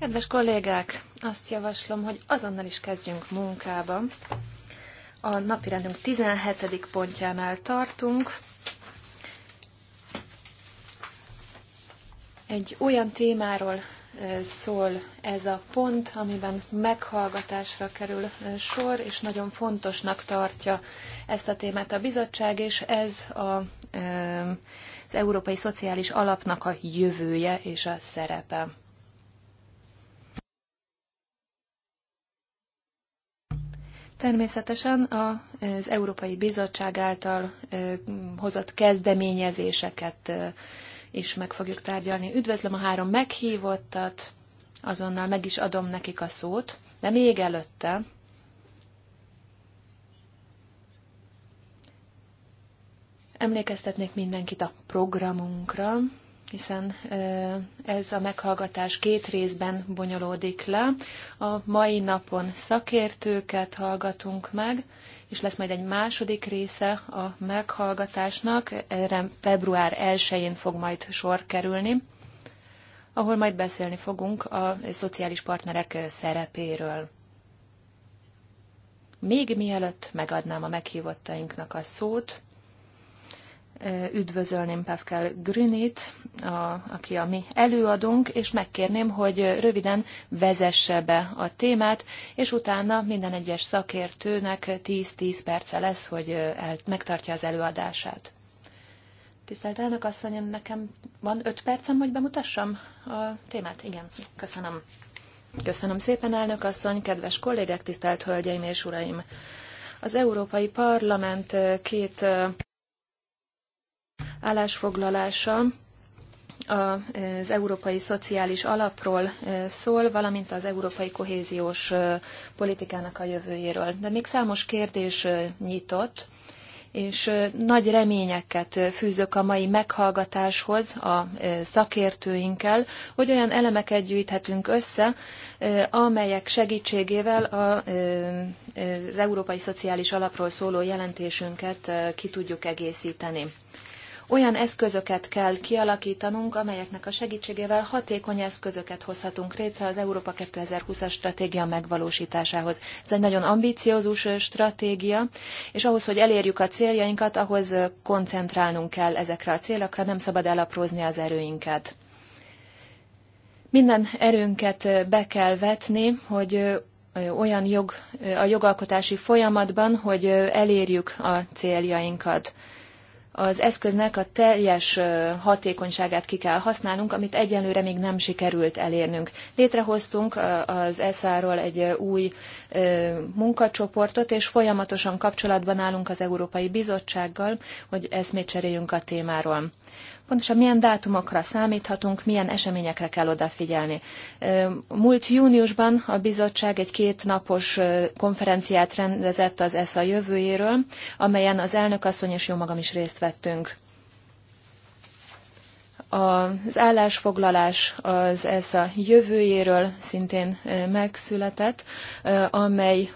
Kedves kollégák, azt javaslom, hogy azonnal is kezdjünk munkába. A napirendünk 17. pontjánál tartunk. Egy olyan témáról szól ez a pont, amiben meghallgatásra kerül sor, és nagyon fontosnak tartja ezt a témát a bizottság, és ez a az Európai Szociális Alapnak a jövője és a szerepe. Természetesen az Európai Bizottság által hozott kezdeményezéseket is meg fogjuk tárgyalni. Üdvözlöm a három meghívottat, azonnal meg is adom nekik a szót, de még előtte Emlékeztetnék mindenkit a programunkra, hiszen ez a meghallgatás két részben bonyolódik le. A mai napon szakértőket hallgatunk meg, és lesz majd egy második része a meghallgatásnak, erre február 1-én fog majd sor kerülni, ahol majd beszélni fogunk a szociális partnerek szerepéről. Még mielőtt megadnám a meghívottainknak a szót, üdvözölném Pascal Grünit, a, aki a mi előadónk, és megkérném, hogy röviden vezesse be a témát, és utána minden egyes szakértőnek 10-10 perce lesz, hogy el, megtartja az előadását. Tisztelt elnök asszony, nekem van 5 percem, hogy bemutassam a témát? Igen, köszönöm. Köszönöm szépen, elnök asszony, kedves kollégek, tisztelt hölgyeim és uraim! Az Európai Parlament két állásfoglalása az Európai Szociális Alapról e, szól, valamint az Európai Kohéziós e, Politikának a jövőjéről. De még számos kérdés e, nyitott, és nagy reményeket fűzök a mai meghallgatáshoz a szakértőinkkel, hogy olyan elemeket gyűjthetünk össze, amelyek segítségével az Európai Szociális Alapról szóló jelentésünket ki tudjuk egészíteni. Olyan eszközöket kell kialakítanunk, amelyeknek a segítségével hatékony eszközöket hozhatunk létre az Európa 2020-as stratégia megvalósításához. Ez egy nagyon ambiciózus stratégia, és ahhoz, hogy elérjük a céljainkat, ahhoz koncentrálnunk kell ezekre a célokra, nem szabad elaprózni az erőinket. Minden erőnket be kell vetni, hogy olyan jog, a jogalkotási folyamatban, hogy elérjük a céljainkat az eszköznek a teljes hatékonyságát ki kell használnunk, amit egyelőre még nem sikerült elérnünk. Létrehoztunk az ESZÁ-ról egy új munkacsoportot, és folyamatosan kapcsolatban állunk az Európai Bizottsággal, hogy eszmét cseréljünk a témáról pontosan milyen dátumokra számíthatunk, milyen eseményekre kell odafigyelni. Múlt júniusban a bizottság egy két napos konferenciát rendezett az ESZA jövőjéről, amelyen az elnökasszony és jó magam is részt vettünk. Az állásfoglalás az a jövőjéről szintén megszületett, amely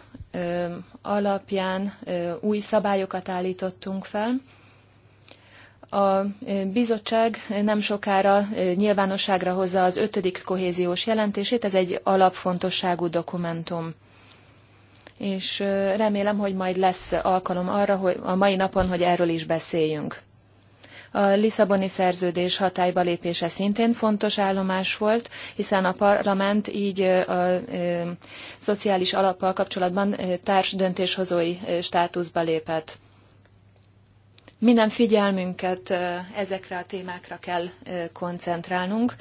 alapján új szabályokat állítottunk fel, a e, bizottság nem sokára e, nyilvánosságra hozza az ötödik kohéziós jelentését, ez egy alapfontosságú dokumentum. És e, remélem, hogy majd lesz alkalom arra, hogy a mai napon, hogy erről is beszéljünk. A Lisszaboni szerződés hatályba lépése szintén fontos állomás volt, hiszen a parlament így a szociális alappal kapcsolatban társdöntéshozói státuszba lépett. Minden figyelmünket ezekre a témákra kell koncentrálnunk.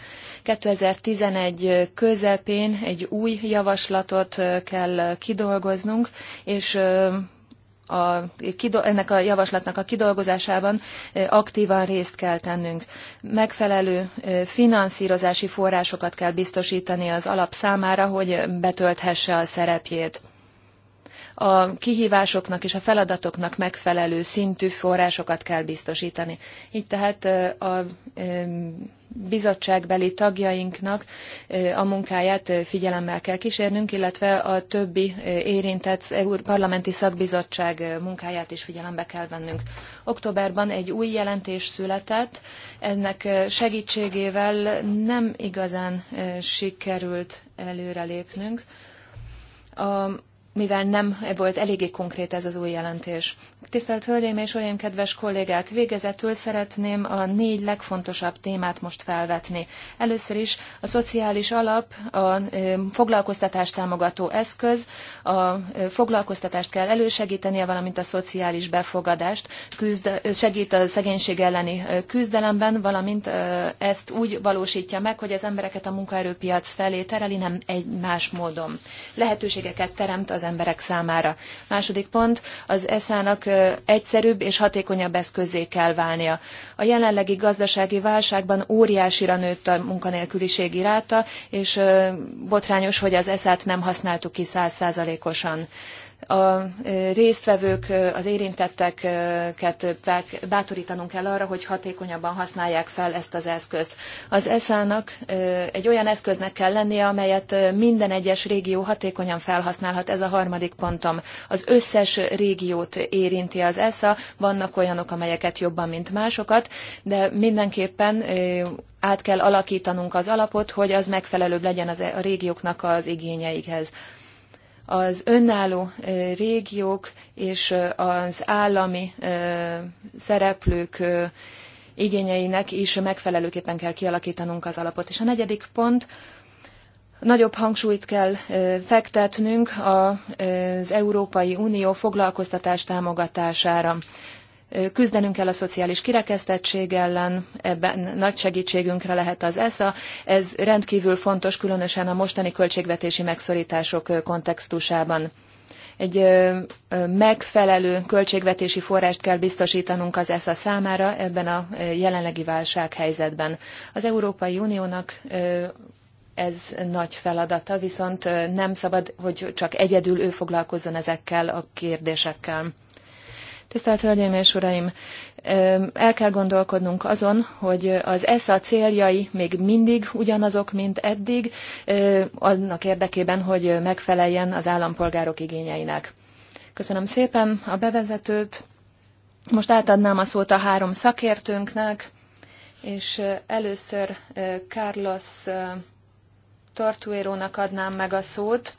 2011 közepén egy új javaslatot kell kidolgoznunk, és a, ennek a javaslatnak a kidolgozásában aktívan részt kell tennünk. Megfelelő finanszírozási forrásokat kell biztosítani az alap számára, hogy betölthesse a szerepjét a kihívásoknak és a feladatoknak megfelelő szintű forrásokat kell biztosítani. Így tehát a bizottságbeli tagjainknak a munkáját figyelemmel kell kísérnünk, illetve a többi érintett parlamenti szakbizottság munkáját is figyelembe kell vennünk. Októberben egy új jelentés született, ennek segítségével nem igazán sikerült előrelépnünk. A mivel nem volt eléggé konkrét ez az új jelentés. Tisztelt Hölgyeim és Uraim, kedves kollégák, végezetül szeretném a négy legfontosabb témát most felvetni. Először is a szociális alap, a foglalkoztatást támogató eszköz, a foglalkoztatást kell elősegítenie, valamint a szociális befogadást, küzd, segít a szegénység elleni küzdelemben, valamint ezt úgy valósítja meg, hogy az embereket a munkaerőpiac felé tereli, nem egy más módon. Lehetőségeket teremt az az emberek számára. Második pont, az ESZÁ-nak egyszerűbb és hatékonyabb eszközé kell válnia. A jelenlegi gazdasági válságban óriásira nőtt a munkanélküliség iráta, és botrányos, hogy az ESZÁ-t nem használtuk ki százszázalékosan a résztvevők, az érintetteket bátorítanunk kell arra, hogy hatékonyabban használják fel ezt az eszközt. Az ESZÁ-nak egy olyan eszköznek kell lennie, amelyet minden egyes régió hatékonyan felhasználhat. Ez a harmadik pontom. Az összes régiót érinti az ESZA, vannak olyanok, amelyeket jobban, mint másokat, de mindenképpen át kell alakítanunk az alapot, hogy az megfelelőbb legyen e-, a régióknak az igényeikhez az önálló régiók és az állami szereplők igényeinek is megfelelőképpen kell kialakítanunk az alapot. És a negyedik pont, nagyobb hangsúlyt kell fektetnünk az Európai Unió foglalkoztatás támogatására küzdenünk kell a szociális kirekesztettség ellen, ebben nagy segítségünkre lehet az ESZA. Ez rendkívül fontos, különösen a mostani költségvetési megszorítások kontextusában egy megfelelő költségvetési forrást kell biztosítanunk az ESZA számára ebben a jelenlegi válsághelyzetben. Az Európai Uniónak ez nagy feladata, viszont nem szabad, hogy csak egyedül ő foglalkozzon ezekkel a kérdésekkel. Tisztelt Hölgyeim és Uraim! El kell gondolkodnunk azon, hogy az ESZA céljai még mindig ugyanazok, mint eddig, annak érdekében, hogy megfeleljen az állampolgárok igényeinek. Köszönöm szépen a bevezetőt. Most átadnám a szót a három szakértőnknek, és eh, először eh, Carlos eh, Tortuérónak adnám meg a szót,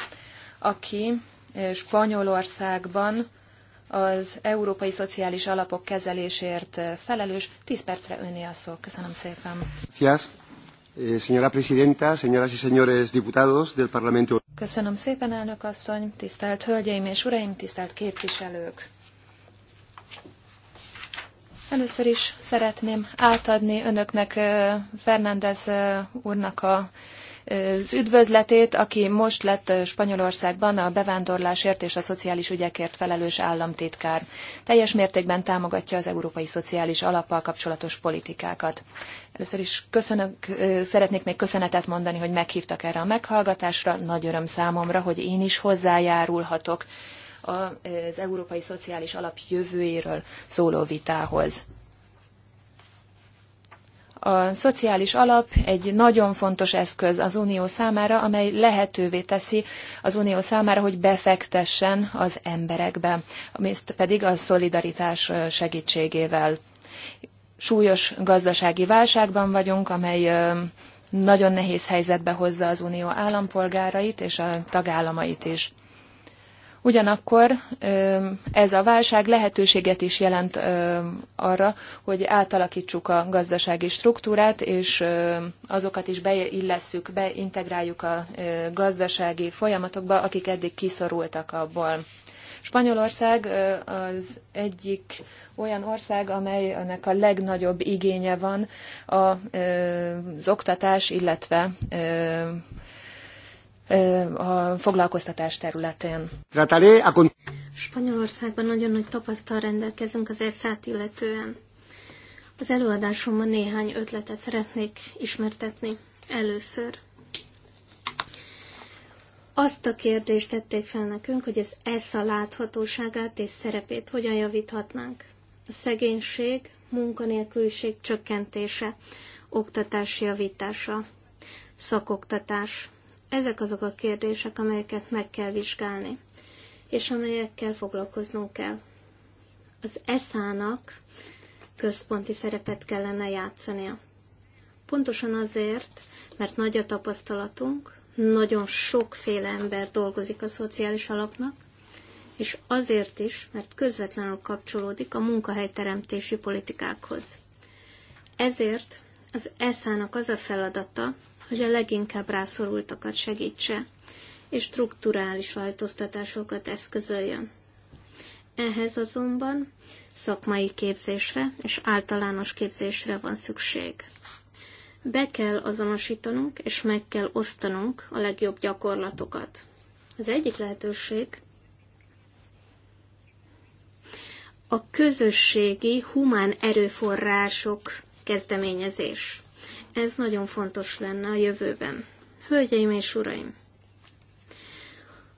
aki Spanyolországban az Európai Szociális Alapok kezelésért felelős. tíz percre önné a szó. Köszönöm szépen. Yes. Eh, señora presidenta, señoras y señores diputados del Parlamento. Köszönöm szépen, elnök asszony, tisztelt hölgyeim és uraim, tisztelt képviselők. Először is szeretném átadni önöknek eh, Fernández eh, úrnak a az üdvözletét, aki most lett Spanyolországban a bevándorlásért és a szociális ügyekért felelős államtitkár. Teljes mértékben támogatja az európai szociális alappal kapcsolatos politikákat. Először is köszönök, szeretnék még köszönetet mondani, hogy meghívtak erre a meghallgatásra. Nagy öröm számomra, hogy én is hozzájárulhatok az európai szociális alap jövőjéről szóló vitához. A szociális alap egy nagyon fontos eszköz az Unió számára, amely lehetővé teszi az Unió számára, hogy befektessen az emberekbe, ezt pedig a szolidaritás segítségével. Súlyos gazdasági válságban vagyunk, amely nagyon nehéz helyzetbe hozza az Unió állampolgárait és a tagállamait is. Ugyanakkor ez a válság lehetőséget is jelent arra, hogy átalakítsuk a gazdasági struktúrát, és azokat is beillesszük, beintegráljuk a gazdasági folyamatokba, akik eddig kiszorultak abból. Spanyolország az egyik olyan ország, amelynek a legnagyobb igénye van az oktatás, illetve a foglalkoztatás területén. Spanyolországban nagyon nagy tapasztal rendelkezünk az ESZÁT illetően. Az előadásomban néhány ötletet szeretnék ismertetni. Először azt a kérdést tették fel nekünk, hogy az ESZA láthatóságát és szerepét hogyan javíthatnánk. A szegénység, munkanélküliség csökkentése, oktatás javítása, szakoktatás. Ezek azok a kérdések, amelyeket meg kell vizsgálni, és amelyekkel foglalkoznunk kell. Az eszának központi szerepet kellene játszania. Pontosan azért, mert nagy a tapasztalatunk, nagyon sokféle ember dolgozik a szociális alapnak, és azért is, mert közvetlenül kapcsolódik a munkahelyteremtési politikákhoz. Ezért az ESZÁ-nak az a feladata, hogy a leginkább rászorultakat segítse, és strukturális változtatásokat eszközöljön. Ehhez azonban szakmai képzésre és általános képzésre van szükség. Be kell azonosítanunk és meg kell osztanunk a legjobb gyakorlatokat. Az egyik lehetőség a közösségi humán erőforrások kezdeményezés. Ez nagyon fontos lenne a jövőben. Hölgyeim és uraim!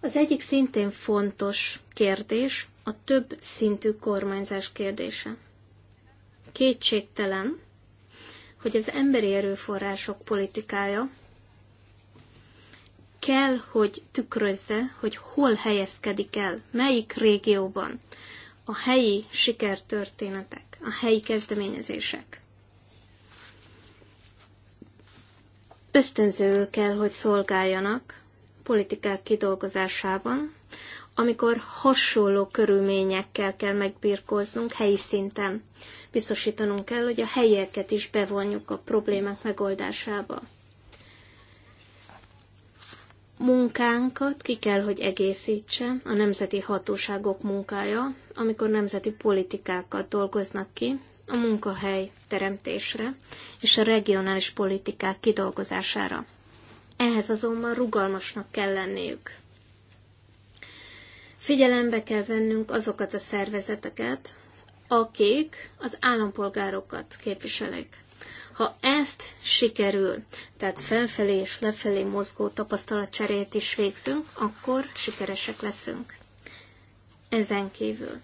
Az egyik szintén fontos kérdés a több szintű kormányzás kérdése. Kétségtelen, hogy az emberi erőforrások politikája kell, hogy tükrözze, hogy hol helyezkedik el, melyik régióban a helyi sikertörténetek, a helyi kezdeményezések. ösztönzőül kell, hogy szolgáljanak politikák kidolgozásában, amikor hasonló körülményekkel kell megbirkóznunk helyi szinten. Biztosítanunk kell, hogy a helyieket is bevonjuk a problémák megoldásába. Munkánkat ki kell, hogy egészítse a nemzeti hatóságok munkája, amikor nemzeti politikákat dolgoznak ki, a munkahely teremtésre és a regionális politikák kidolgozására. Ehhez azonban rugalmasnak kell lenniük. Figyelembe kell vennünk azokat a szervezeteket, akik az állampolgárokat képviselik. Ha ezt sikerül, tehát felfelé és lefelé mozgó tapasztalatcserét is végzünk, akkor sikeresek leszünk. Ezen kívül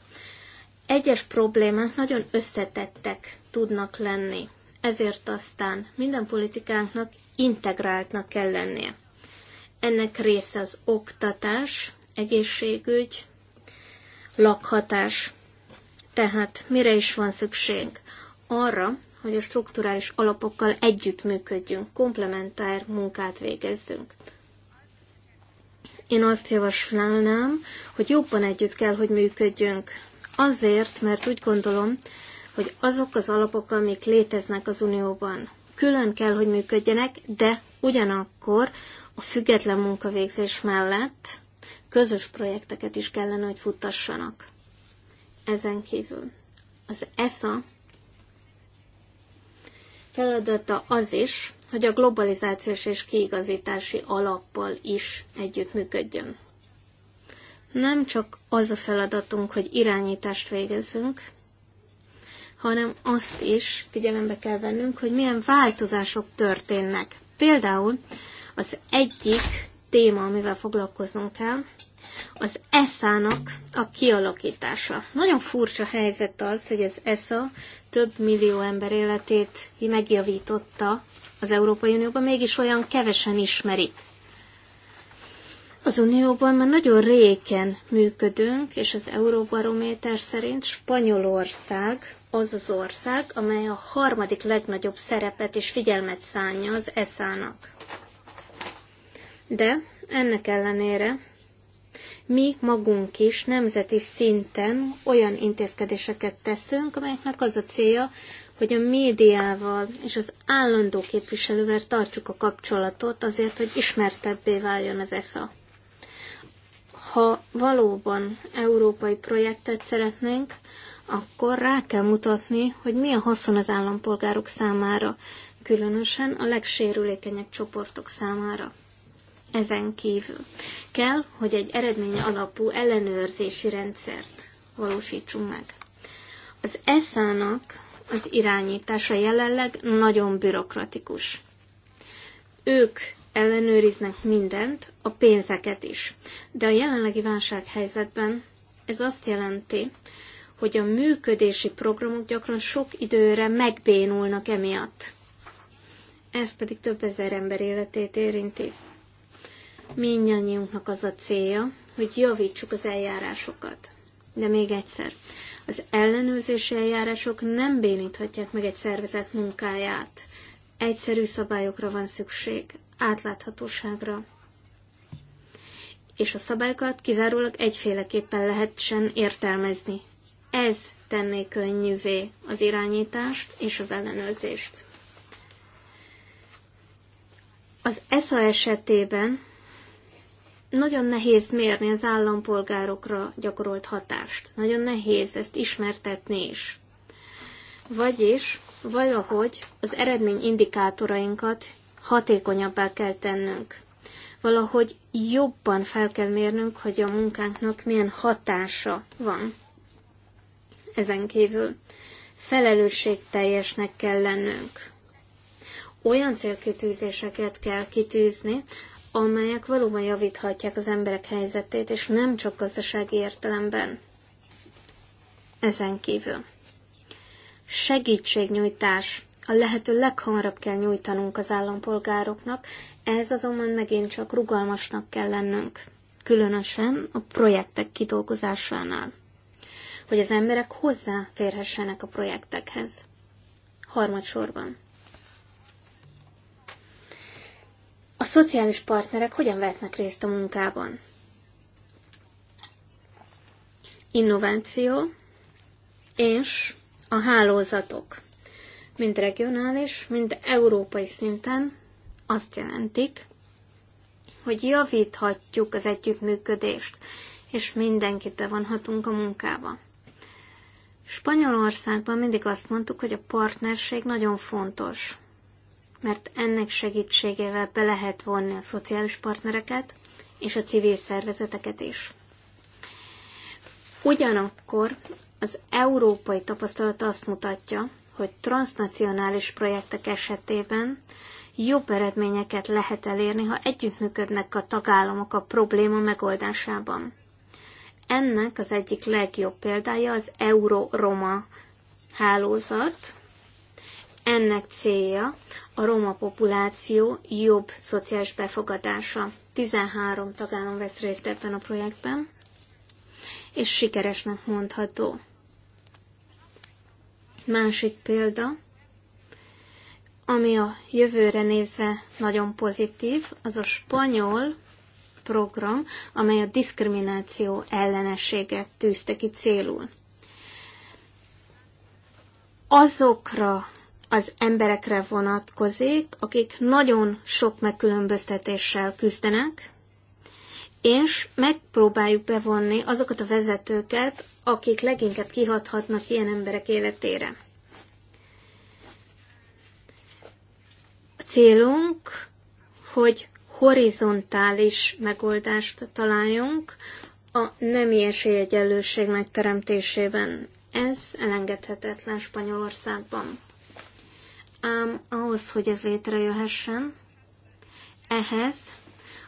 egyes problémák nagyon összetettek tudnak lenni. Ezért aztán minden politikánknak integráltnak kell lennie. Ennek része az oktatás, egészségügy, lakhatás. Tehát mire is van szükség? Arra, hogy a strukturális alapokkal együttműködjünk, komplementár munkát végezzünk. Én azt javaslálnám, hogy jobban együtt kell, hogy működjünk Azért, mert úgy gondolom, hogy azok az alapok, amik léteznek az Unióban, külön kell, hogy működjenek, de ugyanakkor a független munkavégzés mellett közös projekteket is kellene, hogy futtassanak. Ezen kívül az ESA feladata az is, hogy a globalizációs és kiigazítási alappal is együttműködjön nem csak az a feladatunk, hogy irányítást végezzünk, hanem azt is figyelembe kell vennünk, hogy milyen változások történnek. Például az egyik téma, amivel foglalkozunk, kell, az eszának a kialakítása. Nagyon furcsa helyzet az, hogy az ESZA több millió ember életét megjavította az Európai Unióban, mégis olyan kevesen ismerik. Az Unióban már nagyon réken működünk, és az Euróbarométer szerint Spanyolország az az ország, amely a harmadik legnagyobb szerepet és figyelmet szánja az ESZÁ-nak. De ennek ellenére mi magunk is nemzeti szinten olyan intézkedéseket teszünk, amelyeknek az a célja, hogy a médiával és az állandó képviselővel tartsuk a kapcsolatot azért, hogy ismertebbé váljon az ESZA. Ha valóban európai projektet szeretnénk, akkor rá kell mutatni, hogy mi a haszon az állampolgárok számára, különösen a legsérülékenyebb csoportok számára. Ezen kívül kell, hogy egy eredmény alapú ellenőrzési rendszert valósítsunk meg. Az ESZÁ-nak az irányítása jelenleg nagyon bürokratikus. Ők ellenőriznek mindent, a pénzeket is. De a jelenlegi válsághelyzetben ez azt jelenti, hogy a működési programok gyakran sok időre megbénulnak emiatt. Ez pedig több ezer ember életét érinti. Mindannyiunknak az a célja, hogy javítsuk az eljárásokat. De még egyszer, az ellenőrzési eljárások nem béníthatják meg egy szervezet munkáját. Egyszerű szabályokra van szükség, átláthatóságra. És a szabályokat kizárólag egyféleképpen lehessen értelmezni. Ez tenné könnyűvé az irányítást és az ellenőrzést. Az ESA esetében nagyon nehéz mérni az állampolgárokra gyakorolt hatást. Nagyon nehéz ezt ismertetni is. Vagyis valahogy az eredmény indikátorainkat hatékonyabbá kell tennünk. Valahogy jobban fel kell mérnünk, hogy a munkánknak milyen hatása van. Ezen kívül felelősségteljesnek kell lennünk. Olyan célkitűzéseket kell kitűzni, amelyek valóban javíthatják az emberek helyzetét, és nem csak gazdasági értelemben. Ezen kívül. Segítségnyújtás a lehető leghamarabb kell nyújtanunk az állampolgároknak, ez azonban megint csak rugalmasnak kell lennünk, különösen a projektek kidolgozásánál, hogy az emberek hozzáférhessenek a projektekhez. Harmadsorban. A szociális partnerek hogyan vehetnek részt a munkában? Innováció és a hálózatok mind regionális, mind európai szinten azt jelentik, hogy javíthatjuk az együttműködést, és mindenkit bevonhatunk a munkába. Spanyolországban mindig azt mondtuk, hogy a partnerség nagyon fontos, mert ennek segítségével be lehet vonni a szociális partnereket és a civil szervezeteket is. Ugyanakkor az európai tapasztalat azt mutatja, hogy transnacionális projektek esetében jobb eredményeket lehet elérni, ha együttműködnek a tagállamok a probléma megoldásában. Ennek az egyik legjobb példája az Euró-Roma hálózat. Ennek célja a roma populáció jobb szociális befogadása. 13 tagállam vesz részt ebben a projektben, és sikeresnek mondható. Másik példa, ami a jövőre nézve nagyon pozitív, az a spanyol program, amely a diszkrimináció elleneséget tűzte ki célul. Azokra az emberekre vonatkozik, akik nagyon sok megkülönböztetéssel küzdenek, és megpróbáljuk bevonni azokat a vezetőket, akik leginkább kihathatnak ilyen emberek életére. A célunk, hogy horizontális megoldást találjunk a nemi esélyegyenlőség megteremtésében. Ez elengedhetetlen Spanyolországban. Ám ahhoz, hogy ez létrejöhessen, ehhez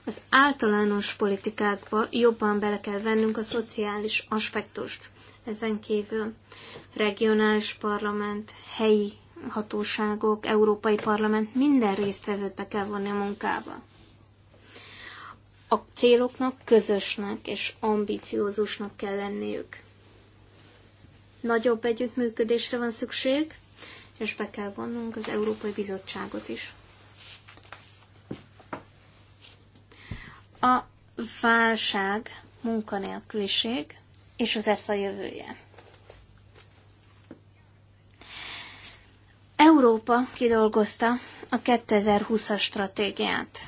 az általános politikákba jobban bele kell vennünk a szociális aspektust. Ezen kívül regionális parlament, helyi hatóságok, Európai Parlament, minden résztvevőt be kell vonni a munkába. A céloknak közösnek és ambiciózusnak kell lenniük. Nagyobb együttműködésre van szükség, és be kell vonnunk az Európai Bizottságot is. A válság, munkanélküliség és az a jövője. Európa kidolgozta a 2020-as stratégiát.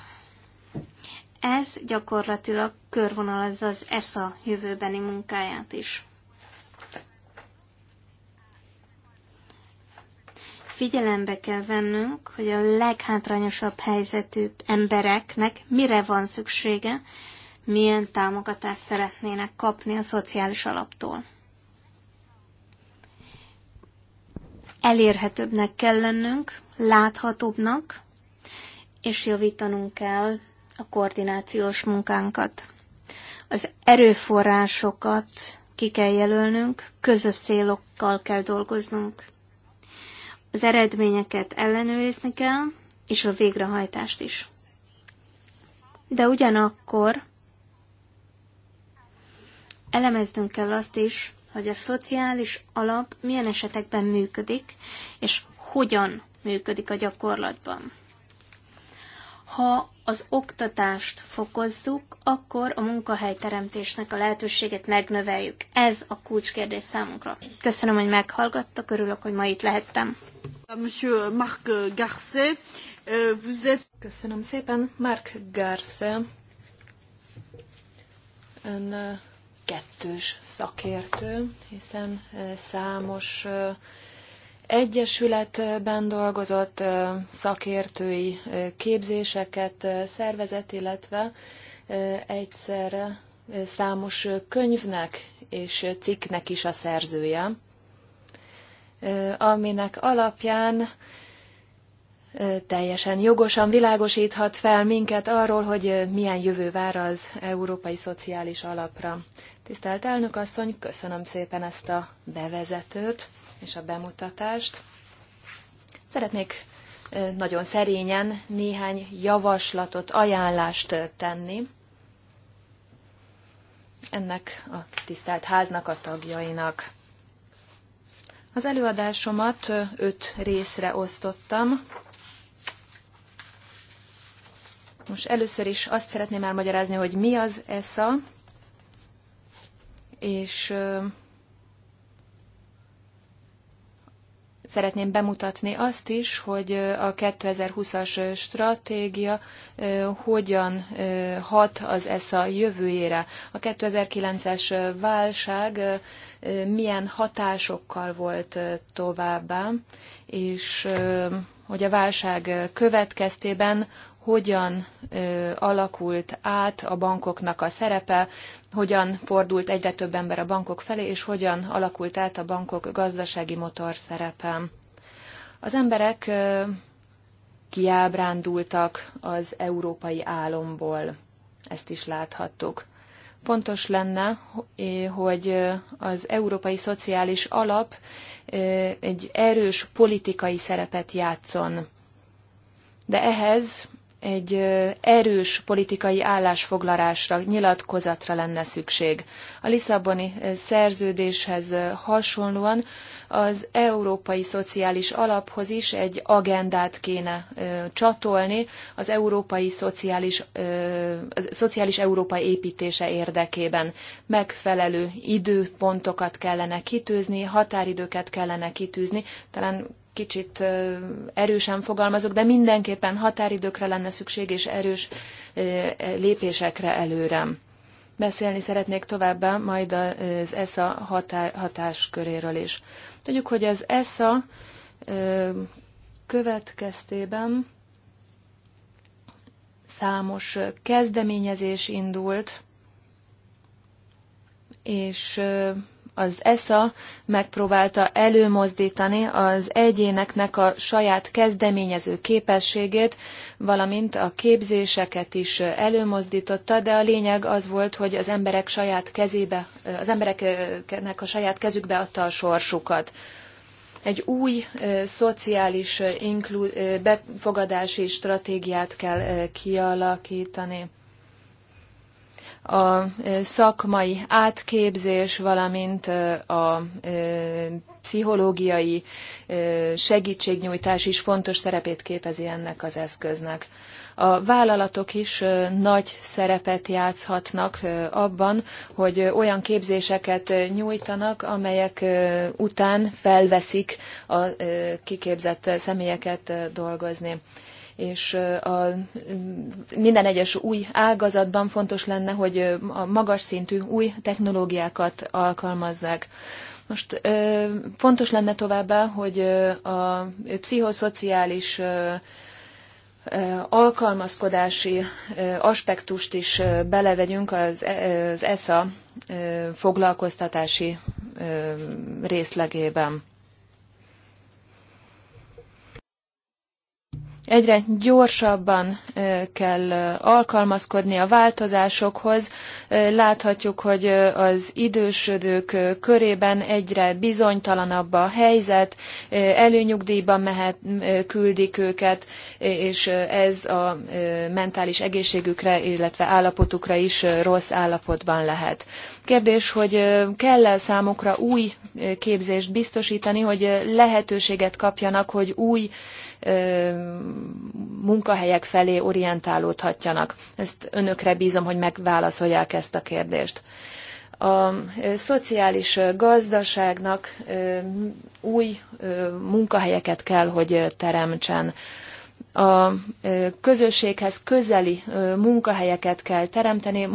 Ez gyakorlatilag körvonalazza az ESZA jövőbeni munkáját is. figyelembe kell vennünk, hogy a leghátrányosabb helyzetű embereknek mire van szüksége, milyen támogatást szeretnének kapni a szociális alaptól. Elérhetőbbnek kell lennünk, láthatóbbnak, és javítanunk kell a koordinációs munkánkat. Az erőforrásokat ki kell jelölnünk, közös célokkal kell dolgoznunk. Az eredményeket ellenőrizni kell, és a végrehajtást is. De ugyanakkor elemeznünk kell azt is, hogy a szociális alap milyen esetekben működik, és hogyan működik a gyakorlatban. Ha az oktatást fokozzuk, akkor a munkahelyteremtésnek a lehetőséget megnöveljük. Ez a kulcskérdés számunkra. Köszönöm, hogy meghallgattak, örülök, hogy ma itt lehettem. Monsieur Marc Garcet, euh, vous êtes... Köszönöm szépen, Marc Garcet. Ön kettős szakértő, hiszen számos egyesületben dolgozott, szakértői képzéseket szervezett, illetve egyszerre számos könyvnek és cikknek is a szerzője aminek alapján teljesen jogosan világosíthat fel minket arról, hogy milyen jövő vár az Európai Szociális Alapra. Tisztelt elnök asszony, köszönöm szépen ezt a bevezetőt és a bemutatást. Szeretnék nagyon szerényen néhány javaslatot, ajánlást tenni ennek a tisztelt háznak, a tagjainak. Az előadásomat öt részre osztottam. Most először is azt szeretném elmagyarázni, hogy mi az ESA, és szeretném bemutatni azt is, hogy a 2020-as stratégia hogyan hat az ESZA jövőjére. A 2009-es válság milyen hatásokkal volt továbbá, és hogy a válság következtében hogyan ö, alakult át a bankoknak a szerepe, hogyan fordult egyre több ember a bankok felé, és hogyan alakult át a bankok gazdasági motor szerepe. Az emberek ö, kiábrándultak az európai álomból. Ezt is láthattuk. Pontos lenne, hogy az európai szociális alap egy erős politikai szerepet játszon. De ehhez egy erős politikai állásfoglalásra, nyilatkozatra lenne szükség. A Lisszaboni szerződéshez hasonlóan az Európai Szociális Alaphoz is egy agendát kéne csatolni az Európai Szociális, szociális Európa építése érdekében. Megfelelő időpontokat kellene kitűzni, határidőket kellene kitűzni, talán kicsit erősen fogalmazok, de mindenképpen határidőkre lenne szükség és erős lépésekre előre. Beszélni szeretnék továbbá majd az ESA hatásköréről is. Tudjuk, hogy az ESA következtében számos kezdeményezés indult, és az ESA megpróbálta előmozdítani az egyéneknek a saját kezdeményező képességét, valamint a képzéseket is előmozdította, de a lényeg az volt, hogy az emberek saját kezébe, az embereknek a saját kezükbe adta a sorsukat egy új szociális ö, inklu, befogadási stratégiát kell ö, kialakítani a szakmai átképzés, valamint a pszichológiai segítségnyújtás is fontos szerepét képezi ennek az eszköznek. A vállalatok is nagy szerepet játszhatnak abban, hogy olyan képzéseket nyújtanak, amelyek után felveszik a kiképzett személyeket dolgozni és a minden egyes új ágazatban fontos lenne, hogy a magas szintű új technológiákat alkalmazzák. Most fontos lenne továbbá, hogy a pszichoszociális alkalmazkodási aspektust is belevegyünk az e, ESA foglalkoztatási részlegében. Egyre gyorsabban kell alkalmazkodni a változásokhoz. Láthatjuk, hogy az idősödők körében egyre bizonytalanabb a helyzet, előnyugdíjba mehet, küldik őket, és ez a mentális egészségükre, illetve állapotukra is rossz állapotban lehet. Kérdés, hogy kell-e számukra új képzést biztosítani, hogy lehetőséget kapjanak, hogy új munkahelyek felé orientálódhatjanak. Ezt önökre bízom, hogy megválaszolják ezt a kérdést a szociális gazdaságnak új munkahelyeket kell, hogy teremtsen a közösséghez közeli munkahelyeket kell teremteni,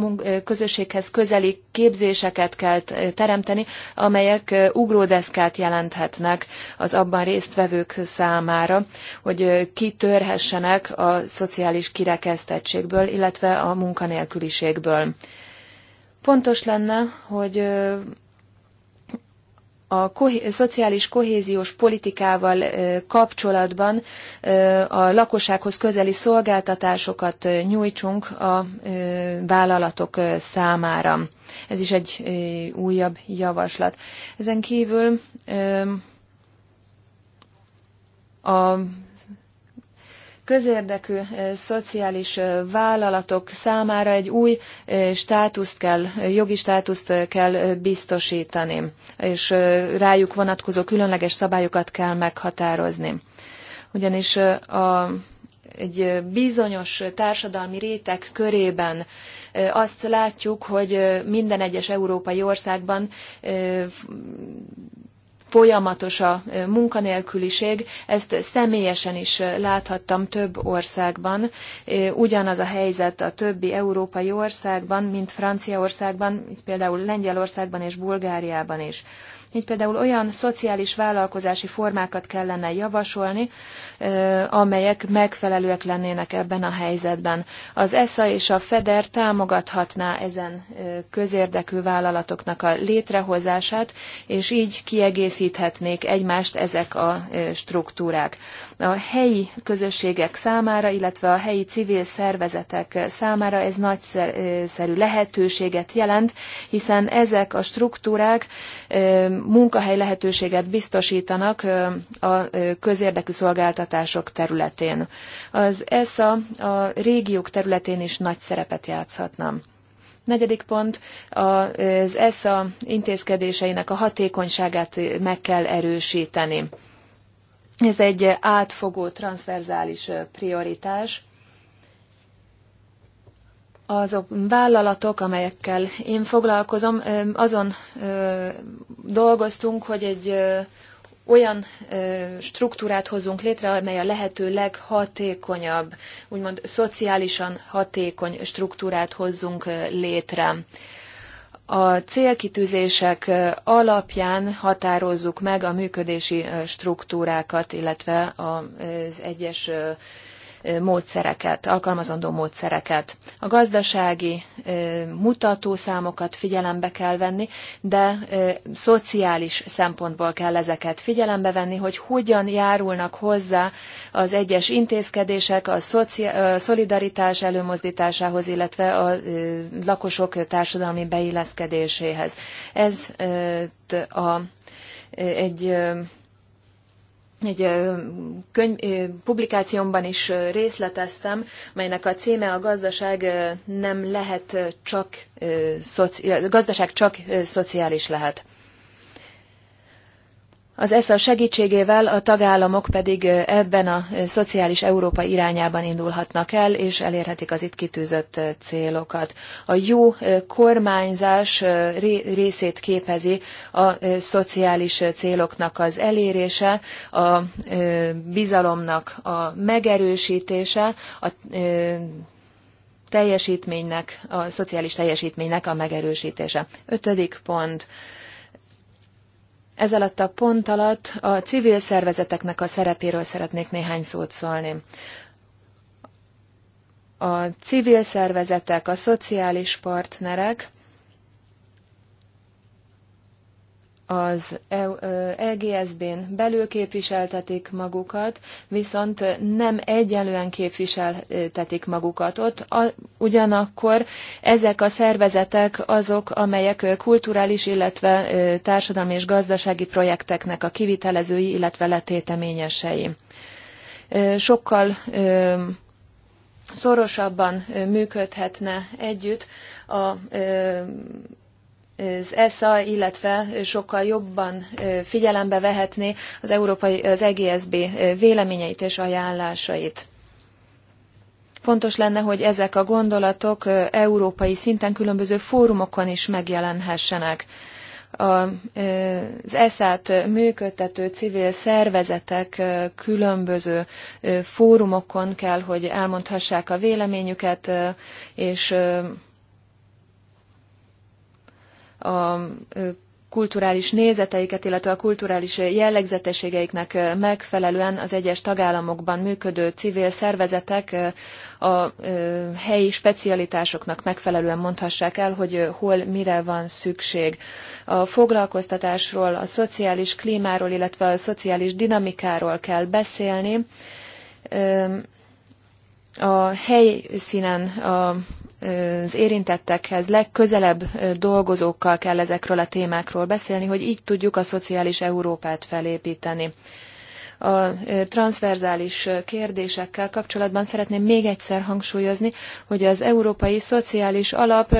közösséghez közeli képzéseket kell teremteni, amelyek ugródeszkát jelenthetnek az abban résztvevők számára, hogy kitörhessenek a szociális kirekesztettségből, illetve a munkanélküliségből. Fontos lenne, hogy a kohé- szociális kohéziós politikával kapcsolatban a lakossághoz közeli szolgáltatásokat nyújtsunk a vállalatok számára. Ez is egy újabb javaslat. Ezen kívül a közérdekű szociális vállalatok számára egy új státuszt kell, jogi státuszt kell biztosítani, és rájuk vonatkozó különleges szabályokat kell meghatározni. Ugyanis a egy bizonyos társadalmi réteg körében azt látjuk, hogy minden egyes európai országban folyamatos a munkanélküliség, ezt személyesen is láthattam több országban. Ugyanaz a helyzet a többi európai országban, mint Franciaországban, például Lengyelországban és Bulgáriában is. Így például olyan szociális vállalkozási formákat kellene javasolni, amelyek megfelelőek lennének ebben a helyzetben. Az ESA és a FEDER támogathatná ezen közérdekű vállalatoknak a létrehozását, és így kiegészíthetnék egymást ezek a struktúrák a helyi közösségek számára, illetve a helyi civil szervezetek számára ez nagyszerű lehetőséget jelent, hiszen ezek a struktúrák munkahely lehetőséget biztosítanak a közérdekű szolgáltatások területén. Az ESA a régiók területén is nagy szerepet játszhatna. Negyedik pont, az ESZA intézkedéseinek a hatékonyságát meg kell erősíteni. Ez egy átfogó, transzverzális prioritás. Azok vállalatok, amelyekkel én foglalkozom, azon dolgoztunk, hogy egy olyan struktúrát hozzunk létre, amely a lehető leghatékonyabb, úgymond szociálisan hatékony struktúrát hozzunk létre a célkitűzések alapján határozzuk meg a működési struktúrákat, illetve az egyes módszereket, alkalmazandó módszereket. A gazdasági mutatószámokat figyelembe kell venni, de szociális szempontból kell ezeket figyelembe venni, hogy hogyan járulnak hozzá az egyes intézkedések a szolidaritás előmozdításához, illetve a lakosok társadalmi beilleszkedéséhez. Ez a, egy egy könyv, publikációmban is részleteztem, melynek a címe a gazdaság nem lehet csak, gazdaság csak szociális lehet. Az ESZA segítségével a tagállamok pedig ebben a szociális Európa irányában indulhatnak el, és elérhetik az itt kitűzött célokat. A jó kormányzás részét képezi a szociális céloknak az elérése, a bizalomnak a megerősítése, a teljesítménynek, a szociális teljesítménynek a megerősítése. Ötödik pont ez alatt a pont alatt a civil szervezeteknek a szerepéről szeretnék néhány szót szólni. A civil szervezetek, a szociális partnerek az egsz e n belül képviseltetik magukat, viszont nem egyenlően képviseltetik magukat ott. A, ugyanakkor ezek a szervezetek azok, amelyek kulturális, illetve társadalmi és gazdasági projekteknek a kivitelezői, illetve letéteményesei. Sokkal szorosabban működhetne együtt a az ESA, illetve sokkal jobban figyelembe vehetné az, európai, az EGSB véleményeit és ajánlásait. Fontos lenne, hogy ezek a gondolatok európai szinten különböző fórumokon is megjelenhessenek. Az ESZ-t működtető civil szervezetek különböző fórumokon kell, hogy elmondhassák a véleményüket, és a kulturális nézeteiket, illetve a kulturális jellegzetességeiknek megfelelően az egyes tagállamokban működő civil szervezetek a helyi specialitásoknak megfelelően mondhassák el, hogy hol mire van szükség. A foglalkoztatásról, a szociális klímáról, illetve a szociális dinamikáról kell beszélni. A helyszínen a az érintettekhez, legközelebb dolgozókkal kell ezekről a témákról beszélni, hogy így tudjuk a szociális Európát felépíteni. A transzverzális kérdésekkel kapcsolatban szeretném még egyszer hangsúlyozni, hogy az Európai Szociális Alap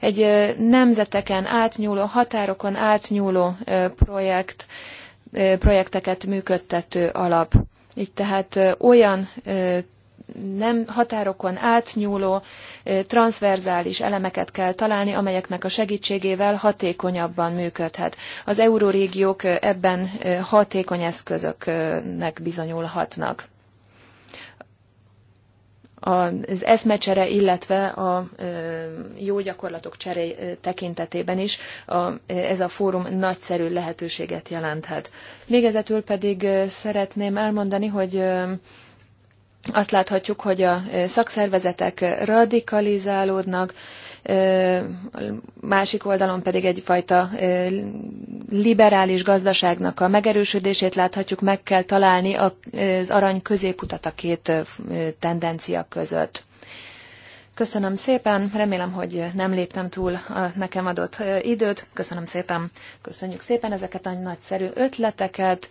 egy nemzeteken átnyúló, határokon átnyúló projekt, projekteket működtető alap. Így tehát olyan nem határokon átnyúló, transzverzális elemeket kell találni, amelyeknek a segítségével hatékonyabban működhet. Az eurórégiók ebben hatékony eszközöknek bizonyulhatnak. Az eszmecsere, illetve a jó gyakorlatok cseré tekintetében is ez a fórum nagyszerű lehetőséget jelenthet. Végezetül pedig szeretném elmondani, hogy azt láthatjuk, hogy a szakszervezetek radikalizálódnak, másik oldalon pedig egyfajta liberális gazdaságnak a megerősödését láthatjuk, meg kell találni az arany középutat a két tendencia között. Köszönöm szépen, remélem, hogy nem léptem túl a nekem adott időt. Köszönöm szépen, köszönjük szépen ezeket a nagyszerű ötleteket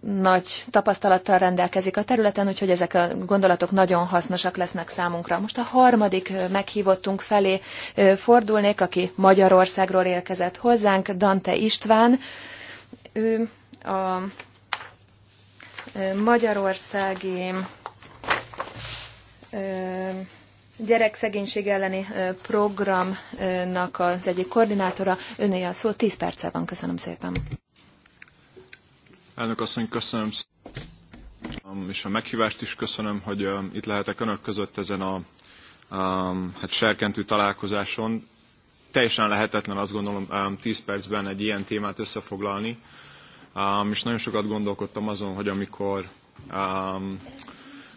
nagy tapasztalattal rendelkezik a területen, úgyhogy ezek a gondolatok nagyon hasznosak lesznek számunkra. Most a harmadik meghívottunk felé fordulnék, aki Magyarországról érkezett hozzánk, Dante István. Ő a magyarországi gyerekszegénység elleni programnak az egyik koordinátora. Öné a szó, 10 perce van, köszönöm szépen. Elnök asszony, köszönöm szépen, és a meghívást is köszönöm, hogy um, itt lehetek önök között ezen a um, hát serkentő találkozáson. Teljesen lehetetlen azt gondolom 10 um, percben egy ilyen témát összefoglalni, és nagyon sokat gondolkodtam azon, hogy amikor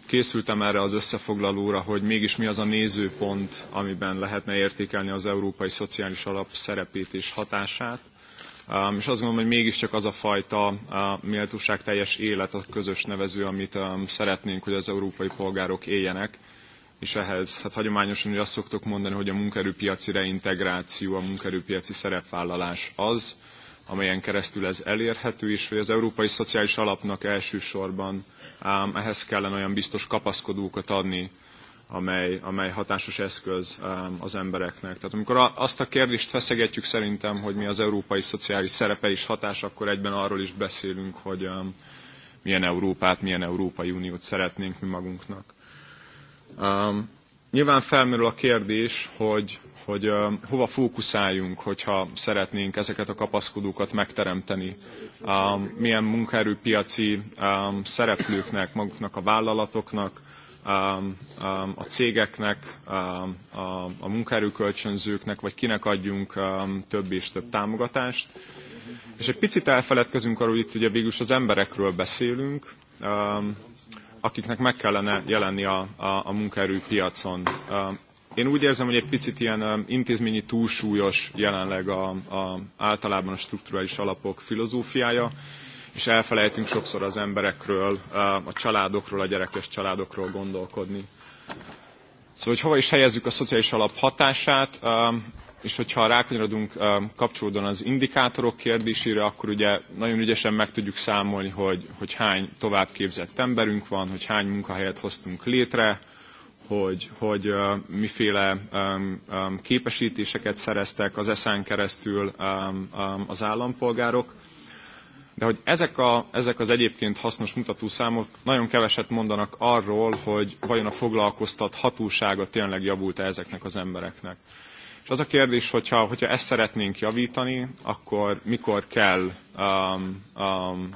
készültem erre az összefoglalóra, hogy mégis mi az a nézőpont, amiben lehetne értékelni az európai szociális alap szerepét és hatását és azt gondolom, hogy mégiscsak az a fajta méltóság teljes élet a közös nevező, amit szeretnénk, hogy az európai polgárok éljenek, és ehhez, hát hagyományosan ugye azt szoktuk mondani, hogy a munkerőpiaci reintegráció, a munkerőpiaci szerepvállalás az, amelyen keresztül ez elérhető, és hogy az Európai Szociális Alapnak elsősorban ehhez kellene olyan biztos kapaszkodókat adni, amely, amely hatásos eszköz um, az embereknek. Tehát amikor azt a kérdést feszegetjük szerintem, hogy mi az európai szociális szerepe és hatás, akkor egyben arról is beszélünk, hogy um, milyen Európát, milyen Európai Uniót szeretnénk mi magunknak. Um, nyilván felmerül a kérdés, hogy, hogy hova fókuszáljunk, hogyha szeretnénk ezeket a kapaszkodókat megteremteni. Milyen munkaerőpiaci szereplőknek, maguknak a vállalatoknak, Um, um, a cégeknek, um, a munkaerőkölcsönzőknek, vagy kinek adjunk több és több támogatást. És egy picit elfeledkezünk arról, hogy itt ugye végülis az emberekről beszélünk, akiknek meg kellene jelenni a, a, a munkaerőpiacon. Én úgy érzem, hogy egy picit ilyen intézményi túlsúlyos jelenleg a, a általában a strukturális alapok filozófiája, és elfelejtünk sokszor az emberekről, a családokról, a gyerekes családokról gondolkodni. Szóval, hogy hova is helyezzük a szociális alap hatását, és hogyha rákanyarodunk kapcsolódóan az indikátorok kérdésére, akkor ugye nagyon ügyesen meg tudjuk számolni, hogy, hogy hány továbbképzett emberünk van, hogy hány munkahelyet hoztunk létre, hogy, hogy miféle képesítéseket szereztek az eszán keresztül az állampolgárok de hogy ezek, a, ezek az egyébként hasznos mutatószámok nagyon keveset mondanak arról, hogy vajon a foglalkoztat hatósága tényleg javult-e ezeknek az embereknek. És az a kérdés, hogyha, hogyha ezt szeretnénk javítani, akkor mikor kell um, um,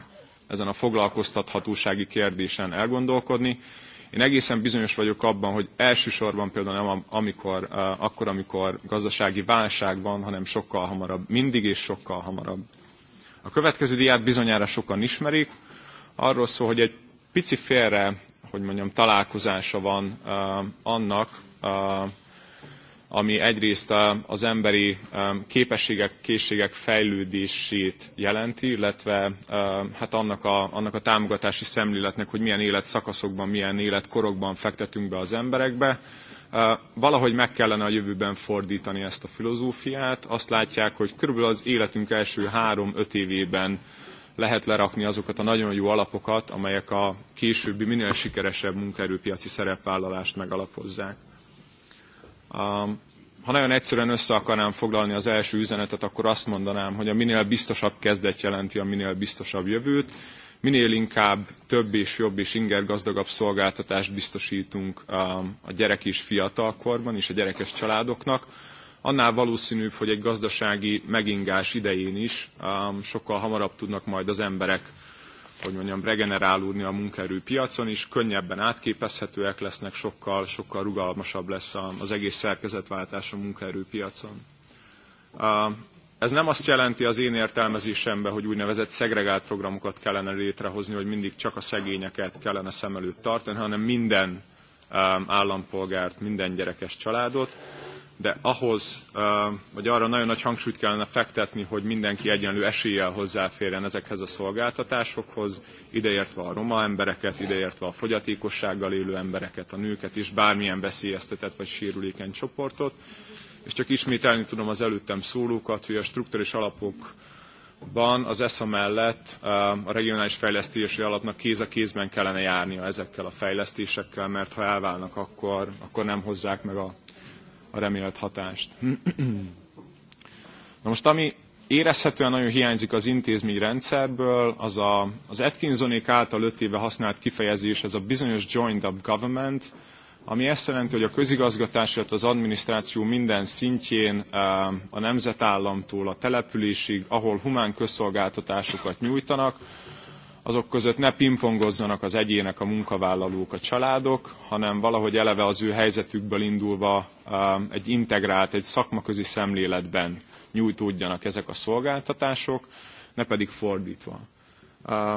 ezen a foglalkoztathatósági kérdésen elgondolkodni. Én egészen bizonyos vagyok abban, hogy elsősorban például nem amikor, uh, akkor, amikor gazdasági válság van, hanem sokkal hamarabb, mindig és sokkal hamarabb. A következő diát bizonyára sokan ismerik. Arról szól, hogy egy pici félre, hogy mondjam, találkozása van uh, annak, uh, ami egyrészt az emberi képességek, készségek fejlődését jelenti, illetve hát annak a, annak a támogatási szemléletnek, hogy milyen életszakaszokban, milyen életkorokban fektetünk be az emberekbe, Valahogy meg kellene a jövőben fordítani ezt a filozófiát. Azt látják, hogy körülbelül az életünk első három-öt évében lehet lerakni azokat a nagyon jó alapokat, amelyek a későbbi minél sikeresebb munkaerőpiaci szerepvállalást megalapozzák. Ha nagyon egyszerűen össze akarnám foglalni az első üzenetet, akkor azt mondanám, hogy a minél biztosabb kezdet jelenti a minél biztosabb jövőt, minél inkább több és jobb és inger gazdagabb szolgáltatást biztosítunk um, a gyerek és fiatalkorban és a gyerekes családoknak, annál valószínűbb, hogy egy gazdasági megingás idején is um, sokkal hamarabb tudnak majd az emberek hogy mondjam, regenerálódni a munkaerőpiacon is, könnyebben átképezhetőek lesznek, sokkal, sokkal rugalmasabb lesz az egész szerkezetváltás a munkaerőpiacon. Um, ez nem azt jelenti az én értelmezésemben, hogy úgynevezett szegregált programokat kellene létrehozni, hogy mindig csak a szegényeket kellene szem előtt tartani, hanem minden um, állampolgárt, minden gyerekes családot, de ahhoz, um, vagy arra nagyon nagy hangsúlyt kellene fektetni, hogy mindenki egyenlő eséllyel hozzáférjen ezekhez a szolgáltatásokhoz, ideértve a roma embereket, ideértve a fogyatékossággal élő embereket, a nőket is, bármilyen veszélyeztetett vagy sérülékeny csoportot, és csak ismételni tudom az előttem szólókat, hogy a strukturális alapokban az ESZA mellett eh, a regionális fejlesztési alapnak kéz a kézben kellene járnia ezekkel a fejlesztésekkel, mert ha elválnak, akkor, akkor nem hozzák meg a, a remélt hatást. Na most ami érezhetően nagyon hiányzik az intézményrendszerből, az a, az Atkinsonék által öt éve használt kifejezés, ez a bizonyos joined up government, ami ezt jelenti, hogy a közigazgatás, illetve az adminisztráció minden szintjén eh, a nemzetállamtól a településig, ahol humán közszolgáltatásokat nyújtanak, azok között ne pingpongozzanak az egyének, a munkavállalók, a családok, hanem valahogy eleve az ő helyzetükből indulva eh, egy integrált, egy szakmaközi szemléletben nyújtódjanak ezek a szolgáltatások, ne pedig fordítva. Eh,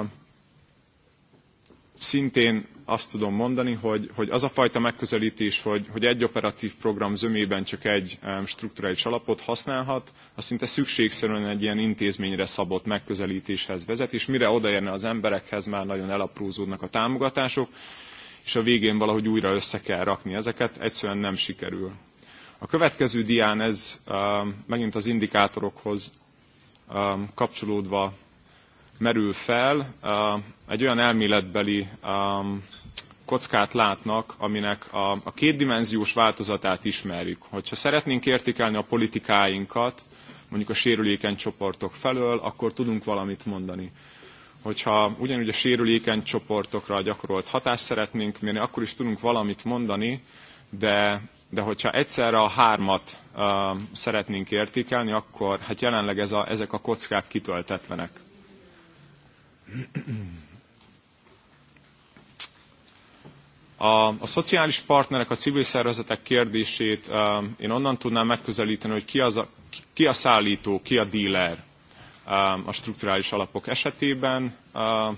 szintén azt tudom mondani, hogy, hogy az a fajta megközelítés, hogy, hogy egy operatív program zömében csak egy strukturális alapot használhat, az szinte szükségszerűen egy ilyen intézményre szabott megközelítéshez vezet, és mire odaérne az emberekhez, már nagyon elaprózódnak a támogatások, és a végén valahogy újra össze kell rakni ezeket, egyszerűen nem sikerül. A következő dián ez megint az indikátorokhoz kapcsolódva merül fel, egy olyan elméletbeli kockát látnak, aminek a, a kétdimenziós változatát ismerjük. Hogyha szeretnénk értékelni a politikáinkat, mondjuk a sérülékeny csoportok felől, akkor tudunk valamit mondani. Hogyha ugyanúgy a sérülékeny csoportokra gyakorolt hatást szeretnénk mérni, akkor is tudunk valamit mondani, de, de hogyha egyszerre a hármat uh, szeretnénk értékelni, akkor hát jelenleg ez a, ezek a kockák kitöltetlenek. A, a szociális partnerek, a civil szervezetek kérdését um, én onnan tudnám megközelíteni, hogy ki, az a, ki a szállító, ki a díler um, a strukturális alapok esetében um,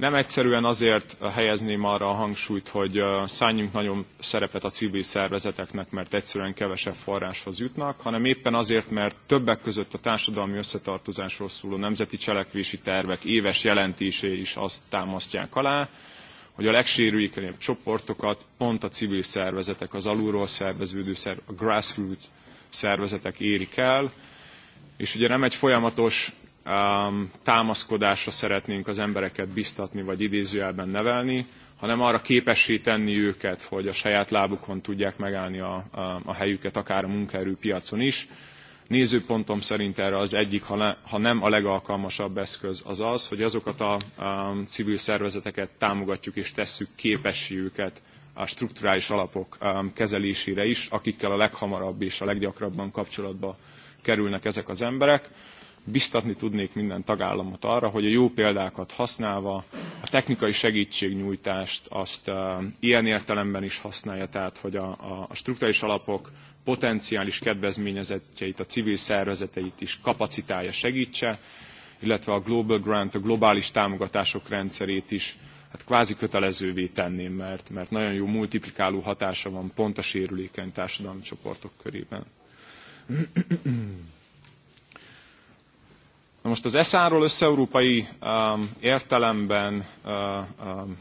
nem egyszerűen azért helyezném arra a hangsúlyt, hogy szálljunk nagyon szerepet a civil szervezeteknek, mert egyszerűen kevesebb forráshoz jutnak, hanem éppen azért, mert többek között a társadalmi összetartozásról szóló nemzeti cselekvési tervek éves jelentésé is azt támasztják alá, hogy a legsérülékenyebb csoportokat pont a civil szervezetek, az alulról szerveződő szervezetek, a grassroots szervezetek érik el, és ugye nem egy folyamatos Um, támaszkodásra szeretnénk az embereket biztatni, vagy idézőjelben nevelni, hanem arra képessé tenni őket, hogy a saját lábukon tudják megállni a, a, a helyüket, akár a munkaerőpiacon is. Nézőpontom szerint erre az egyik, ha, le, ha nem a legalkalmasabb eszköz az az, hogy azokat a, a civil szervezeteket támogatjuk és tesszük képessé őket a strukturális alapok um, kezelésére is, akikkel a leghamarabb és a leggyakrabban kapcsolatba kerülnek ezek az emberek biztatni tudnék minden tagállamot arra, hogy a jó példákat használva a technikai segítségnyújtást azt ilyen értelemben is használja, tehát hogy a, a, struktúrális alapok potenciális kedvezményezetjeit, a civil szervezeteit is kapacitálja, segítse, illetve a Global Grant, a globális támogatások rendszerét is hát kvázi kötelezővé tenném, mert, mert nagyon jó multiplikáló hatása van pont a sérülékeny társadalmi csoportok körében. Na most az ESZÁ-ról összeurópai um, értelemben uh, um,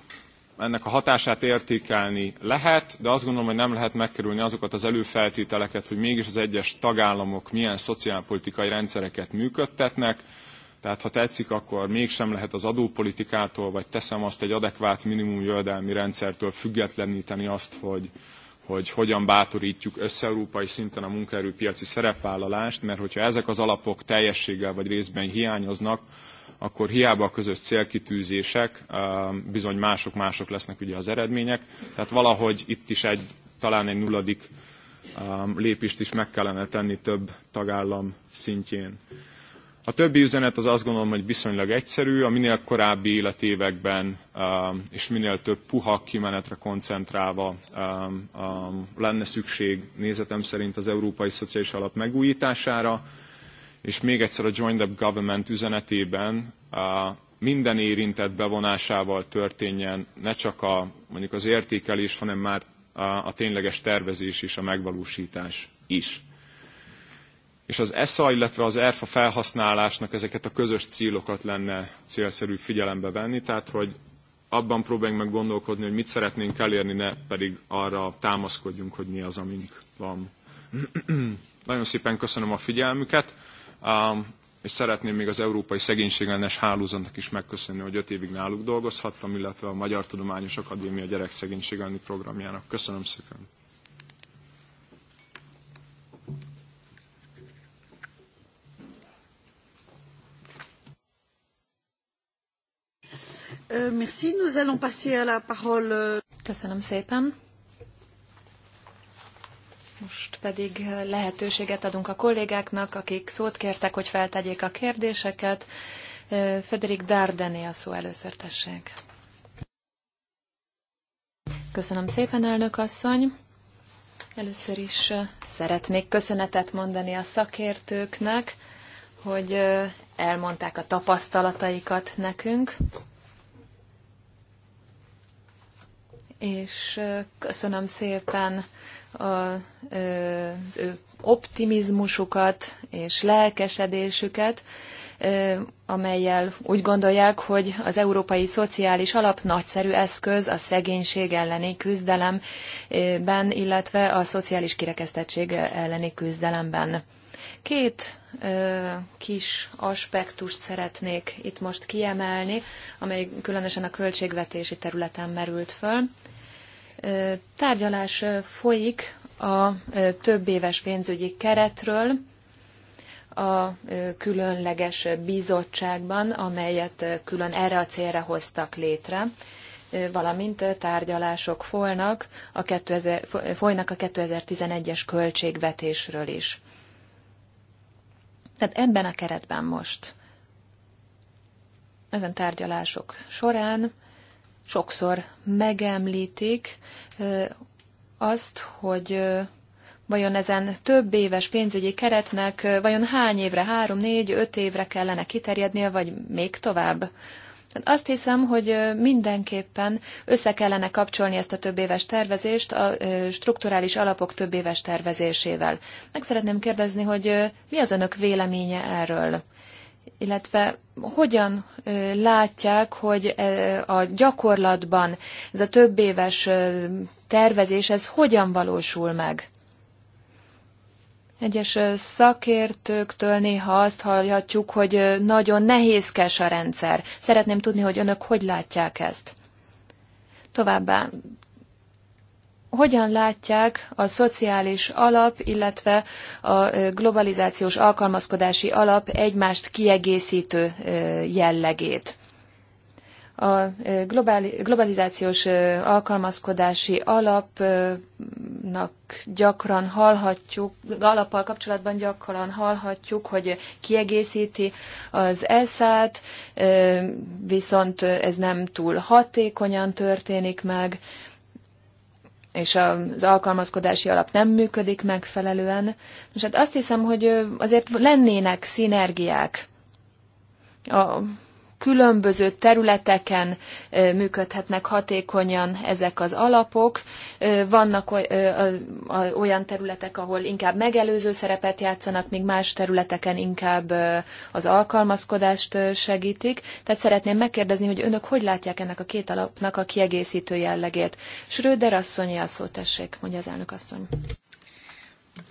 ennek a hatását értékelni lehet, de azt gondolom, hogy nem lehet megkerülni azokat az előfeltételeket, hogy mégis az egyes tagállamok milyen szociálpolitikai rendszereket működtetnek, tehát ha tetszik, akkor mégsem lehet az adópolitikától, vagy teszem azt egy adekvát minimum jövedelmi rendszertől függetleníteni azt, hogy hogy hogyan bátorítjuk össze-európai szinten a munkaerőpiaci szerepvállalást, mert hogyha ezek az alapok teljességgel vagy részben hiányoznak, akkor hiába a közös célkitűzések, bizony mások-mások lesznek ugye az eredmények. Tehát valahogy itt is egy, talán egy nulladik lépést is meg kellene tenni több tagállam szintjén. A többi üzenet az azt gondolom, hogy viszonylag egyszerű, a minél korábbi életévekben um, és minél több puha kimenetre koncentrálva um, um, lenne szükség nézetem szerint az Európai Szociális Alap megújítására, és még egyszer a Joined Up Government üzenetében uh, minden érintett bevonásával történjen ne csak a, mondjuk az értékelés, hanem már a tényleges tervezés és a megvalósítás is és az ESA, illetve az ERFA felhasználásnak ezeket a közös célokat lenne célszerű figyelembe venni, tehát hogy abban próbáljunk meg gondolkodni, hogy mit szeretnénk elérni, ne pedig arra támaszkodjunk, hogy mi az, amink van. Nagyon szépen köszönöm a figyelmüket, és szeretném még az Európai Szegénységellenes Hálózatnak is megköszönni, hogy öt évig náluk dolgozhattam, illetve a Magyar Tudományos Akadémia Gyerekszegénység Programjának. Köszönöm szépen! Euh, merci, nous allons passer à la parole. Euh, Köszönöm szépen. Most pedig lehetőséget adunk a kollégáknak, akik szót kértek, hogy feltegyék a kérdéseket. Federik Dardené a szó először tessék. Köszönöm szépen, elnök asszony. Először is szeretnék köszönetet mondani a szakértőknek, hogy elmondták a tapasztalataikat nekünk. és köszönöm szépen az ő optimizmusukat és lelkesedésüket, amelyel úgy gondolják, hogy az Európai Szociális Alap nagyszerű eszköz a szegénység elleni küzdelemben, illetve a szociális kirekesztettség elleni küzdelemben. Két ö, kis aspektust szeretnék itt most kiemelni, amely különösen a költségvetési területen merült föl. Tárgyalás folyik a több éves pénzügyi keretről a különleges bizottságban, amelyet külön erre a célra hoztak létre, valamint tárgyalások folynak a, 2000, folynak a 2011-es költségvetésről is. Tehát ebben a keretben most, ezen tárgyalások során sokszor megemlítik azt, hogy vajon ezen több éves pénzügyi keretnek vajon hány évre, három, négy, öt évre kellene kiterjednie, vagy még tovább? Azt hiszem, hogy mindenképpen össze kellene kapcsolni ezt a több éves tervezést a strukturális alapok több éves tervezésével. Meg szeretném kérdezni, hogy mi az önök véleménye erről? illetve hogyan látják, hogy a gyakorlatban ez a több éves tervezés, ez hogyan valósul meg? Egyes szakértőktől néha azt hallhatjuk, hogy nagyon nehézkes a rendszer. Szeretném tudni, hogy önök hogy látják ezt. Továbbá hogyan látják a szociális alap, illetve a globalizációs alkalmazkodási alap egymást kiegészítő jellegét? A globalizációs alkalmazkodási alapnak gyakran hallhatjuk, alappal kapcsolatban gyakran hallhatjuk, hogy kiegészíti az ESZ-t, viszont ez nem túl hatékonyan történik meg és az alkalmazkodási alap nem működik megfelelően. És hát azt hiszem, hogy azért lennének szinergiák a különböző területeken működhetnek hatékonyan ezek az alapok. Vannak olyan területek, ahol inkább megelőző szerepet játszanak, míg más területeken inkább az alkalmazkodást segítik. Tehát szeretném megkérdezni, hogy önök hogy látják ennek a két alapnak a kiegészítő jellegét. Schröder asszonyi a szó, tessék, mondja az elnök asszony.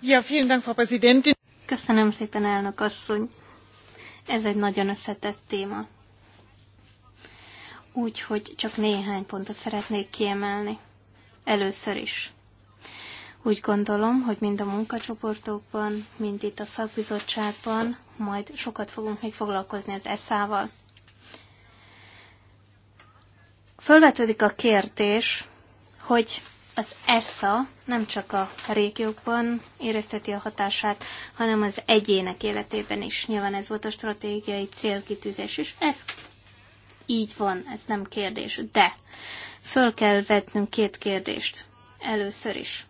Ja, vielen Dank, Frau Präsidentin. Köszönöm szépen, elnök asszony. Ez egy nagyon összetett téma úgyhogy csak néhány pontot szeretnék kiemelni. Először is. Úgy gondolom, hogy mind a munkacsoportokban, mind itt a szakbizottságban majd sokat fogunk még foglalkozni az eszával. Fölvetődik a kérdés, hogy az ESSA nem csak a régiókban érezteti a hatását, hanem az egyének életében is. Nyilván ez volt a stratégiai célkitűzés, és ezt így van, ez nem kérdés. De föl kell vetnünk két kérdést. Először is.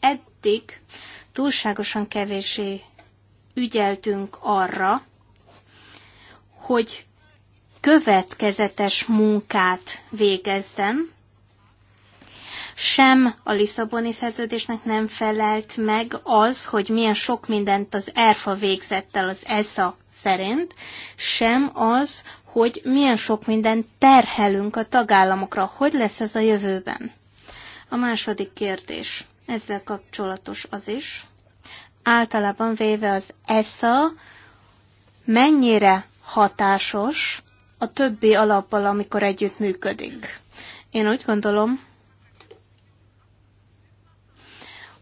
Eddig túlságosan kevésé ügyeltünk arra, hogy következetes munkát végezzem, sem a Lisszaboni szerződésnek nem felelt meg az, hogy milyen sok mindent az ERFA végzett el az ESA szerint, sem az, hogy milyen sok mindent terhelünk a tagállamokra. Hogy lesz ez a jövőben? A második kérdés ezzel kapcsolatos az is. Általában véve az ESA mennyire hatásos a többi alappal, amikor együtt működik. Én úgy gondolom,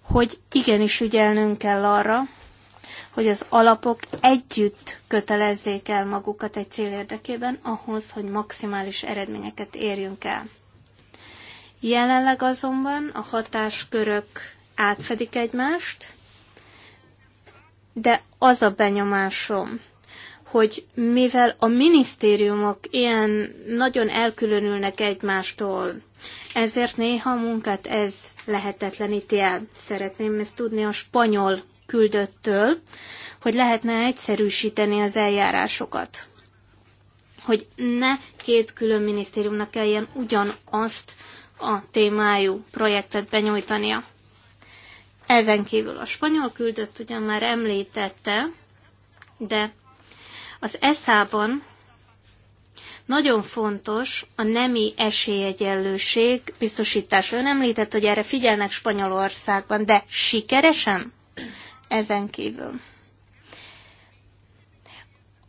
hogy igenis ügyelnünk kell arra, hogy az alapok együtt kötelezzék el magukat egy cél érdekében ahhoz, hogy maximális eredményeket érjünk el. Jelenleg azonban a hatáskörök átfedik egymást, de az a benyomásom, hogy mivel a minisztériumok ilyen nagyon elkülönülnek egymástól, ezért néha a munkát ez lehetetleníti el. Szeretném ezt tudni a spanyol küldöttől, hogy lehetne egyszerűsíteni az eljárásokat. Hogy ne két külön minisztériumnak kelljen ugyanazt a témájú projektet benyújtania. Ezen kívül a spanyol küldött ugyan már említette, de az ESZÁ-ban nagyon fontos a nemi esélyegyenlőség biztosítása. Ön említett, hogy erre figyelnek Spanyolországban, de sikeresen? ezen kívül.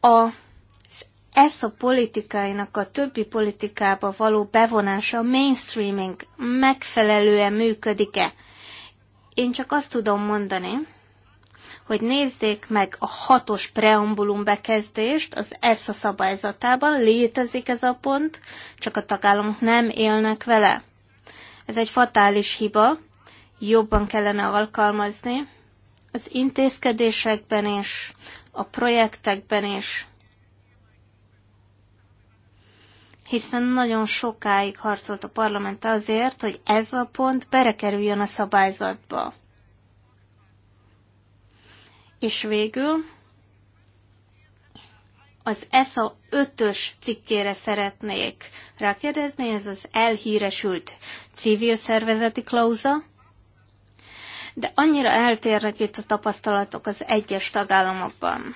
A ez a politikáinak a többi politikába való bevonása, a mainstreaming megfelelően működik-e? Én csak azt tudom mondani, hogy nézzék meg a hatos preambulum bekezdést az ESZA szabályzatában, létezik ez a pont, csak a tagállamok nem élnek vele. Ez egy fatális hiba, jobban kellene alkalmazni, az intézkedésekben is, a projektekben is, hiszen nagyon sokáig harcolt a parlament azért, hogy ez a pont berekerüljön a szabályzatba. És végül az ESA 5-ös cikkére szeretnék rákérdezni, ez az elhíresült civil szervezeti klauza, de annyira eltérnek itt a tapasztalatok az egyes tagállamokban.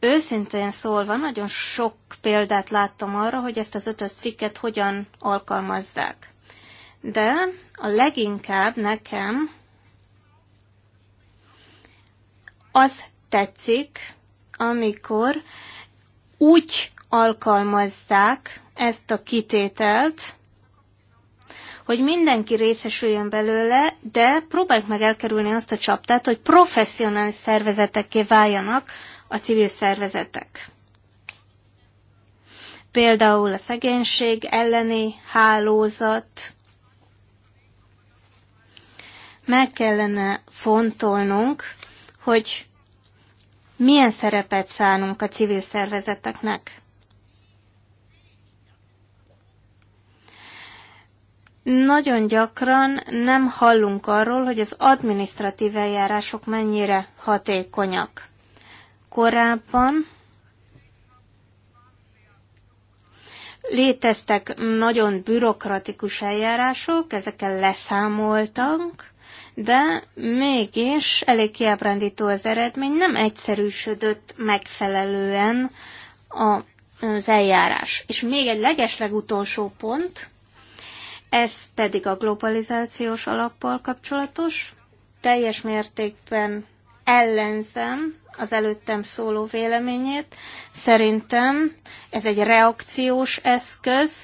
Őszintén szólva, nagyon sok példát láttam arra, hogy ezt az ötös cikket hogyan alkalmazzák. De a leginkább nekem az tetszik, amikor úgy alkalmazzák ezt a kitételt, hogy mindenki részesüljön belőle, de próbáljuk meg elkerülni azt a csaptát, hogy professzionális szervezetekké váljanak a civil szervezetek. Például a szegénység elleni hálózat. Meg kellene fontolnunk, hogy milyen szerepet szánunk a civil szervezeteknek. nagyon gyakran nem hallunk arról, hogy az administratív eljárások mennyire hatékonyak. Korábban léteztek nagyon bürokratikus eljárások, ezekkel leszámoltak, de mégis elég kiábrándító az eredmény, nem egyszerűsödött megfelelően a, az eljárás. És még egy utolsó pont, ez pedig a globalizációs alappal kapcsolatos. Teljes mértékben ellenzem az előttem szóló véleményét. Szerintem ez egy reakciós eszköz.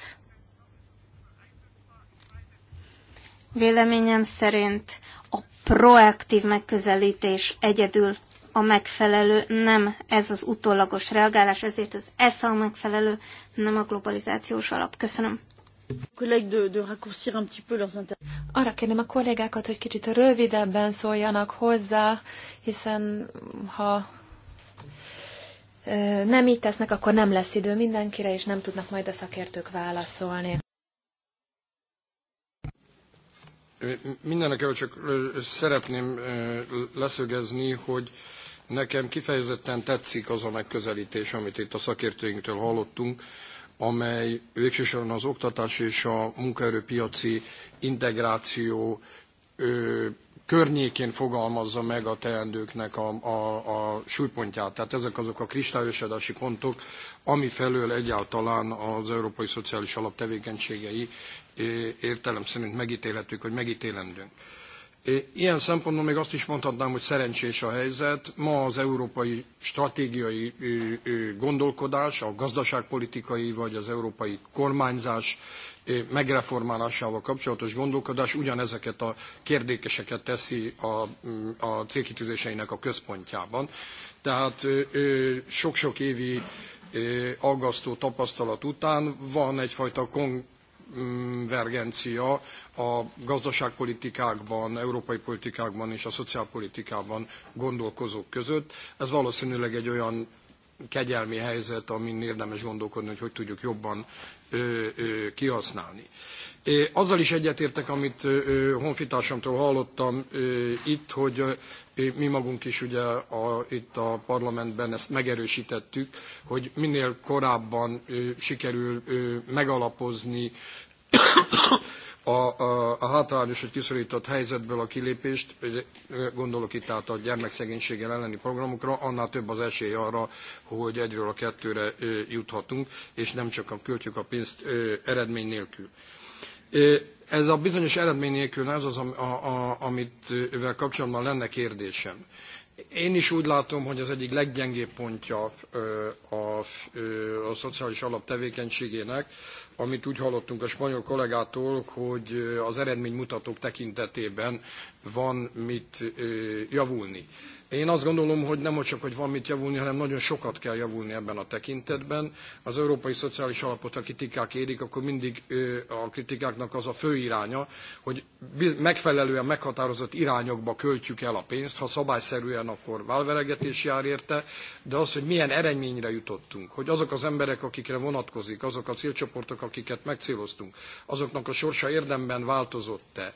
Véleményem szerint a proaktív megközelítés egyedül a megfelelő, nem ez az utólagos reagálás, ezért az ESZA a megfelelő, nem a globalizációs alap. Köszönöm. Arra kérném a kollégákat, hogy kicsit rövidebben szóljanak hozzá, hiszen ha nem így tesznek, akkor nem lesz idő mindenkire, és nem tudnak majd a szakértők válaszolni. Mindenek csak szeretném leszögezni, hogy nekem kifejezetten tetszik az a megközelítés, amit itt a szakértőinktől hallottunk, amely végsősorban az oktatás és a munkaerőpiaci integráció ö, környékén fogalmazza meg a teendőknek a, a, a súlypontját. Tehát ezek azok a kristályosodási pontok, ami felől egyáltalán az Európai Szociális Alap tevékenységei értelem szerint megítélhetők, hogy megítélendünk. Ilyen szempontból még azt is mondhatnám, hogy szerencsés a helyzet. Ma az európai stratégiai gondolkodás, a gazdaságpolitikai vagy az európai kormányzás megreformálásával kapcsolatos gondolkodás ugyanezeket a kérdékeseket teszi a, mm, a célkitűzéseinek a központjában. Tehát sok-sok évi aggasztó tapasztalat után van egyfajta kon konvergencia a gazdaságpolitikákban, európai politikákban és a szociálpolitikában gondolkozók között. Ez valószínűleg egy olyan kegyelmi helyzet, amin érdemes gondolkodni, hogy hogy tudjuk jobban ö, ö, kihasználni. Azzal is egyetértek, amit honfitársamtól hallottam itt, hogy mi magunk is ugye a, itt a parlamentben ezt megerősítettük, hogy minél korábban sikerül megalapozni a, a, a hátrányos vagy kiszorított helyzetből a kilépést, gondolok itt át a gyermekszegénységgel elleni programokra, annál több az esély arra, hogy egyről a kettőre juthatunk, és nem csak a költjük a pénzt eredmény nélkül. Ez a bizonyos eredmény nélkül ez az, amit ővel kapcsolatban lenne kérdésem. Én is úgy látom, hogy az egyik leggyengébb pontja a, a, a, a szociális alap tevékenységének, amit úgy hallottunk a spanyol kollégától, hogy az eredménymutatók tekintetében van mit javulni. Én azt gondolom, hogy nem csak, hogy van mit javulni, hanem nagyon sokat kell javulni ebben a tekintetben. Az Európai Szociális Alapot, a kritikák érik, akkor mindig a kritikáknak az a fő iránya, hogy megfelelően meghatározott irányokba költjük el a pénzt, ha szabályszerűen, akkor válveregetés jár érte, de az, hogy milyen eredményre jutottunk, hogy azok az emberek, akikre vonatkozik, azok a célcsoportok, akiket megcéloztunk, azoknak a sorsa érdemben változott-e,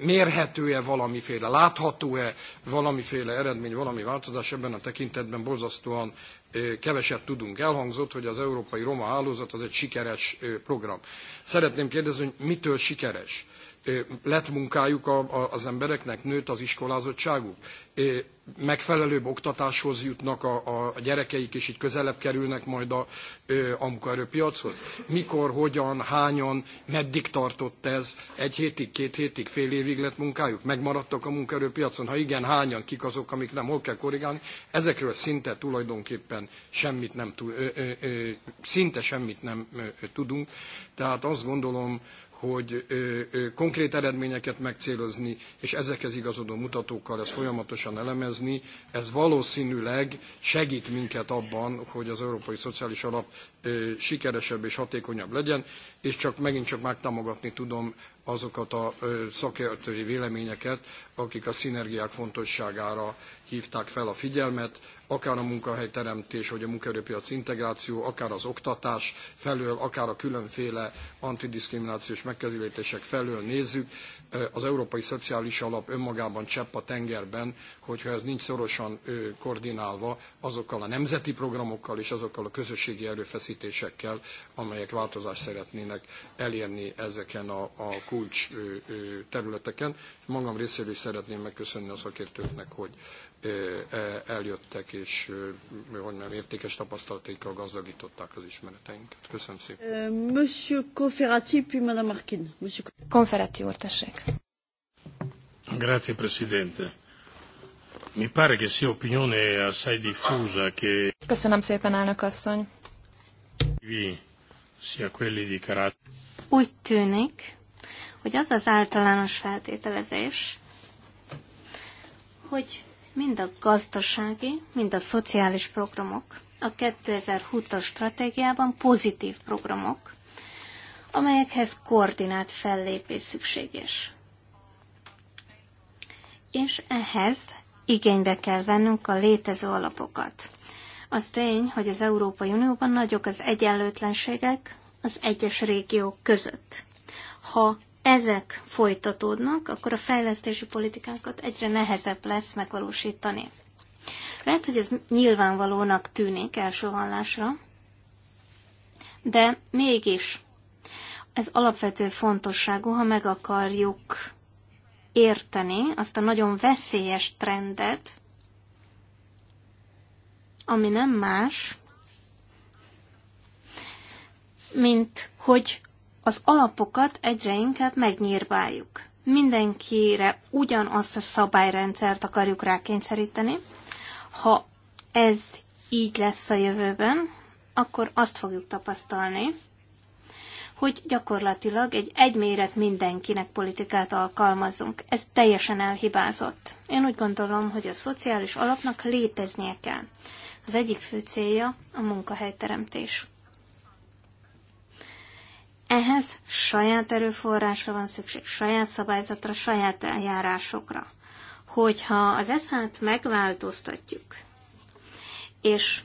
mérhető-e valamiféle, látható-e valamiféle eredmény, valami változás ebben a tekintetben borzasztóan keveset tudunk. Elhangzott, hogy az Európai Roma Hálózat az egy sikeres program. Szeretném kérdezni, hogy mitől sikeres? Lett munkájuk az embereknek, nőtt az iskolázottságuk? megfelelőbb oktatáshoz jutnak a, a gyerekeik, és így közelebb kerülnek majd a, a munkaerőpiachoz? Mikor, hogyan, hányan, meddig tartott ez? Egy hétig, két hétig, fél évig lett munkájuk? Megmaradtak a munkaerőpiacon? Ha igen, hányan, kik azok, amik nem, hol kell korrigálni? Ezekről szinte tulajdonképpen semmit nem, szinte semmit nem tudunk. Tehát azt gondolom, hogy ö, ö, konkrét eredményeket megcélozni, és ezekhez igazodó mutatókkal ezt folyamatosan elemezni, ez valószínűleg segít minket abban, hogy az Európai Szociális Alap ö, sikeresebb és hatékonyabb legyen, és csak megint csak megtámogatni tudom azokat a ö, szakértői véleményeket, akik a szinergiák fontosságára hívták fel a figyelmet, akár a munkahelyteremtés, vagy a munkaerőpiac integráció, akár az oktatás felől, akár a különféle antidiszkriminációs megkezdítések felől nézzük, az Európai Szociális Alap önmagában csepp a tengerben, hogyha ez nincs szorosan koordinálva azokkal a nemzeti programokkal és azokkal a közösségi erőfeszítésekkel, amelyek változást szeretnének elérni ezeken a, a kulcs területeken. Magam részéről is szeretném megköszönni a szakértőknek, hogy e, eljöttek és hogy nem értékes tapasztalataikkal gazdagították az ismereteinket. Köszönöm szépen. Euh, Monsieur Conferati, puis Madame Arkin. Conferati úr, tessék. Grazie, Presidente. Mi pare che sia opinione assai diffusa che... Köszönöm szépen, elnök asszony. Sia quelli di carattere. Úgy tűnik, hogy az az általános feltételezés, hogy mind a gazdasági, mind a szociális programok a 2020-as stratégiában pozitív programok, amelyekhez koordinált fellépés szükséges. És ehhez igénybe kell vennünk a létező alapokat. Az tény, hogy az Európai Unióban nagyok az egyenlőtlenségek az egyes régiók között. Ha ezek folytatódnak, akkor a fejlesztési politikánkat egyre nehezebb lesz megvalósítani. Lehet, hogy ez nyilvánvalónak tűnik első hallásra, de mégis ez alapvető fontosságú, ha meg akarjuk érteni azt a nagyon veszélyes trendet, ami nem más, mint hogy az alapokat egyre inkább megnyírbáljuk. Mindenkire ugyanazt a szabályrendszert akarjuk rákényszeríteni. Ha ez így lesz a jövőben, akkor azt fogjuk tapasztalni, hogy gyakorlatilag egy egyméret mindenkinek politikát alkalmazunk. Ez teljesen elhibázott. Én úgy gondolom, hogy a szociális alapnak léteznie kell. Az egyik fő célja a munkahelyteremtés. Ehhez saját erőforrásra van szükség, saját szabályzatra, saját eljárásokra. Hogyha az eszát megváltoztatjuk, és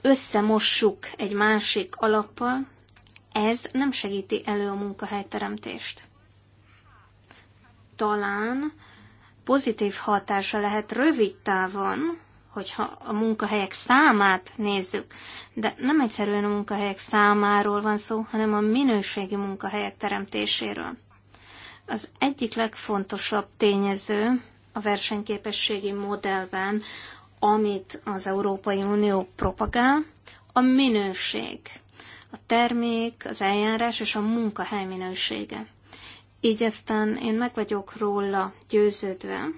összemossuk egy másik alappal, ez nem segíti elő a munkahelyteremtést. Talán pozitív hatása lehet rövid távon, hogyha a munkahelyek számát nézzük, de nem egyszerűen a munkahelyek számáról van szó, hanem a minőségi munkahelyek teremtéséről. Az egyik legfontosabb tényező a versenyképességi modellben, amit az Európai Unió propagál, a minőség, a termék, az eljárás és a munkahely minősége. Így aztán én meg vagyok róla győződve,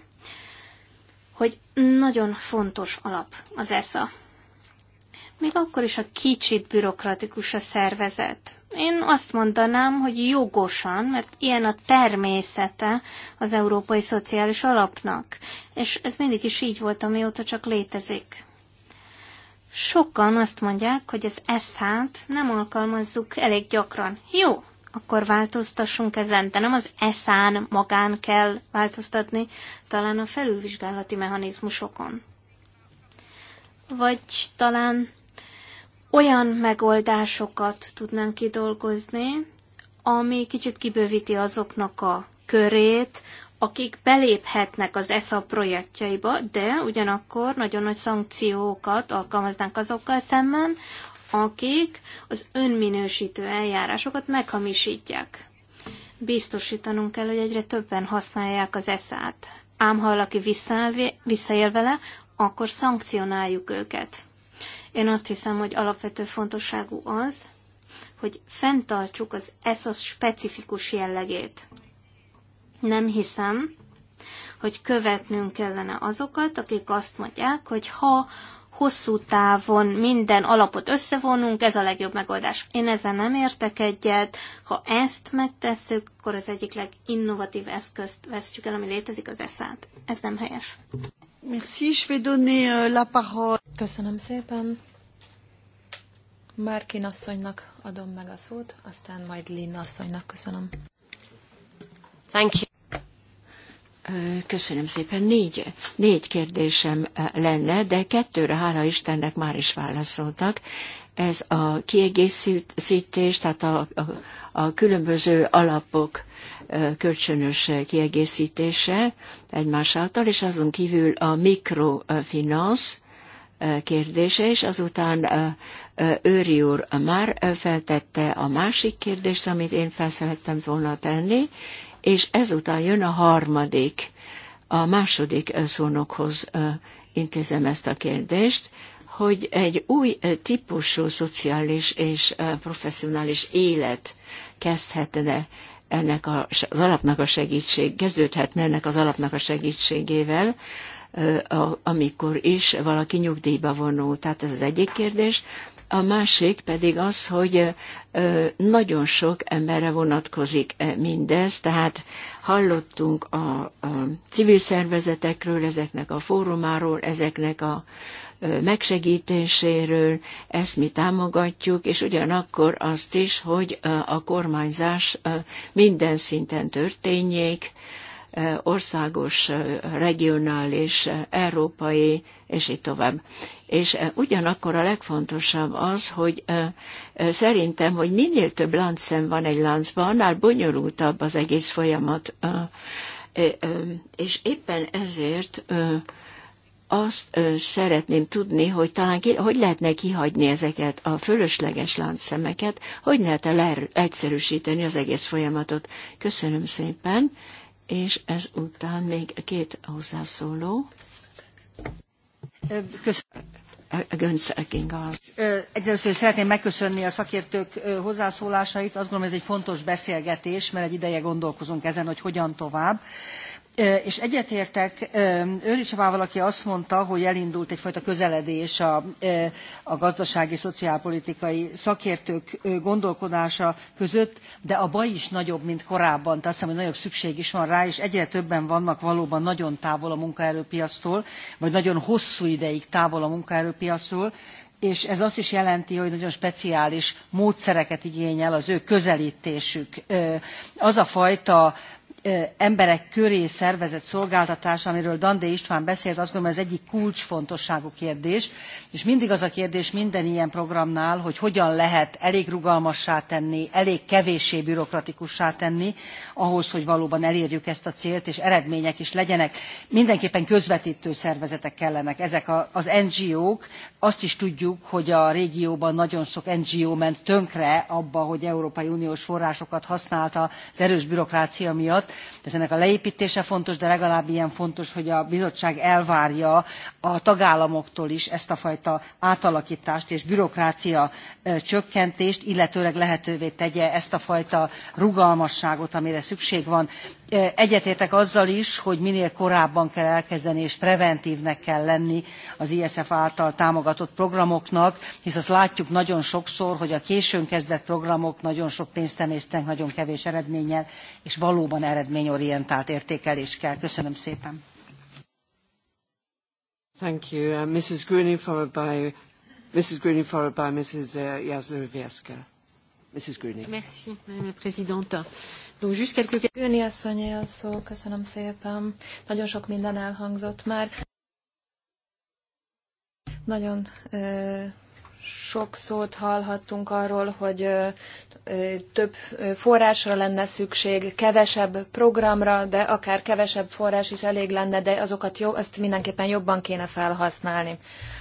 hogy nagyon fontos alap az ESA. Még akkor is, a kicsit bürokratikus a szervezet. Én azt mondanám, hogy jogosan, mert ilyen a természete az Európai Szociális Alapnak, és ez mindig is így volt, amióta csak létezik. Sokan azt mondják, hogy az eszát nem alkalmazzuk elég gyakran. Jó, akkor változtassunk ezen. De nem az eszán magán kell változtatni, talán a felülvizsgálati mechanizmusokon. Vagy talán olyan megoldásokat tudnánk kidolgozni, ami kicsit kibővíti azoknak a körét, akik beléphetnek az ESA projektjaiba, de ugyanakkor nagyon nagy szankciókat alkalmaznánk azokkal szemben, akik az önminősítő eljárásokat meghamisítják. Biztosítanunk kell, hogy egyre többen használják az eszát. Ám ha valaki visszaél vele, akkor szankcionáljuk őket. Én azt hiszem, hogy alapvető fontosságú az, hogy fenntartsuk az ESZAS specifikus jellegét. Nem hiszem, hogy követnünk kellene azokat, akik azt mondják, hogy ha hosszú távon minden alapot összevonunk, ez a legjobb megoldás. Én ezzel nem értek egyet. Ha ezt megtesszük, akkor az egyik leginnovatív eszközt vesztjük el, ami létezik az eszát. Ez nem helyes. Merci, je vais donner euh, la parole. Köszönöm szépen. Márkin asszonynak adom meg a szót, aztán majd Linna asszonynak köszönöm. Thank you. Köszönöm szépen. Négy, négy kérdésem lenne, de kettőre, hála Istennek már is válaszoltak. Ez a kiegészítés, tehát a, a, a különböző alapok kölcsönös kiegészítése egymás által, és azon kívül a mikrofinansz kérdése, és azután Őri úr már feltette a másik kérdést, amit én fel szerettem volna tenni, és ezután jön a harmadik, a második szónokhoz intézem ezt a kérdést, hogy egy új típusú szociális és professzionális élet kezdhetne ennek a, az alapnak a segítség, kezdődhetne ennek az alapnak a segítségével, amikor is valaki nyugdíjba vonul. Tehát ez az egyik kérdés. A másik pedig az, hogy nagyon sok emberre vonatkozik mindez, tehát hallottunk a, a civil szervezetekről, ezeknek a fórumáról, ezeknek a megsegítéséről, ezt mi támogatjuk, és ugyanakkor azt is, hogy a kormányzás minden szinten történjék, országos, regionális, európai, és így tovább. És ugyanakkor a legfontosabb az, hogy szerintem, hogy minél több láncszem van egy láncban, annál bonyolultabb az egész folyamat. És éppen ezért azt szeretném tudni, hogy talán ki, hogy lehetne kihagyni ezeket a fölösleges láncszemeket, hogy lehet -e leegyszerűsíteni az egész folyamatot. Köszönöm szépen és ez után még két hozzászóló. Köszönöm. szeretném megköszönni a szakértők hozzászólásait. Azt gondolom, ez egy fontos beszélgetés, mert egy ideje gondolkozunk ezen, hogy hogyan tovább. És egyetértek ön is, azt mondta, hogy elindult egyfajta közeledés a, a gazdasági, szociálpolitikai szakértők gondolkodása között, de a baj is nagyobb, mint korábban. Tehát azt hiszem, hogy nagyobb szükség is van rá, és egyre többen vannak valóban nagyon távol a munkaerőpiactól, vagy nagyon hosszú ideig távol a munkaerőpiactól, és ez azt is jelenti, hogy nagyon speciális módszereket igényel az ő közelítésük. Az a fajta emberek köré szervezett szolgáltatás, amiről Dandé István beszélt, azt gondolom ez egyik kulcsfontosságú kérdés, és mindig az a kérdés minden ilyen programnál, hogy hogyan lehet elég rugalmassá tenni, elég kevéssé bürokratikussá tenni, ahhoz, hogy valóban elérjük ezt a célt, és eredmények is legyenek. Mindenképpen közvetítő szervezetek kellenek, ezek az NGO-k, azt is tudjuk, hogy a régióban nagyon sok NGO ment tönkre abba, hogy Európai Uniós forrásokat használta az erős bürokrácia miatt, tehát ennek a leépítése fontos, de legalább ilyen fontos, hogy a bizottság elvárja a tagállamoktól is ezt a fajta átalakítást és bürokrácia csökkentést, illetőleg lehetővé tegye ezt a fajta rugalmasságot, amire szükség van. Egyetértek azzal is, hogy minél korábban kell elkezdeni, és preventívnek kell lenni az ISF által támogatott programoknak, hisz azt látjuk nagyon sokszor, hogy a későn kezdett programok nagyon sok pénzt emésztenek, nagyon kevés eredménnyel, és valóban eredményorientált értékelés kell. Köszönöm szépen. Thank you. Uh, Mrs. Greening, followed by Mrs. Greening, followed by Mrs. Uh, Mrs. Greening. Merci, Madame la Présidente. Donc asszony, a szó, köszönöm szépen. Nagyon sok minden elhangzott már. Nagyon ö, sok szót hallhattunk arról, hogy ö, több forrásra lenne szükség, kevesebb programra, de akár kevesebb forrás is elég lenne, de azokat jó, azt mindenképpen jobban kéne felhasználni.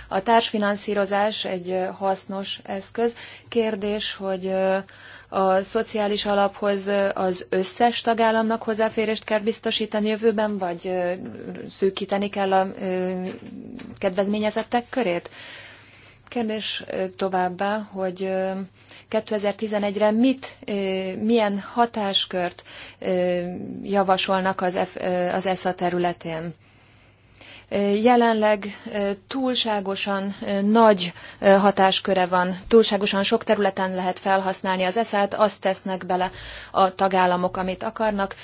A társfinanszírozás egy hasznos eszköz. Kérdés, hogy a szociális alaphoz az összes tagállamnak hozzáférést kell biztosítani jövőben, vagy szűkíteni kell a kedvezményezettek körét? Kérdés továbbá, hogy 2011-re mit, milyen hatáskört javasolnak az, F, az ESZA területén? jelenleg túlságosan nagy hatásköre van, túlságosan sok területen lehet felhasználni az eszát, azt tesznek bele a tagállamok, amit akarnak.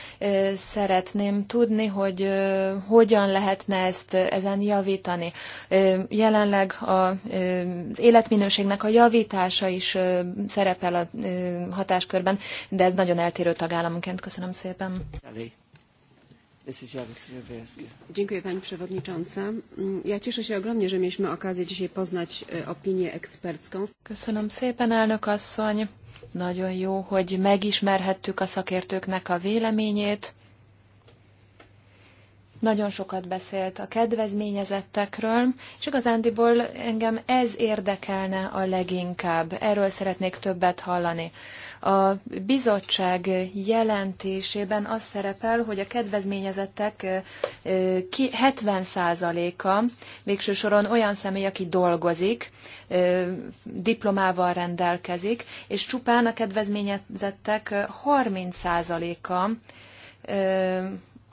Szeretném tudni, hogy hogyan lehetne ezt ezen javítani. Jelenleg az életminőségnek a javítása is szerepel a hatáskörben, de ez nagyon eltérő tagállamonként. Köszönöm szépen. Dziękuję Pani Przewodnicząca. Mm, ja cieszę się ogromnie, że mieliśmy okazję dzisiaj poznać e, opinię ekspercką. Köszönöm szépen, elnök asszony. Nagyon jó, hogy megismerhettük a szakértőknek a véleményét. Nagyon sokat beszélt a kedvezményezettekről, és igazándiból engem ez érdekelne a leginkább. Erről szeretnék többet hallani. A bizottság jelentésében az szerepel, hogy a kedvezményezettek 70%-a végső soron olyan személy, aki dolgozik, diplomával rendelkezik, és csupán a kedvezményezettek 30%-a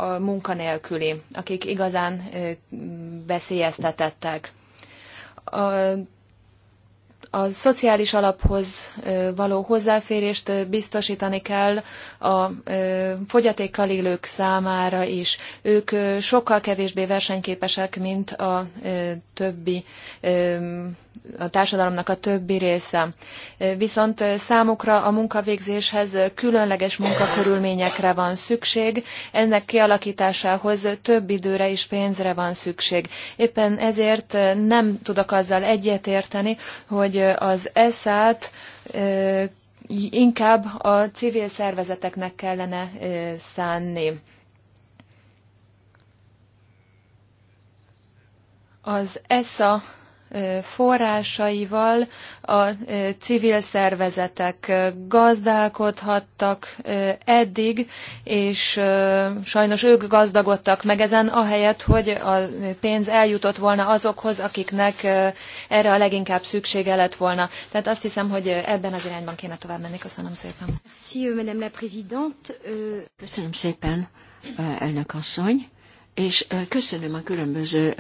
a munkanélküli, akik igazán veszélyeztetettek. A, a szociális alaphoz való hozzáférést biztosítani kell a fogyatékkal élők számára is. Ők sokkal kevésbé versenyképesek, mint a többi a társadalomnak a többi része. Viszont számukra a munkavégzéshez különleges munkakörülményekre van szükség, ennek kialakításához több időre és pénzre van szükség. Éppen ezért nem tudok azzal egyetérteni, hogy az ESZ-át inkább a civil szervezeteknek kellene szánni. Az ESZA forrásaival a civil szervezetek gazdálkodhattak eddig, és sajnos ők gazdagodtak meg ezen, ahelyett, hogy a pénz eljutott volna azokhoz, akiknek erre a leginkább szüksége lett volna. Tehát azt hiszem, hogy ebben az irányban kéne tovább menni. Köszönöm szépen. Euh, euh, köszönöm szépen, elnök asszony, és köszönöm a különböző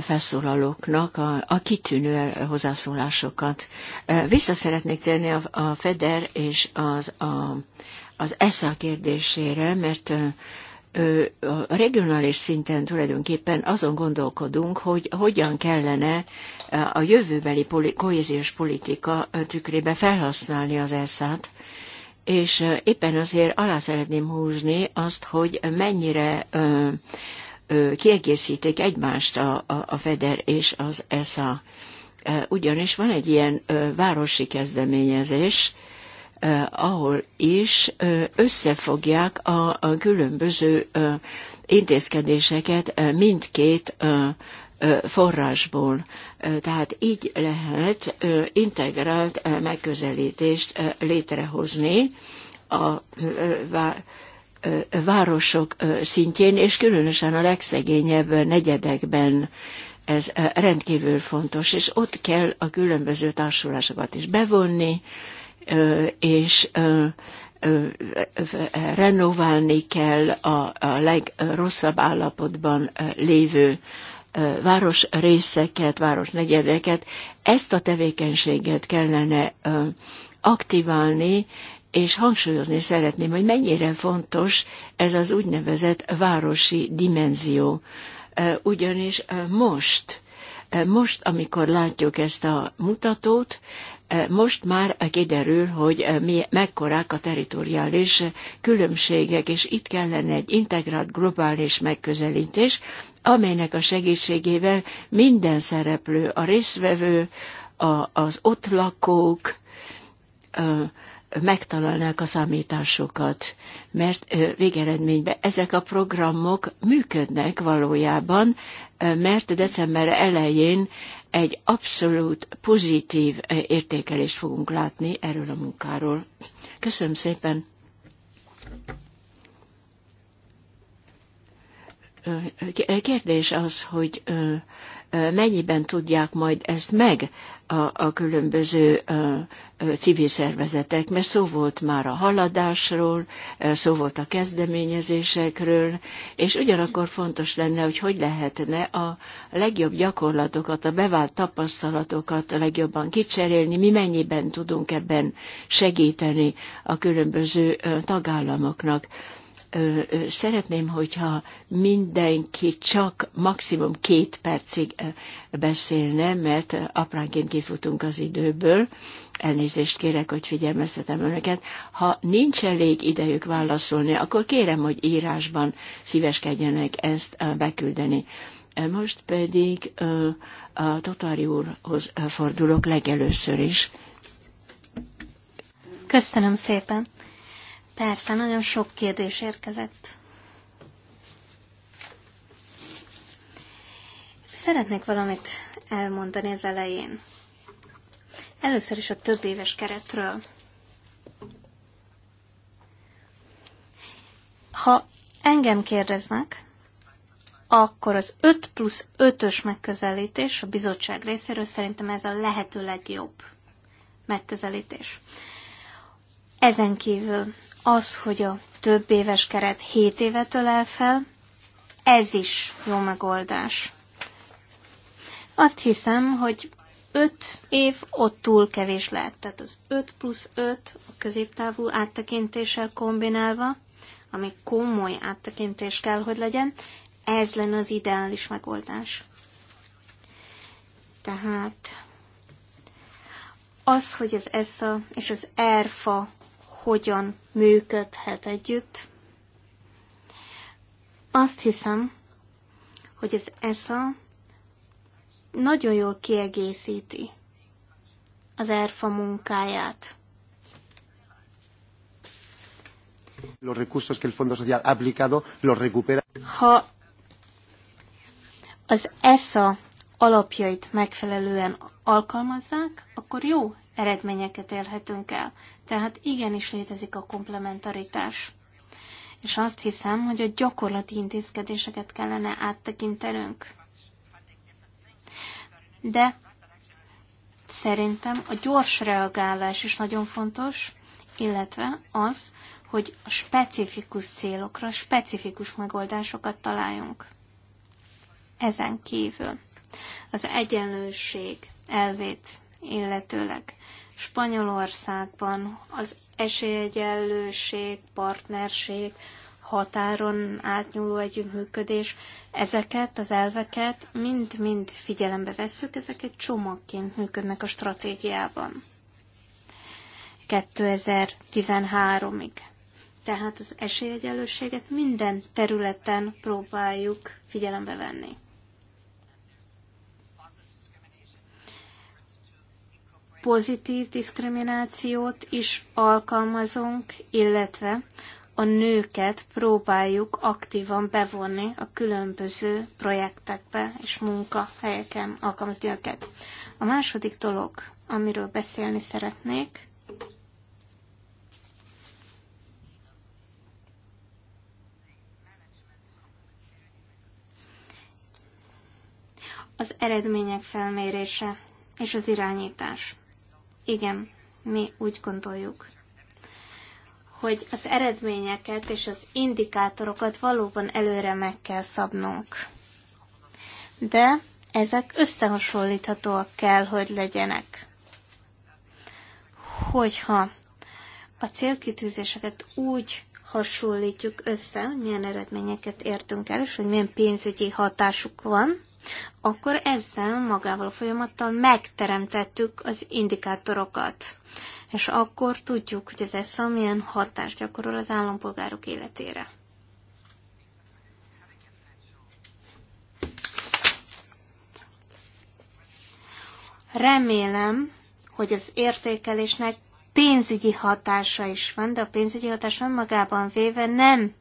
felszólalóknak a, a kitűnő hozzászólásokat. Vissza szeretnék térni a, a FEDER és az, a, az ESZA kérdésére, mert a regionális szinten tulajdonképpen azon gondolkodunk, hogy hogyan kellene a jövőbeli poli, kohéziós politika tükrébe felhasználni az ESZ-t, és éppen azért alá szeretném húzni azt, hogy mennyire kiegészítik egymást a, a, a FEDER és az ESA. Ugyanis van egy ilyen városi kezdeményezés, ahol is összefogják a, a különböző intézkedéseket mindkét forrásból. Tehát így lehet integrált megközelítést létrehozni a városok szintjén, és különösen a legszegényebb negyedekben ez rendkívül fontos, és ott kell a különböző társulásokat is bevonni, és renoválni kell a, legrosszabb állapotban lévő város részeket, városnegyedeket. Ezt a tevékenységet kellene aktiválni, és hangsúlyozni szeretném, hogy mennyire fontos ez az úgynevezett városi dimenzió. Ugyanis most, most, amikor látjuk ezt a mutatót, most már kiderül, hogy mi, mekkorák a teritoriális különbségek, és itt kellene egy integrált globális megközelítés, amelynek a segítségével minden szereplő, a részvevő, a, az ott lakók, megtalálnák a számításokat, mert végeredményben ezek a programok működnek valójában, mert december elején egy abszolút pozitív értékelést fogunk látni erről a munkáról. Köszönöm szépen! Kérdés az, hogy mennyiben tudják majd ezt meg a, a különböző civil szervezetek, mert szó volt már a haladásról, szó volt a kezdeményezésekről, és ugyanakkor fontos lenne, hogy hogy lehetne a legjobb gyakorlatokat, a bevált tapasztalatokat a legjobban kicserélni, mi mennyiben tudunk ebben segíteni a különböző tagállamoknak szeretném, hogyha mindenki csak maximum két percig beszélne, mert apránként kifutunk az időből. Elnézést kérek, hogy figyelmeztetem önöket. Ha nincs elég idejük válaszolni, akkor kérem, hogy írásban szíveskedjenek ezt beküldeni. Most pedig a Totári úrhoz fordulok legelőször is. Köszönöm szépen. Persze, nagyon sok kérdés érkezett. Szeretnék valamit elmondani az elején. Először is a több éves keretről. Ha engem kérdeznek, akkor az 5 plusz 5-ös megközelítés a bizottság részéről szerintem ez a lehető legjobb megközelítés. Ezen kívül az, hogy a több éves keret 7 évet ölel fel, ez is jó megoldás. Azt hiszem, hogy 5 év ott túl kevés lehet. Tehát az 5 plusz 5 a középtávú áttekintéssel kombinálva, ami komoly áttekintés kell, hogy legyen, ez lenne az ideális megoldás. Tehát az, hogy az ESSA és az ERFA hogyan működhet együtt. Azt hiszem, hogy az ESA nagyon jól kiegészíti az ERFA munkáját. Los recursos que el Fondo Social ha aplicado los recupera. Ha az ESA alapjait megfelelően alkalmazzák, akkor jó eredményeket élhetünk el. Tehát igenis létezik a komplementaritás. És azt hiszem, hogy a gyakorlati intézkedéseket kellene áttekintenünk. De szerintem a gyors reagálás is nagyon fontos, illetve az, hogy a specifikus célokra specifikus megoldásokat találjunk. Ezen kívül az egyenlőség elvét illetőleg Spanyolországban az esélyegyenlőség, partnerség, határon átnyúló együttműködés, ezeket az elveket mind-mind figyelembe vesszük, ezek egy csomagként működnek a stratégiában. 2013-ig. Tehát az esélyegyenlőséget minden területen próbáljuk figyelembe venni. pozitív diszkriminációt is alkalmazunk, illetve a nőket próbáljuk aktívan bevonni a különböző projektekbe és munkahelyeken alkalmazni őket. A második dolog, amiről beszélni szeretnék, az eredmények felmérése és az irányítás. Igen, mi úgy gondoljuk, hogy az eredményeket és az indikátorokat valóban előre meg kell szabnunk. De ezek összehasonlíthatóak kell, hogy legyenek. Hogyha a célkitűzéseket úgy hasonlítjuk össze, hogy milyen eredményeket értünk el, és hogy milyen pénzügyi hatásuk van, akkor ezzel magával a folyamattal megteremtettük az indikátorokat. És akkor tudjuk, hogy az ESZA milyen hatást gyakorol az állampolgárok életére. Remélem, hogy az értékelésnek pénzügyi hatása is van, de a pénzügyi hatás önmagában véve nem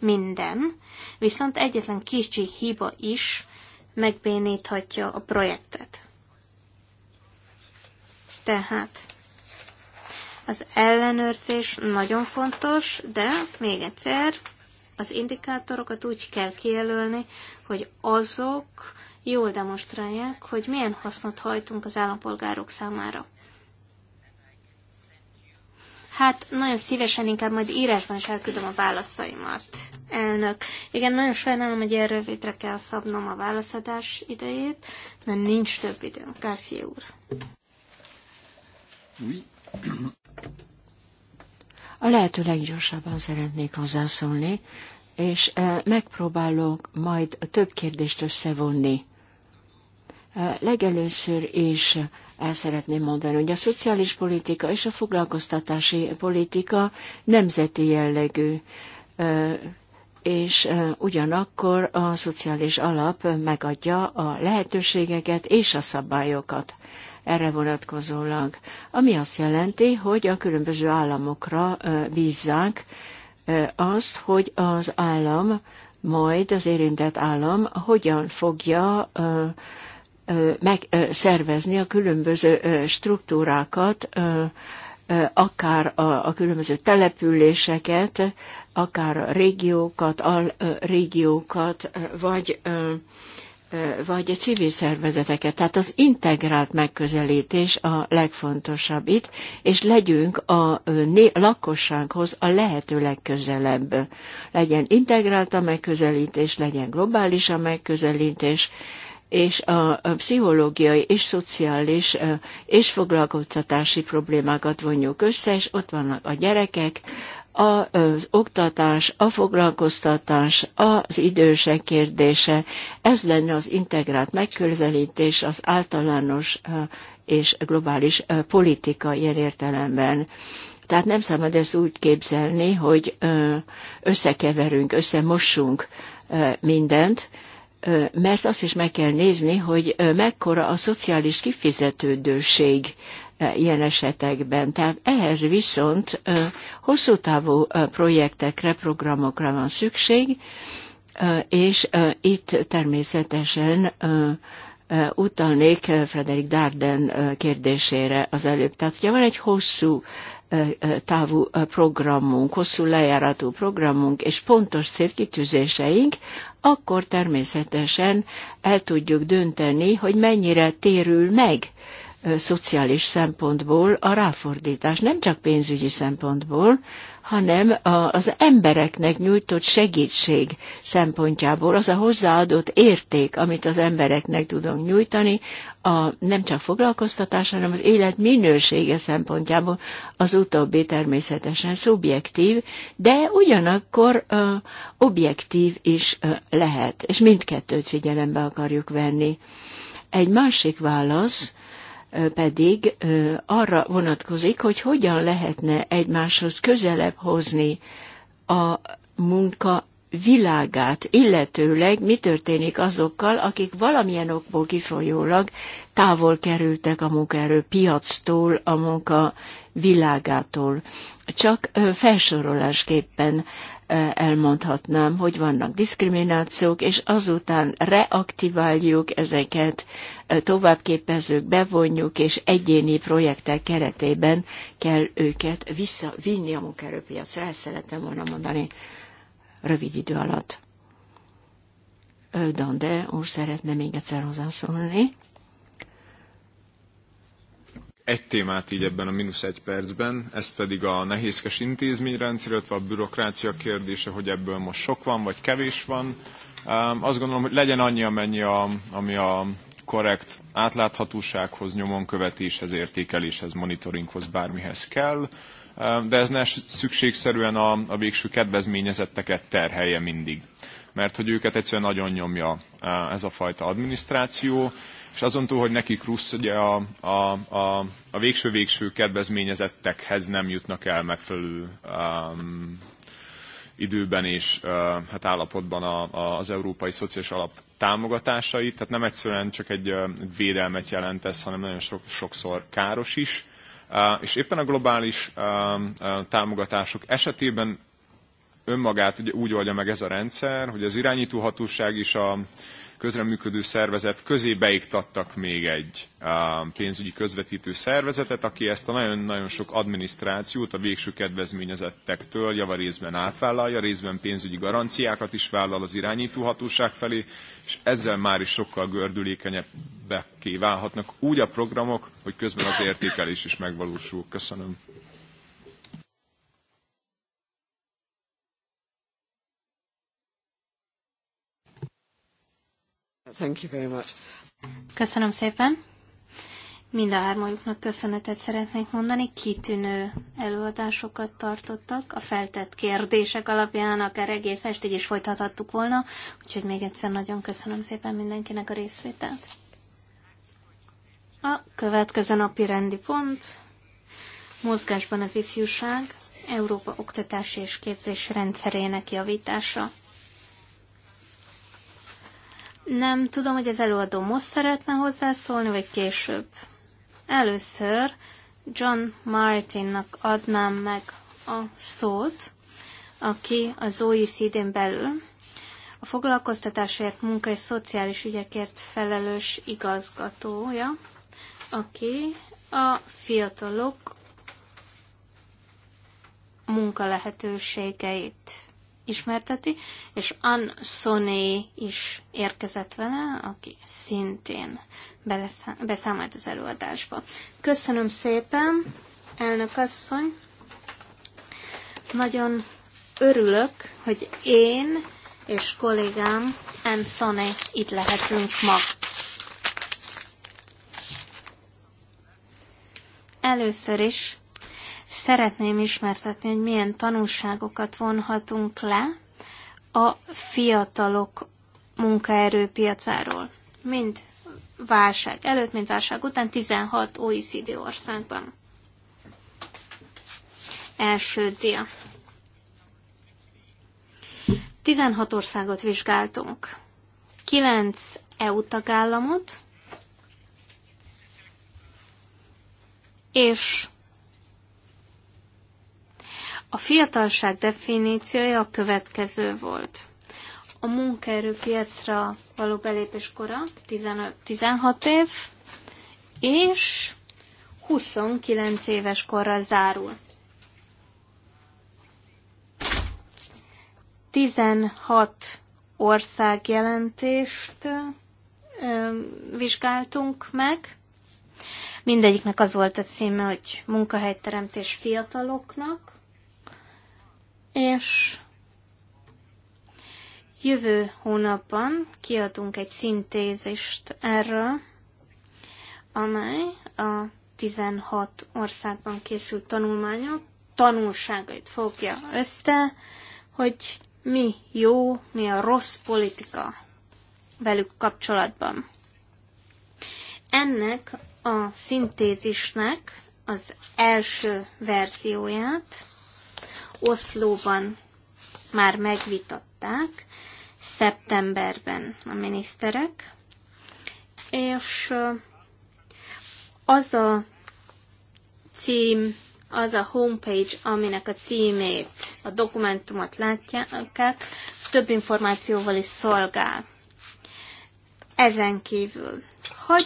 minden, viszont egyetlen kicsi hiba is megbéníthatja a projektet. Tehát az ellenőrzés nagyon fontos, de még egyszer, az indikátorokat úgy kell kijelölni, hogy azok jól demonstrálják, hogy milyen hasznot hajtunk az állampolgárok számára. Hát nagyon szívesen inkább majd írásban is elküldöm a válaszaimat. Elnök. Igen, nagyon sajnálom, hogy ilyen rövidre kell szabnom a válaszadás idejét, mert nincs több időm. Garcia úr. Oui. A lehető leggyorsabban szeretnék hozzászólni, és eh, megpróbálok majd több kérdést összevonni Legelőször is el szeretném mondani, hogy a szociális politika és a foglalkoztatási politika nemzeti jellegű, és ugyanakkor a szociális alap megadja a lehetőségeket és a szabályokat erre vonatkozólag, ami azt jelenti, hogy a különböző államokra bízzák azt, hogy az állam, majd az érintett állam hogyan fogja megszervezni a különböző struktúrákat, akár a, különböző településeket, akár a régiókat, alrégiókat, vagy vagy a civil szervezeteket. Tehát az integrált megközelítés a legfontosabb itt, és legyünk a lakossághoz a lehető legközelebb. Legyen integrált a megközelítés, legyen globális a megközelítés, és a pszichológiai és szociális és foglalkoztatási problémákat vonjuk össze, és ott vannak a gyerekek, az oktatás, a foglalkoztatás, az idősek kérdése, ez lenne az integrált megközelítés az általános és globális politika ilyen értelemben. Tehát nem szabad ezt úgy képzelni, hogy összekeverünk, összemossunk mindent, mert azt is meg kell nézni, hogy mekkora a szociális kifizetődőség ilyen esetekben. Tehát ehhez viszont hosszú távú projektekre, programokra van szükség, és itt természetesen utalnék Frederik Darden kérdésére az előbb. Tehát, hogyha van egy hosszú távú programunk, hosszú lejáratú programunk és pontos célkitűzéseink, akkor természetesen el tudjuk dönteni, hogy mennyire térül meg szociális szempontból a ráfordítás, nem csak pénzügyi szempontból, hanem az embereknek nyújtott segítség szempontjából az a hozzáadott érték, amit az embereknek tudunk nyújtani, a, nem csak foglalkoztatás, hanem az élet minősége szempontjából az utóbbi természetesen szubjektív, de ugyanakkor ö, objektív is ö, lehet, és mindkettőt figyelembe akarjuk venni. Egy másik válasz ö, pedig ö, arra vonatkozik, hogy hogyan lehetne egymáshoz közelebb hozni a munka világát, illetőleg mi történik azokkal, akik valamilyen okból kifolyólag távol kerültek a munkaerő piactól, a munka világától. Csak felsorolásképpen elmondhatnám, hogy vannak diszkriminációk, és azután reaktiváljuk ezeket, továbbképezzük, bevonjuk, és egyéni projektek keretében kell őket visszavinni a munkaerőpiacra. Ezt szeretem volna mondani rövid idő alatt. Dande úr szeretne még egyszer hozzászólni. Egy témát így ebben a mínusz egy percben, ez pedig a nehézkes intézményrendszer, illetve a bürokrácia kérdése, hogy ebből most sok van, vagy kevés van. Azt gondolom, hogy legyen annyi, amennyi a, ami a korrekt átláthatósághoz, nyomon követéshez, értékeléshez, monitoringhoz, bármihez kell de ez ne szükségszerűen a, a végső kedvezményezetteket terhelje mindig. Mert hogy őket egyszerűen nagyon nyomja ez a fajta adminisztráció, és azon túl, hogy nekik rusz, ugye a, a, a, a végső-végső kedvezményezettekhez nem jutnak el megfelelő um, időben és uh, hát állapotban a, a, az Európai Szociális Alap támogatásait, tehát nem egyszerűen csak egy, egy védelmet jelent ez, hanem nagyon sok, sokszor káros is és éppen a globális támogatások esetében önmagát úgy oldja meg ez a rendszer, hogy az irányítóhatóság is a, közreműködő szervezet közé beiktattak még egy um, pénzügyi közvetítő szervezetet, aki ezt a nagyon-nagyon sok adminisztrációt a végső kedvezményezettektől javarészben átvállalja, részben pénzügyi garanciákat is vállal az irányítóhatóság felé, és ezzel már is sokkal gördülékenyebbek válhatnak úgy a programok, hogy közben az értékelés is megvalósul. Köszönöm. Thank you very much. Köszönöm szépen. Mind a hármajuknak köszönetet szeretnék mondani. Kitűnő előadásokat tartottak. A feltett kérdések alapján akár egész estig is folytathattuk volna. Úgyhogy még egyszer nagyon köszönöm szépen mindenkinek a részvételt. A következő napi rendi pont. Mozgásban az ifjúság. Európa oktatási és képzés rendszerének javítása. Nem tudom, hogy az előadó most szeretne hozzászólni, vagy később. Először John Martinnak adnám meg a szót, aki az OECD-n belül a foglalkoztatásért, munka és szociális ügyekért felelős igazgatója, aki a fiatalok munkalehetőségeit ismerteti, és Ann Soné is érkezett vele, aki szintén beszámolt az előadásba. Köszönöm szépen, elnök asszony! Nagyon örülök, hogy én és kollégám Ann Soné itt lehetünk ma. Először is Szeretném ismertetni, hogy milyen tanulságokat vonhatunk le a fiatalok munkaerőpiacáról. Mind válság előtt, mind válság után 16 OECD országban. Első dia. 16 országot vizsgáltunk. 9 EU tagállamot, és a fiatalság definíciója a következő volt. A munkaerőpiacra való belépés kora 15-16 év, és 29 éves korra zárul. 16 országjelentést vizsgáltunk meg. Mindegyiknek az volt a címe, hogy munkahelyteremtés fiataloknak és jövő hónapban kiadunk egy szintézist erről, amely a 16 országban készült tanulmányok tanulságait fogja össze, hogy mi jó, mi a rossz politika velük kapcsolatban. Ennek a szintézisnek az első verzióját Oszlóban már megvitatták szeptemberben a miniszterek, és az a cím, az a homepage, aminek a címét, a dokumentumot látják, több információval is szolgál. Ezen kívül, hogy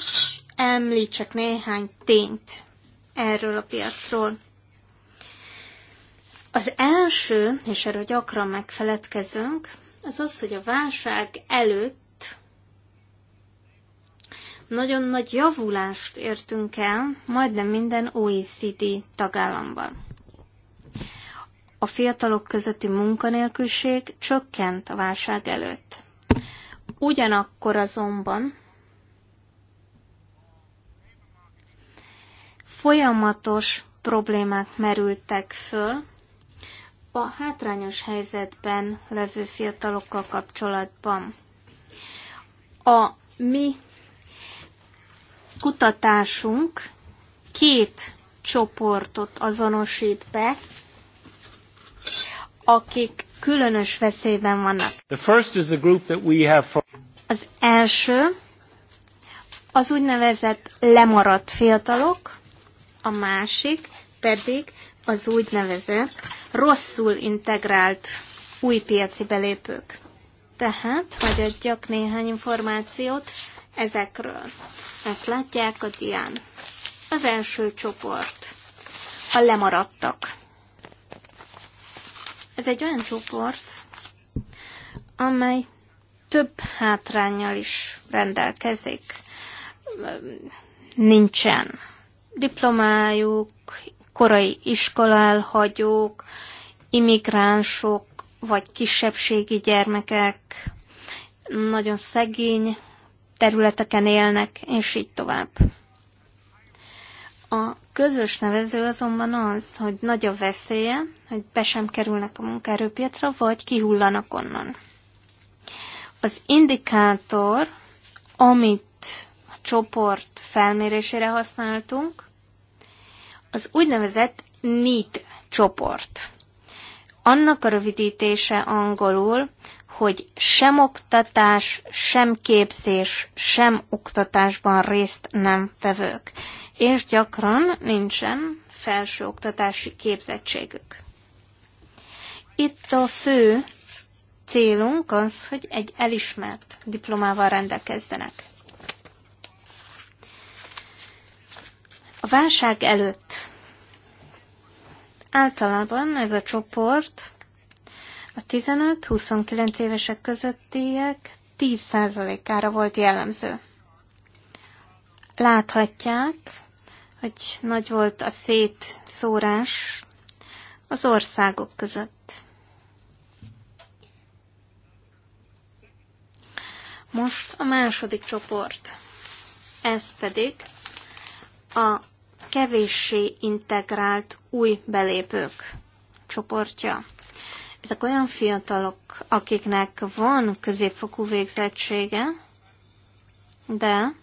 említsek néhány tényt erről a piacról. Az első, és erről gyakran megfeledkezünk, az az, hogy a válság előtt nagyon nagy javulást értünk el majdnem minden OECD tagállamban. A fiatalok közötti munkanélküliség csökkent a válság előtt. Ugyanakkor azonban folyamatos problémák merültek föl a hátrányos helyzetben levő fiatalokkal kapcsolatban. A mi kutatásunk két csoportot azonosít be, akik különös veszélyben vannak. The first is the group that we have from... Az első az úgynevezett lemaradt fiatalok, a másik pedig az úgynevezett rosszul integrált új piaci belépők. Tehát hagyadjak néhány információt ezekről. Ezt látják a dián. Az első csoport. A lemaradtak. Ez egy olyan csoport, amely több hátrányjal is rendelkezik. Nincsen diplomájuk, korai iskola elhagyók, immigránsok, vagy kisebbségi gyermekek, nagyon szegény területeken élnek, és így tovább. A közös nevező azonban az, hogy nagy a veszélye, hogy be sem kerülnek a munkaerőpiacra, vagy kihullanak onnan. Az indikátor, amit a csoport felmérésére használtunk, az úgynevezett NEET csoport. Annak a rövidítése angolul, hogy sem oktatás, sem képzés, sem oktatásban részt nem vevők, és gyakran nincsen felsőoktatási képzettségük. Itt a fő célunk az, hogy egy elismert diplomával rendelkezzenek. A válság előtt általában ez a csoport a 15-29 évesek közöttiek 10%-ára volt jellemző. Láthatják, hogy nagy volt a szétszórás az országok között. Most a második csoport. Ez pedig a kevéssé integrált új belépők csoportja. Ezek olyan fiatalok, akiknek van középfokú végzettsége, de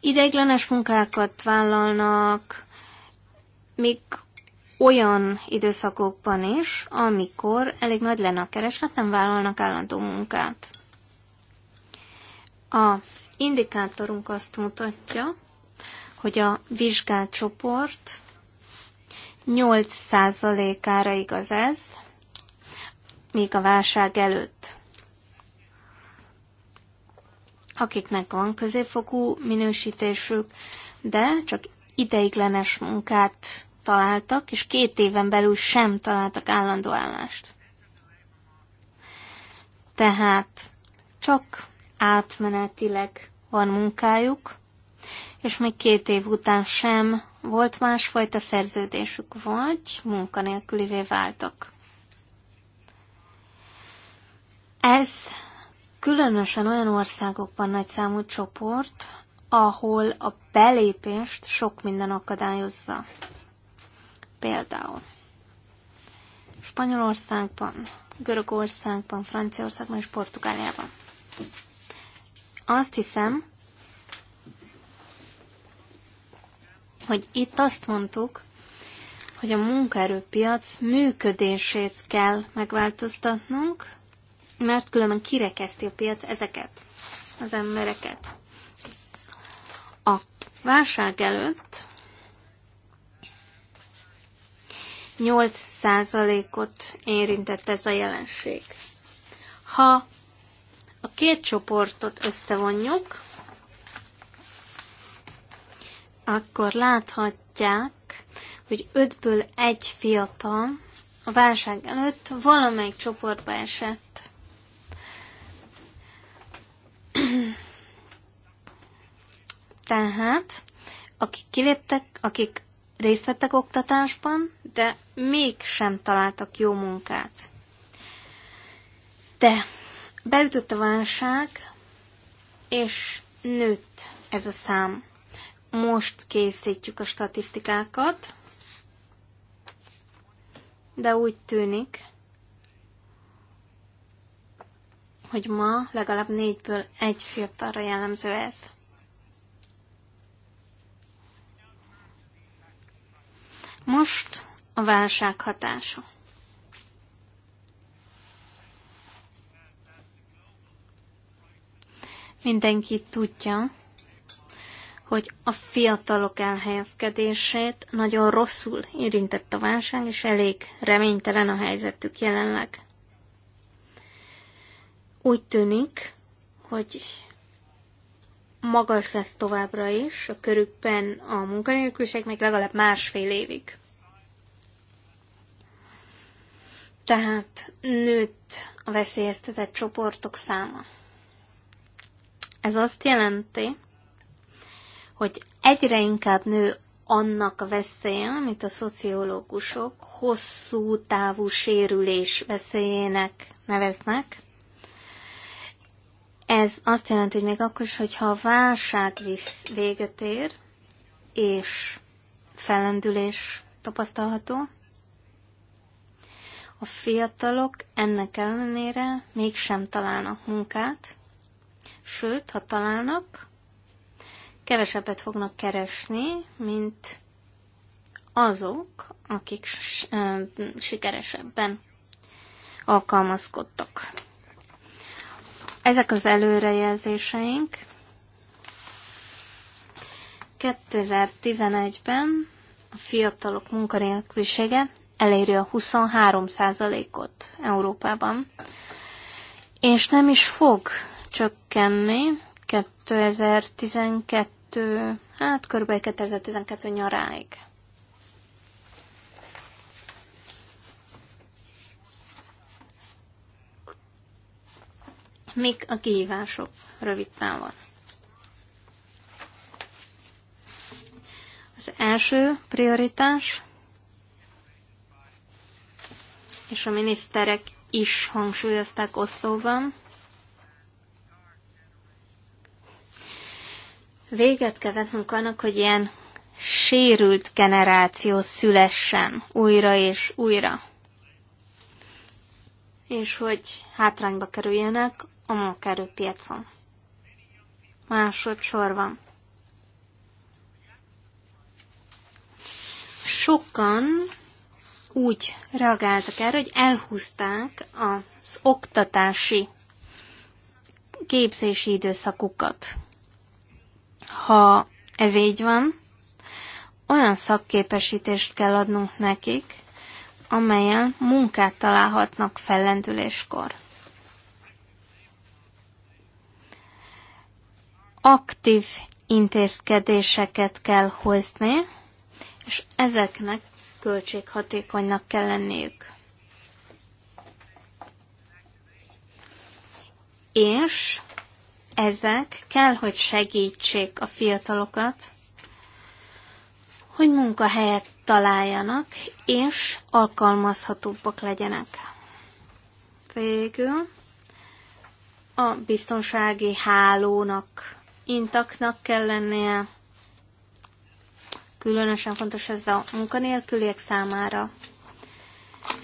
ideiglenes munkákat vállalnak, még olyan időszakokban is, amikor elég nagy lenne a kereslet, nem vállalnak állandó munkát. A indikátorunk azt mutatja, hogy a vizsgált csoport 8%-ára igaz ez, még a válság előtt. Akiknek van középfokú minősítésük, de csak ideiglenes munkát találtak, és két éven belül sem találtak állandó állást. Tehát csak átmenetileg van munkájuk, és még két év után sem volt másfajta szerződésük, vagy munkanélkülivé váltak. Ez különösen olyan országokban nagy számú csoport, ahol a belépést sok minden akadályozza. Például Spanyolországban, Görögországban, Franciaországban és Portugáliában. Azt hiszem, hogy itt azt mondtuk, hogy a munkaerőpiac működését kell megváltoztatnunk, mert különben kirekeszti a piac ezeket, az embereket. A válság előtt 8%-ot érintett ez a jelenség. Ha a két csoportot összevonjuk, akkor láthatják, hogy ötből egy fiatal a válság előtt valamelyik csoportba esett. Tehát, akik kiléptek, akik részt vettek oktatásban, de mégsem találtak jó munkát. De beütött a válság, és nőtt ez a szám most készítjük a statisztikákat, de úgy tűnik, hogy ma legalább négyből egy fiatalra jellemző ez. Most a válság hatása. Mindenki tudja, hogy a fiatalok elhelyezkedését nagyon rosszul érintett a válság, és elég reménytelen a helyzetük jelenleg. Úgy tűnik, hogy magas lesz továbbra is, a körükben a munkanélküliség még legalább másfél évig. Tehát nőtt a veszélyeztetett csoportok száma. Ez azt jelenti, hogy egyre inkább nő annak a veszélye, amit a szociológusok hosszú távú sérülés veszélyének neveznek. Ez azt jelenti, hogy még akkor is, hogyha a válság visz véget ér, és fellendülés tapasztalható, a fiatalok ennek ellenére mégsem találnak munkát, sőt, ha találnak, kevesebbet fognak keresni, mint azok, akik sikeresebben alkalmazkodtak. Ezek az előrejelzéseink 2011-ben a fiatalok munkanélkülisége eléri a 23%-ot Európában, és nem is fog csökkenni 2012, hát körülbelül 2012 nyaráig. Mik a kihívások rövid távon? Az első prioritás, és a miniszterek is hangsúlyozták Oszlóban, Véget kell vetnünk annak, hogy ilyen sérült generáció szülessen újra és újra. És hogy hátrányba kerüljenek a munkaerőpiacon. Másodszorban. Sokan úgy reagáltak erre, hogy elhúzták az oktatási képzési időszakukat ha ez így van, olyan szakképesítést kell adnunk nekik, amelyen munkát találhatnak fellendüléskor. Aktív intézkedéseket kell hozni, és ezeknek költséghatékonynak kell lenniük. És ezek kell, hogy segítsék a fiatalokat, hogy munkahelyet találjanak, és alkalmazhatóbbak legyenek. Végül a biztonsági hálónak, intaknak kell lennie, különösen fontos ez a munkanélküliek számára,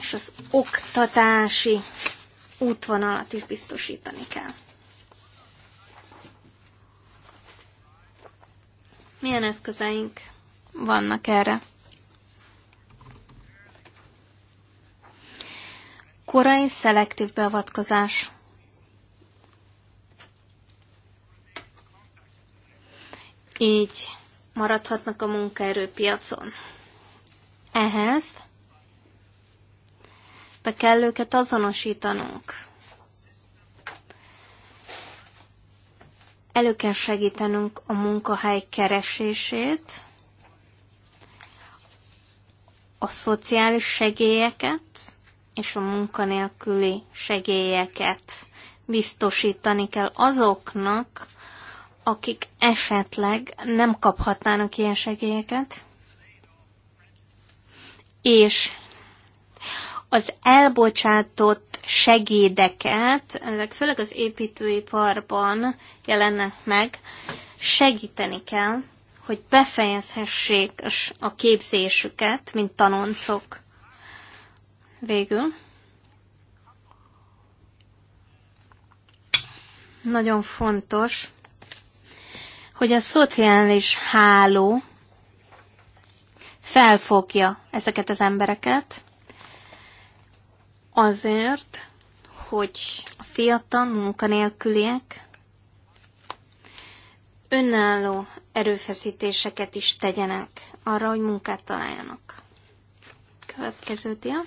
és az oktatási útvonalat is biztosítani kell. Milyen eszközeink vannak erre? Korai szelektív beavatkozás. Így maradhatnak a munkaerőpiacon. Ehhez be kell őket azonosítanunk. elő kell segítenünk a munkahely keresését, a szociális segélyeket és a munkanélküli segélyeket biztosítani kell azoknak, akik esetleg nem kaphatnának ilyen segélyeket, és az elbocsátott segédeket, ezek főleg az építőiparban jelennek meg, segíteni kell, hogy befejezhessék a képzésüket, mint tanoncok. Végül. Nagyon fontos, hogy a szociális háló felfogja ezeket az embereket, Azért, hogy a fiatal munkanélküliek önálló erőfeszítéseket is tegyenek arra, hogy munkát találjanak. Következő dia.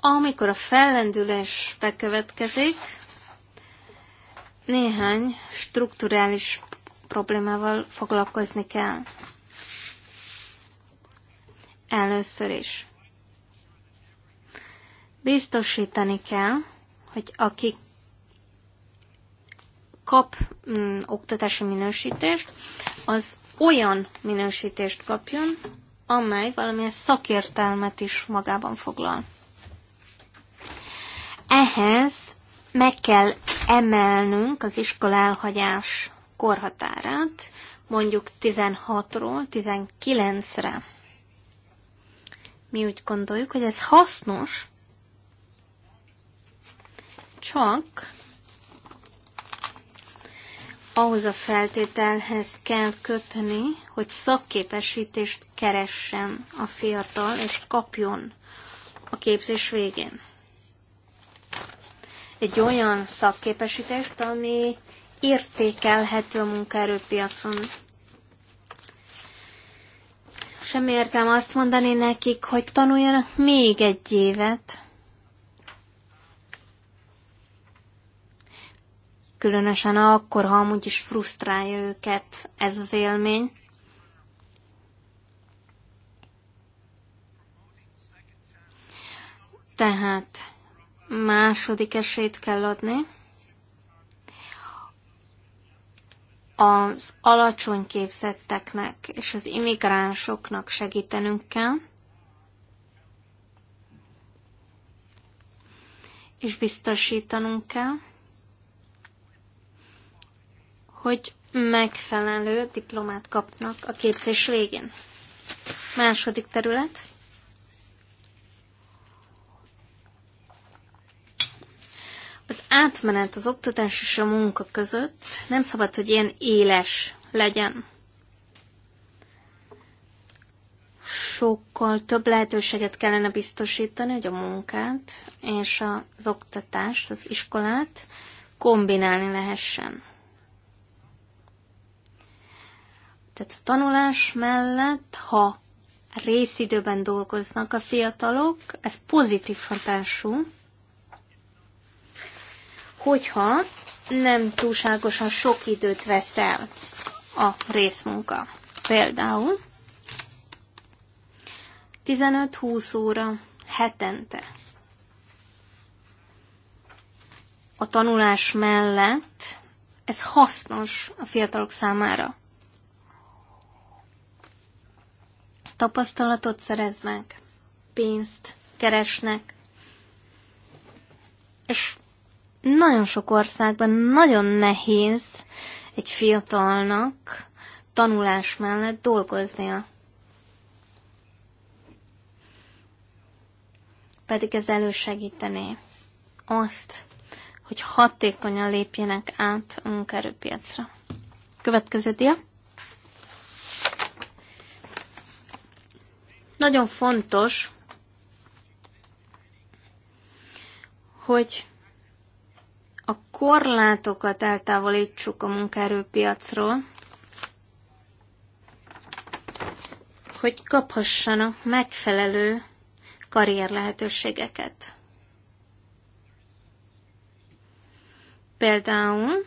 Amikor a fellendülés bekövetkezik, néhány strukturális problémával foglalkozni kell. Először is. Biztosítani kell, hogy aki kap mm, oktatási minősítést, az olyan minősítést kapjon, amely valamilyen szakértelmet is magában foglal. Ehhez meg kell emelnünk az iskola elhagyás korhatárát, mondjuk 16-ról 19-re. Mi úgy gondoljuk, hogy ez hasznos, csak ahhoz a feltételhez kell kötni, hogy szakképesítést keressen a fiatal, és kapjon a képzés végén. Egy olyan szakképesítést, ami értékelhető a munkaerőpiacon. Sem értem azt mondani nekik, hogy tanuljanak még egy évet. Különösen akkor, ha amúgy is frusztrálja őket ez az élmény. Tehát második esélyt kell adni. az alacsony képzetteknek és az immigránsoknak segítenünk kell, és biztosítanunk kell, hogy megfelelő diplomát kapnak a képzés végén. Második terület. Az átmenet az oktatás és a munka között nem szabad, hogy ilyen éles legyen. Sokkal több lehetőséget kellene biztosítani, hogy a munkát és az oktatást, az iskolát kombinálni lehessen. Tehát a tanulás mellett, ha részidőben dolgoznak a fiatalok, ez pozitív hatású, hogyha nem túlságosan sok időt vesz el a részmunka. Például 15-20 óra hetente. A tanulás mellett ez hasznos a fiatalok számára. Tapasztalatot szereznek, pénzt keresnek, és nagyon sok országban nagyon nehéz egy fiatalnak tanulás mellett dolgoznia. Pedig ez elősegítené azt, hogy hatékonyan lépjenek át a munkaerőpiacra. Következő dia. Nagyon fontos, hogy korlátokat eltávolítsuk a munkaerőpiacról, hogy kaphassanak megfelelő karrier lehetőségeket. Például,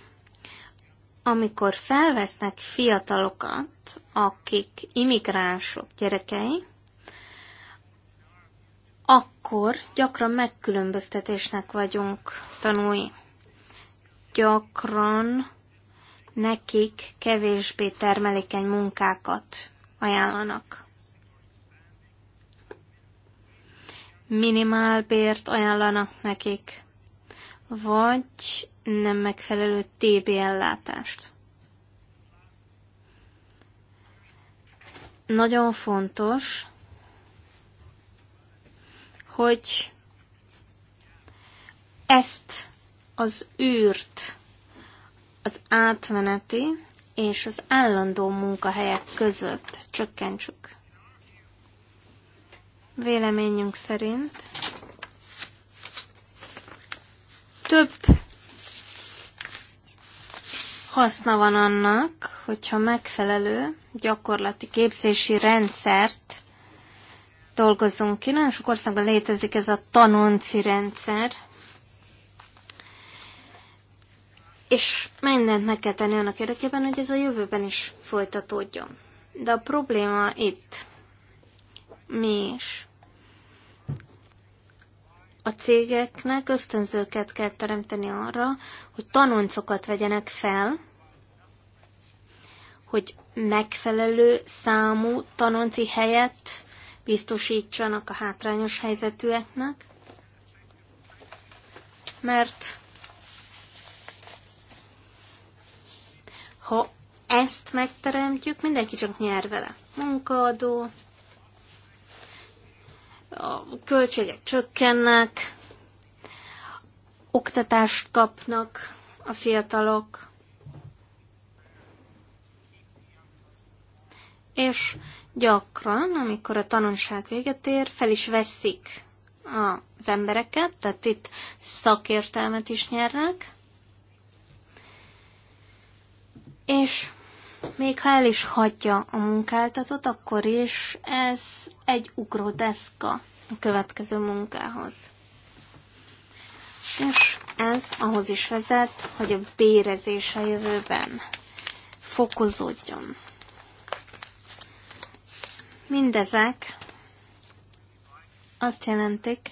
amikor felvesznek fiatalokat, akik immigránsok gyerekei, akkor gyakran megkülönböztetésnek vagyunk tanulni gyakran nekik kevésbé termelékeny munkákat ajánlanak. Minimálbért ajánlanak nekik, vagy nem megfelelő TB ellátást. Nagyon fontos, hogy ezt az űrt az átmeneti és az állandó munkahelyek között csökkentsük. Véleményünk szerint több haszna van annak, hogyha megfelelő gyakorlati képzési rendszert dolgozunk ki. Nagyon sok országban létezik ez a tanonci rendszer, És mindent meg kell tenni annak érdekében, hogy ez a jövőben is folytatódjon. De a probléma itt mi is. A cégeknek ösztönzőket kell teremteni arra, hogy tanoncokat vegyenek fel, hogy megfelelő számú tanonci helyet biztosítsanak a hátrányos helyzetűeknek, mert Ha ezt megteremtjük, mindenki csak nyer vele. Munkaadó, a költségek csökkennek, oktatást kapnak a fiatalok, és gyakran, amikor a tanulság véget ér, fel is veszik az embereket, tehát itt szakértelmet is nyernek, És még ha el is hagyja a munkáltatót, akkor is ez egy ugródeszka a következő munkához. És ez ahhoz is vezet, hogy a bérezés a jövőben fokozódjon. Mindezek azt jelentik,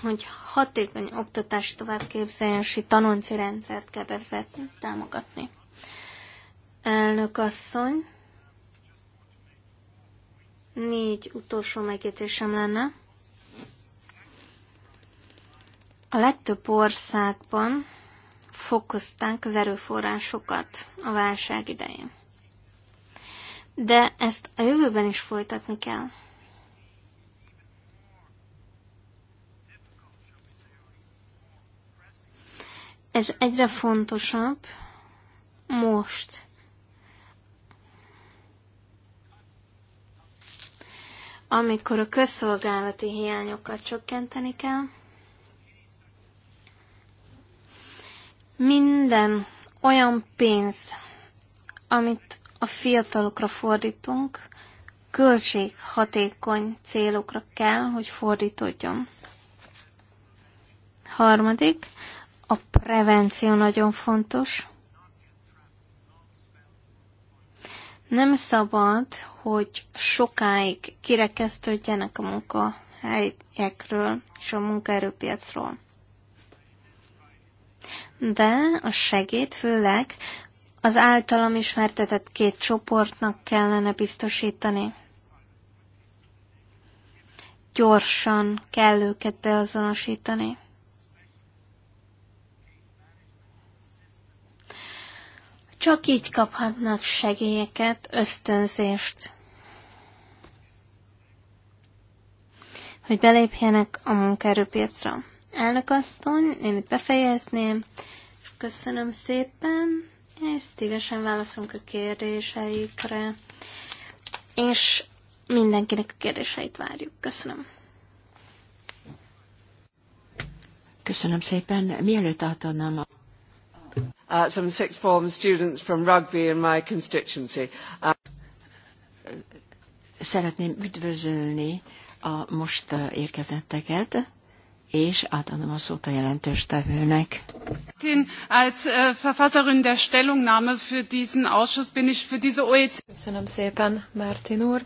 hogy hatékony oktatási továbbképzési tanonci rendszert kell bevezetni, támogatni. Elnök asszony, négy utolsó megjegyzésem lenne. A legtöbb országban fokozták az erőforrásokat a válság idején. De ezt a jövőben is folytatni kell. Ez egyre fontosabb most. Amikor a közszolgálati hiányokat csökkenteni kell, minden olyan pénz, amit a fiatalokra fordítunk, költséghatékony célokra kell, hogy fordítódjon. Harmadik, a prevenció nagyon fontos. Nem szabad, hogy sokáig kirekesztődjenek a munkahelyekről és a munkaerőpiacról. De a segéd főleg az általam ismertetett két csoportnak kellene biztosítani. Gyorsan kell őket beazonosítani. Csak így kaphatnak segélyeket, ösztönzést, hogy belépjenek a munkaerőpiacra. Elnök asszony, én itt befejezném, köszönöm szépen, és szívesen válaszolunk a kérdéseikre, és mindenkinek a kérdéseit várjuk. Köszönöm. Köszönöm szépen. Mielőtt átadnám a uh, some sixth form students from rugby in my constituency. Uh... Szeretném üdvözölni a most uh, érkezetteket, és átadom a szót a jelentős tevőnek. Als äh, Verfasserin der Stellungnahme für diesen Ausschuss bin ich für diese OECD. Köszönöm szépen, Martin úr.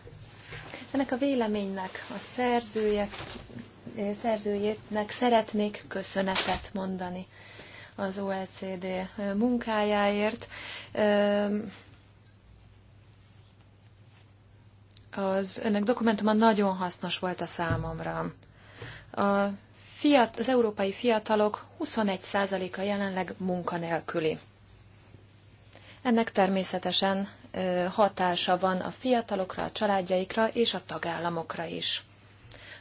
Ennek a véleménynek a szerzője, szerzőjétnek szeretnék köszönetet mondani az OECD munkájáért. Az önök dokumentuma nagyon hasznos volt a számomra. A fiat, az európai fiatalok 21%-a jelenleg munkanélküli. Ennek természetesen hatása van a fiatalokra, a családjaikra és a tagállamokra is.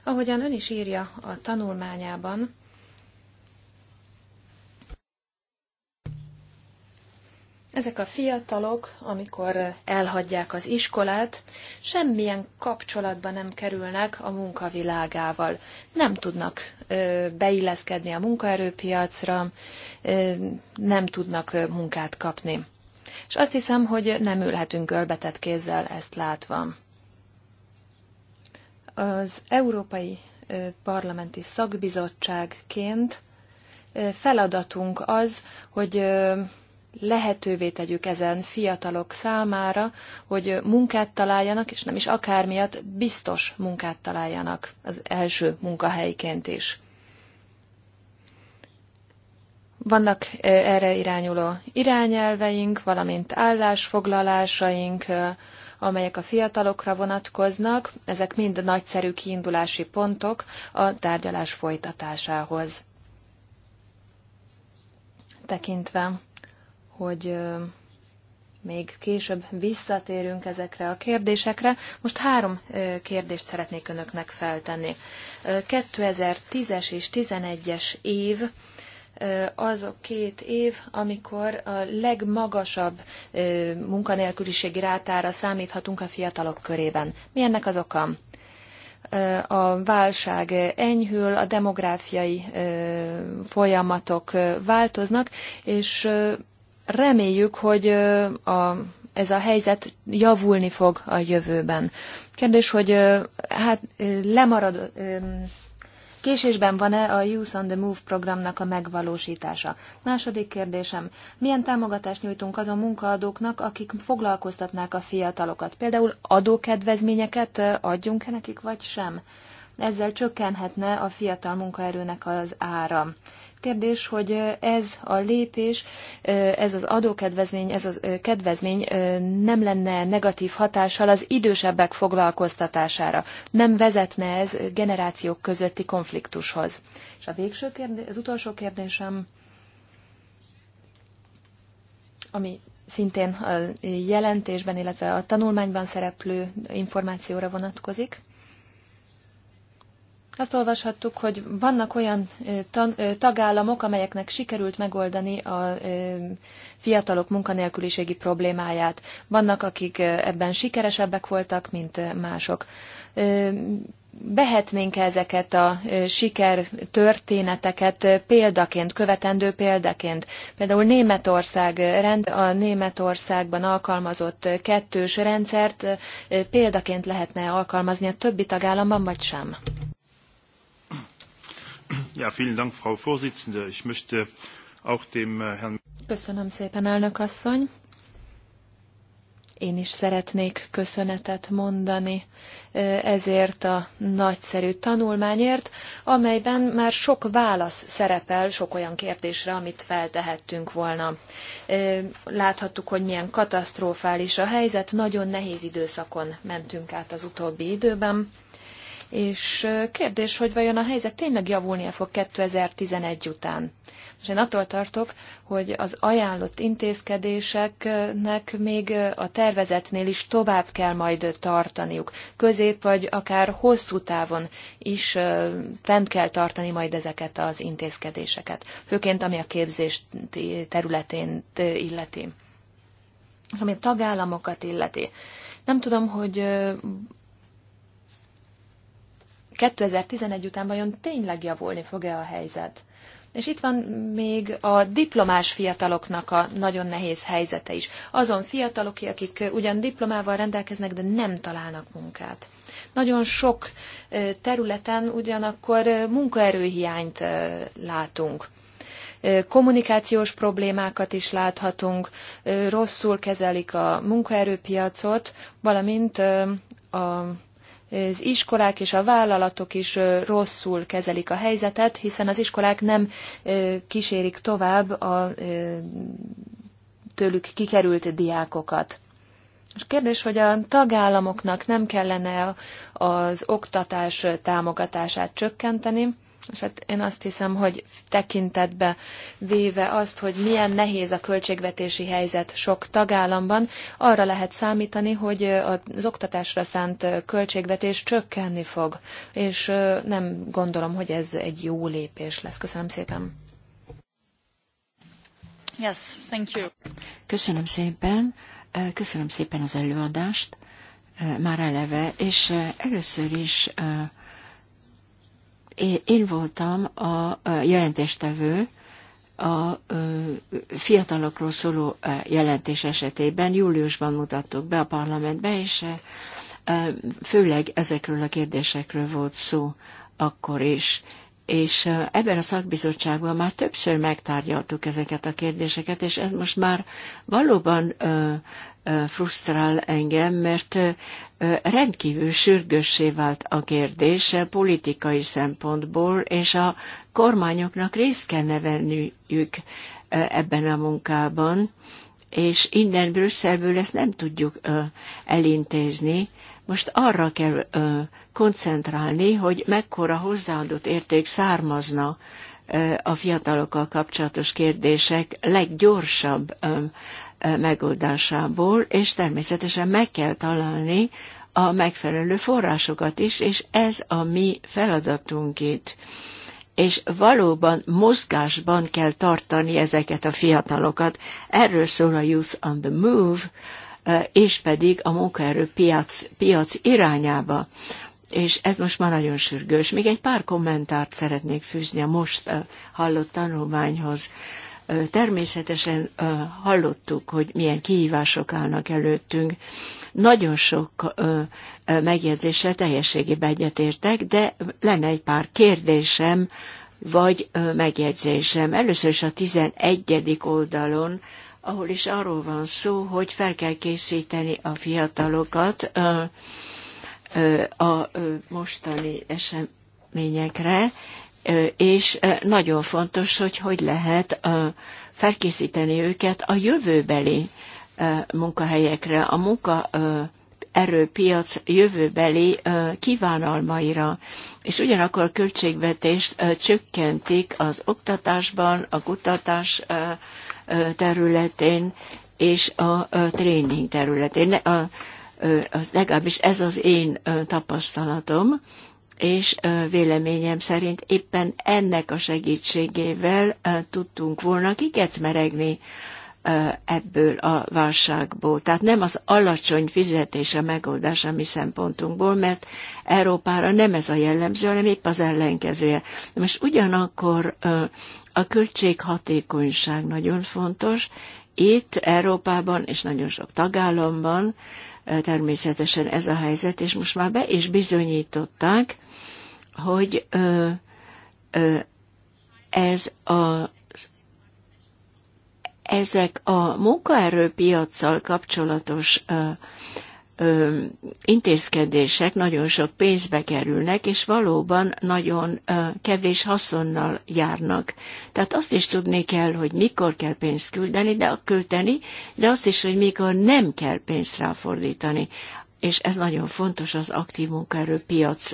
Ahogyan ön is írja a tanulmányában, ezek a fiatalok, amikor elhagyják az iskolát, semmilyen kapcsolatba nem kerülnek a munkavilágával. Nem tudnak beilleszkedni a munkaerőpiacra, nem tudnak munkát kapni. És azt hiszem, hogy nem ülhetünk ölbetett kézzel ezt látva. Az Európai Parlamenti Szakbizottságként feladatunk az, hogy lehetővé tegyük ezen fiatalok számára, hogy munkát találjanak, és nem is akár miatt biztos munkát találjanak az első munkahelyként is. Vannak e, erre irányuló irányelveink, valamint állásfoglalásaink, e, amelyek a fiatalokra vonatkoznak, ezek mind nagyszerű kiindulási pontok a tárgyalás folytatásához. Tekintve hogy még később visszatérünk ezekre a kérdésekre. Most három kérdést szeretnék önöknek feltenni. 2010-es és 2011-es év az a két év, amikor a legmagasabb munkanélküliségi rátára számíthatunk a fiatalok körében. Mi ennek az oka? a válság enyhül, a demográfiai folyamatok változnak, és reméljük, hogy a, ez a helyzet javulni fog a jövőben. Kérdés, hogy hát lemarad, késésben van-e a Youth on the Move programnak a megvalósítása? Második kérdésem, milyen támogatást nyújtunk azon munkaadóknak, akik foglalkoztatnák a fiatalokat? Például adókedvezményeket adjunk-e nekik, vagy sem? Ezzel csökkenhetne a fiatal munkaerőnek az ára. Kérdés, hogy ez a lépés, ez az adókedvezmény, ez a kedvezmény nem lenne negatív hatással az idősebbek foglalkoztatására. Nem vezetne ez generációk közötti konfliktushoz. És a végső kérdés, az utolsó kérdésem, ami szintén a jelentésben, illetve a tanulmányban szereplő információra vonatkozik azt olvashattuk, hogy vannak olyan tagállamok, amelyeknek sikerült megoldani a fiatalok munkanélküliségi problémáját. Vannak, akik ebben sikeresebbek voltak, mint mások. Behetnénk ezeket a siker történeteket példaként, követendő példaként. Például Németország rend, a Németországban alkalmazott kettős rendszert példaként lehetne alkalmazni a többi tagállamban, vagy sem? Ja, vielen Dank, Frau Vorsitzende. Ich möchte auch dem äh, Herrn... Köszönöm szépen, elnök asszony. Én is szeretnék köszönetet mondani ezért a nagyszerű tanulmányért, amelyben már sok válasz szerepel sok olyan kérdésre, amit feltehettünk volna. Láthattuk, hogy milyen katasztrofális a helyzet, nagyon nehéz időszakon mentünk át az utóbbi időben és kérdés, hogy vajon a helyzet tényleg javulnia fog 2011 után. És én attól tartok, hogy az ajánlott intézkedéseknek még a tervezetnél is tovább kell majd tartaniuk. Közép vagy akár hosszú távon is fent kell tartani majd ezeket az intézkedéseket. Főként ami a képzés területén illeti. Ami a tagállamokat illeti. Nem tudom, hogy 2011 után vajon tényleg javulni fog-e a helyzet? És itt van még a diplomás fiataloknak a nagyon nehéz helyzete is. Azon fiatalok, akik ugyan diplomával rendelkeznek, de nem találnak munkát. Nagyon sok területen ugyanakkor munkaerőhiányt látunk. Kommunikációs problémákat is láthatunk, rosszul kezelik a munkaerőpiacot, valamint a az iskolák és a vállalatok is rosszul kezelik a helyzetet, hiszen az iskolák nem kísérik tovább a tőlük kikerült diákokat. És kérdés, hogy a tagállamoknak nem kellene az oktatás támogatását csökkenteni, és hát én azt hiszem, hogy tekintetbe véve azt, hogy milyen nehéz a költségvetési helyzet sok tagállamban, arra lehet számítani, hogy az oktatásra szánt költségvetés csökkenni fog. És nem gondolom, hogy ez egy jó lépés lesz. Köszönöm szépen. Yes, thank you. Köszönöm szépen. Köszönöm szépen az előadást már eleve, és először is én voltam a jelentéstevő a fiatalokról szóló jelentés esetében. Júliusban mutattuk be a parlamentbe, és főleg ezekről a kérdésekről volt szó akkor is és ebben a szakbizottságban már többször megtárgyaltuk ezeket a kérdéseket, és ez most már valóban frusztrál engem, mert rendkívül sürgőssé vált a kérdése, politikai szempontból, és a kormányoknak részt kell nevelniük ebben a munkában, és innen Brüsszelből ezt nem tudjuk elintézni. Most arra kell koncentrálni, hogy mekkora hozzáadott érték származna a fiatalokkal kapcsolatos kérdések leggyorsabb megoldásából, és természetesen meg kell találni a megfelelő forrásokat is, és ez a mi feladatunk itt. És valóban mozgásban kell tartani ezeket a fiatalokat. Erről szól a Youth on the Move, eh, és pedig a munkaerőpiac piac irányába. És ez most már nagyon sürgős. Még egy pár kommentárt szeretnék fűzni a most eh, hallott tanulmányhoz természetesen hallottuk, hogy milyen kihívások állnak előttünk. Nagyon sok megjegyzéssel teljességében egyetértek, de lenne egy pár kérdésem, vagy megjegyzésem. Először is a 11. oldalon, ahol is arról van szó, hogy fel kell készíteni a fiatalokat a mostani eseményekre, és nagyon fontos, hogy hogy lehet felkészíteni őket a jövőbeli munkahelyekre, a munka erőpiac jövőbeli kívánalmaira, és ugyanakkor a költségvetést csökkentik az oktatásban, a kutatás területén és a tréning területén. A, legalábbis ez az én tapasztalatom, és véleményem szerint éppen ennek a segítségével tudtunk volna kikecmeregni ebből a válságból. Tehát nem az alacsony fizetése megoldása mi szempontunkból, mert Európára nem ez a jellemző, hanem épp az ellenkezője. Most ugyanakkor a költséghatékonyság nagyon fontos, itt Európában és nagyon sok tagállamban természetesen ez a helyzet, és most már be is bizonyították, hogy ö, ö, ez a, ezek a munkaerőpiacsal kapcsolatos ö, ö, intézkedések nagyon sok pénzbe kerülnek, és valóban nagyon ö, kevés haszonnal járnak. Tehát azt is tudni kell, hogy mikor kell pénzt küldeni, de költeni, de azt is, hogy mikor nem kell pénzt ráfordítani. És ez nagyon fontos az aktív munkaerőpiac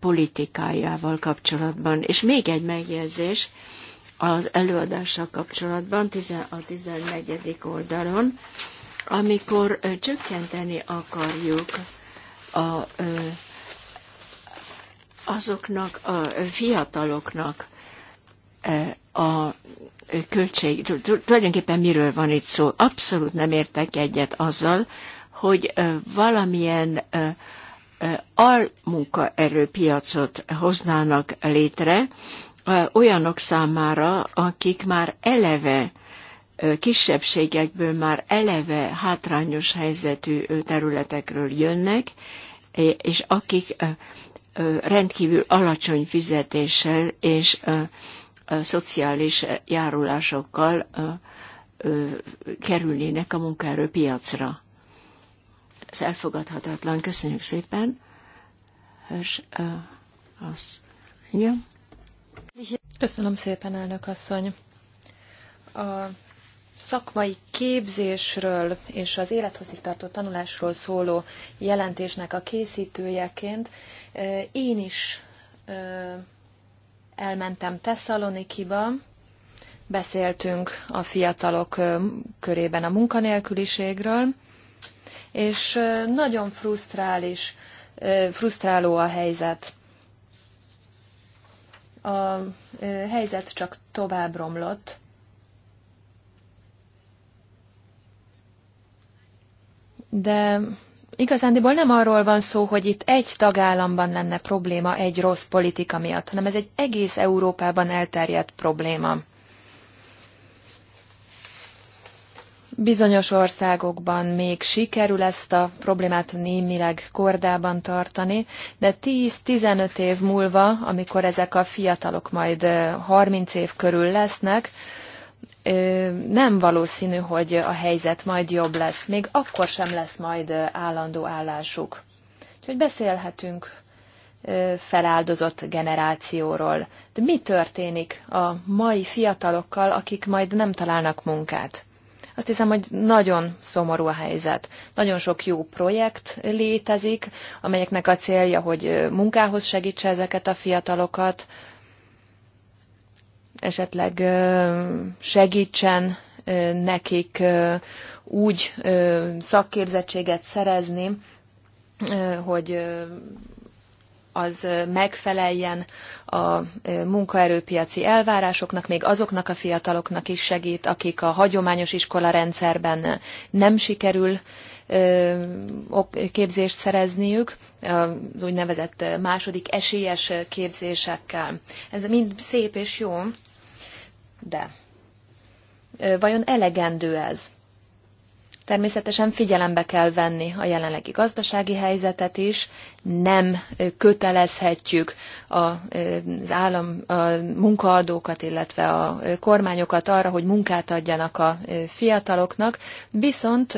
politikájával kapcsolatban. És még egy megjegyzés az előadással kapcsolatban, a 14. oldalon, amikor csökkenteni akarjuk a, azoknak a fiataloknak a költség, tulajdonképpen miről van itt szó, abszolút nem értek egyet azzal, hogy valamilyen almunkaerőpiacot hoznának létre olyanok számára, akik már eleve kisebbségekből már eleve hátrányos helyzetű területekről jönnek, és akik rendkívül alacsony fizetéssel és szociális járulásokkal kerülnének a munkaerőpiacra. Ez elfogadhatatlan. Köszönjük szépen. Hörs, uh, az. Igen. Köszönöm szépen, elnök asszony. A szakmai képzésről és az tartó tanulásról szóló jelentésnek a készítőjeként én is elmentem Tesszalonikiba, beszéltünk a fiatalok körében a munkanélküliségről, és nagyon frusztrális, frusztráló a helyzet. A helyzet csak tovább romlott. De igazándiból nem arról van szó, hogy itt egy tagállamban lenne probléma egy rossz politika miatt, hanem ez egy egész Európában elterjedt probléma. Bizonyos országokban még sikerül ezt a problémát némileg kordában tartani, de 10-15 év múlva, amikor ezek a fiatalok majd 30 év körül lesznek, nem valószínű, hogy a helyzet majd jobb lesz. Még akkor sem lesz majd állandó állásuk. Úgyhogy beszélhetünk feláldozott generációról. De mi történik a mai fiatalokkal, akik majd nem találnak munkát? Azt hiszem, hogy nagyon szomorú a helyzet. Nagyon sok jó projekt létezik, amelyeknek a célja, hogy munkához segítse ezeket a fiatalokat, esetleg segítsen nekik úgy szakképzettséget szerezni, hogy az megfeleljen a munkaerőpiaci elvárásoknak, még azoknak a fiataloknak is segít, akik a hagyományos iskola rendszerben nem sikerül képzést szerezniük, az úgynevezett második esélyes képzésekkel. Ez mind szép és jó, de vajon elegendő ez? Természetesen figyelembe kell venni a jelenlegi gazdasági helyzetet is, nem kötelezhetjük az állam, a munkaadókat, illetve a kormányokat arra, hogy munkát adjanak a fiataloknak, viszont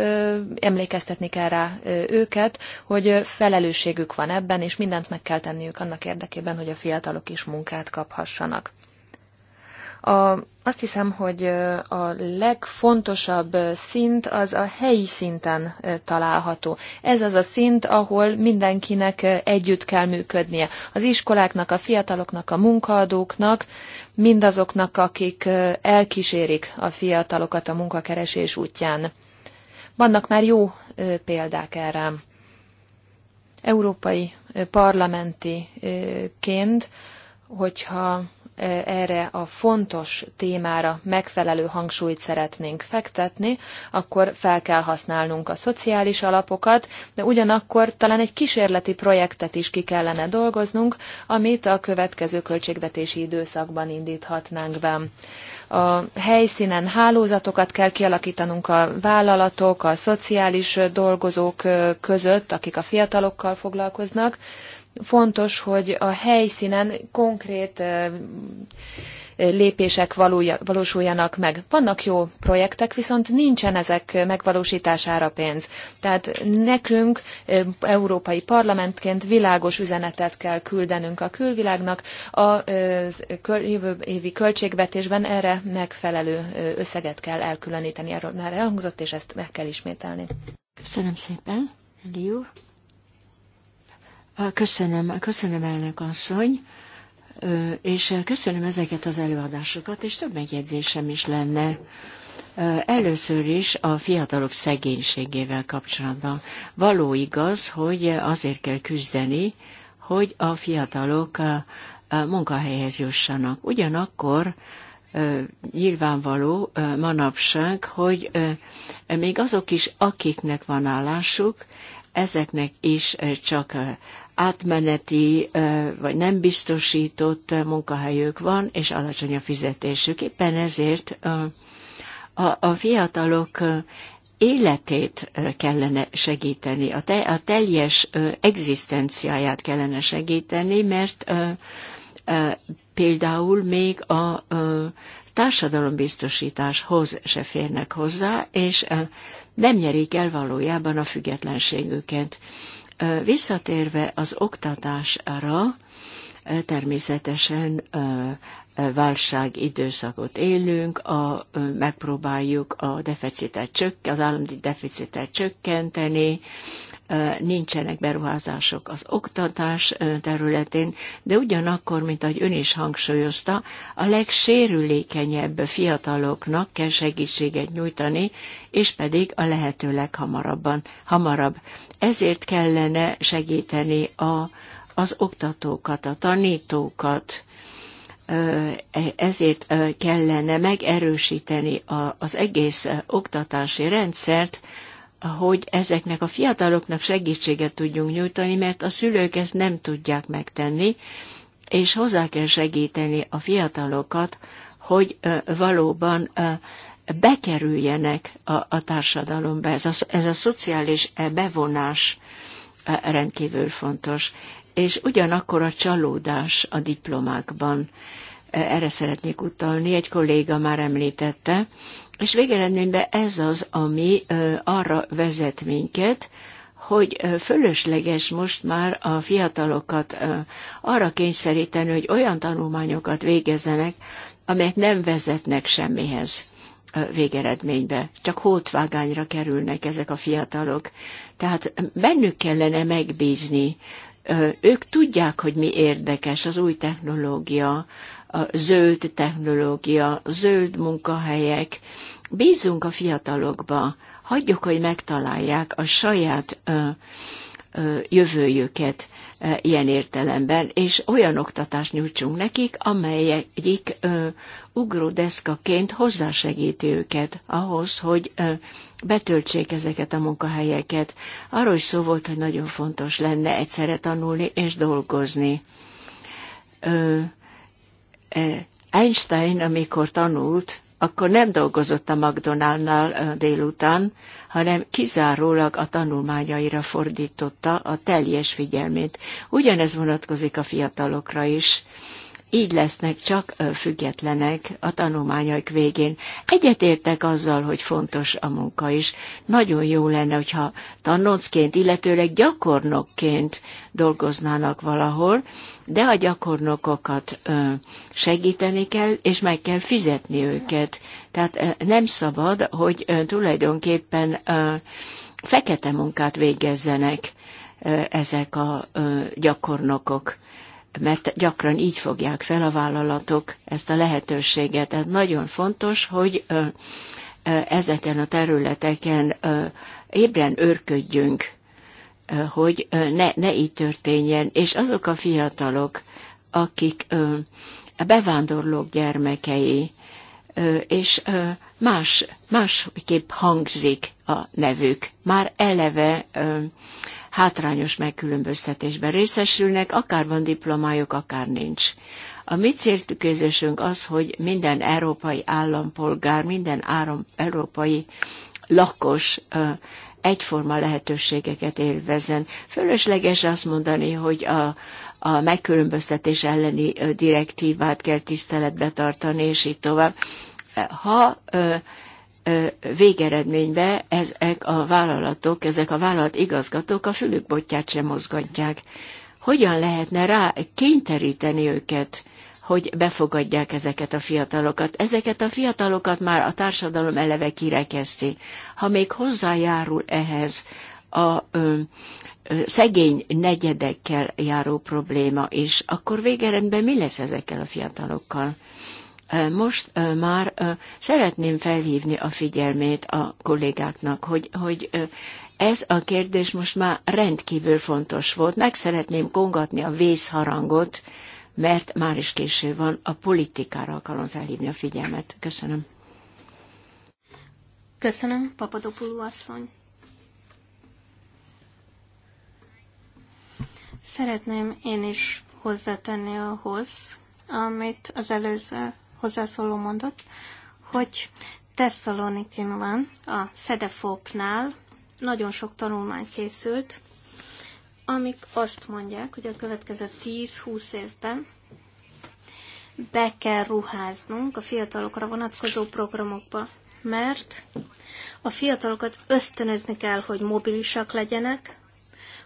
emlékeztetni kell rá őket, hogy felelősségük van ebben, és mindent meg kell tenniük annak érdekében, hogy a fiatalok is munkát kaphassanak. A, azt hiszem, hogy a legfontosabb szint az a helyi szinten található. Ez az a szint, ahol mindenkinek együtt kell működnie. Az iskoláknak, a fiataloknak, a munkaadóknak, mindazoknak, akik elkísérik a fiatalokat a munkakeresés útján. Vannak már jó példák erre. Európai parlamentiként, hogyha erre a fontos témára megfelelő hangsúlyt szeretnénk fektetni, akkor fel kell használnunk a szociális alapokat, de ugyanakkor talán egy kísérleti projektet is ki kellene dolgoznunk, amit a következő költségvetési időszakban indíthatnánk be. A helyszínen hálózatokat kell kialakítanunk a vállalatok, a szociális dolgozók között, akik a fiatalokkal foglalkoznak, fontos, hogy a helyszínen konkrét lépések valósuljanak meg. Vannak jó projektek, viszont nincsen ezek megvalósítására pénz. Tehát nekünk, európai parlamentként világos üzenetet kell küldenünk a külvilágnak, a jövő évi költségvetésben erre megfelelő összeget kell elkülöníteni. Erről már elhangzott, és ezt meg kell ismételni. Köszönöm szépen, Liu. Köszönöm, köszönöm elnök asszony, és köszönöm ezeket az előadásokat, és több megjegyzésem is lenne. Először is a fiatalok szegénységével kapcsolatban. Való igaz, hogy azért kell küzdeni, hogy a fiatalok munkahelyhez jussanak. Ugyanakkor nyilvánvaló manapság, hogy még azok is, akiknek van állásuk, ezeknek is csak átmeneti vagy nem biztosított munkahelyük van, és alacsony a fizetésük. Éppen ezért a, fiatalok életét kellene segíteni, a, a teljes egzisztenciáját kellene segíteni, mert például még a társadalombiztosításhoz se férnek hozzá, és nem nyerik el valójában a függetlenségüket. Visszatérve az oktatásra, természetesen válság időszakot élünk, a, megpróbáljuk a deficitet csökk, az állami deficitet csökkenteni, nincsenek beruházások az oktatás területén, de ugyanakkor, mint ahogy ön is hangsúlyozta, a legsérülékenyebb fiataloknak kell segítséget nyújtani, és pedig a lehető leghamarabban, hamarabb. Ezért kellene segíteni a, az oktatókat, a tanítókat, e, ezért kellene megerősíteni az egész oktatási rendszert, hogy ezeknek a fiataloknak segítséget tudjunk nyújtani, mert a szülők ezt nem tudják megtenni, és hozzá kell segíteni a fiatalokat, hogy valóban bekerüljenek a, a társadalomba. Ez a, ez a szociális e, bevonás e, rendkívül fontos. És ugyanakkor a csalódás a diplomákban. E, erre szeretnék utalni, egy kolléga már említette, és végeredményben ez az, ami arra vezet minket, hogy fölösleges most már a fiatalokat arra kényszeríteni, hogy olyan tanulmányokat végezzenek, amelyek nem vezetnek semmihez végeredménybe. Csak hótvágányra kerülnek ezek a fiatalok. Tehát bennük kellene megbízni. Ők tudják, hogy mi érdekes az új technológia, a zöld technológia, zöld munkahelyek. Bízunk a fiatalokba, hagyjuk, hogy megtalálják a saját ö, ö, jövőjüket ö, ilyen értelemben, és olyan oktatást nyújtsunk nekik, amelyik egyik ö, ugródeszkaként hozzásegíti őket ahhoz, hogy ö, betöltsék ezeket a munkahelyeket. Arról is szó volt, hogy nagyon fontos lenne egyszerre tanulni és dolgozni. Ö, Eh, Einstein, amikor tanult, akkor nem dolgozott a mcdonald McDonald-nál eh, délután, hanem kizárólag a tanulmányaira fordította a teljes figyelmét. Ugyanez vonatkozik a fiatalokra is így lesznek csak függetlenek a tanulmányaik végén. Egyetértek azzal, hogy fontos a munka is. Nagyon jó lenne, hogyha tanoncként, illetőleg gyakornokként dolgoznának valahol, de a gyakornokokat segíteni kell, és meg kell fizetni őket. Tehát nem szabad, hogy tulajdonképpen fekete munkát végezzenek ezek a gyakornokok mert gyakran így fogják fel a vállalatok ezt a lehetőséget. Tehát nagyon fontos, hogy ezeken a területeken ébren őrködjünk, hogy ne, ne így történjen. És azok a fiatalok, akik bevándorlók gyermekei, és más, másképp hangzik a nevük. Már eleve hátrányos megkülönböztetésben részesülnek, akár van diplomájuk, akár nincs. A mi célközösünk az, hogy minden európai állampolgár, minden áram, európai lakos egyforma lehetőségeket élvezzen. Fölösleges azt mondani, hogy a, a megkülönböztetés elleni direktívát kell tiszteletbe tartani, és így tovább. Ha végeredménybe ezek a vállalatok, ezek a vállalat igazgatók a fülük botját sem mozgatják. Hogyan lehetne rá kényteríteni őket, hogy befogadják ezeket a fiatalokat? Ezeket a fiatalokat már a társadalom eleve kirekezti. Ha még hozzájárul ehhez a ö, ö, szegény negyedekkel járó probléma is, akkor végeredben mi lesz ezekkel a fiatalokkal? Most már szeretném felhívni a figyelmét a kollégáknak, hogy, hogy ez a kérdés most már rendkívül fontos volt. Meg szeretném kongatni a vészharangot, mert már is késő van, a politikára akarom felhívni a figyelmet. Köszönöm. Köszönöm, Papadopoulou asszony. Szeretném én is hozzátenni ahhoz, amit az előző hozzászóló mondott, hogy Tesszalonikin van, a Szedefóknál, nagyon sok tanulmány készült, amik azt mondják, hogy a következő 10-20 évben be kell ruháznunk a fiatalokra vonatkozó programokba, mert a fiatalokat ösztönözni kell, hogy mobilisak legyenek,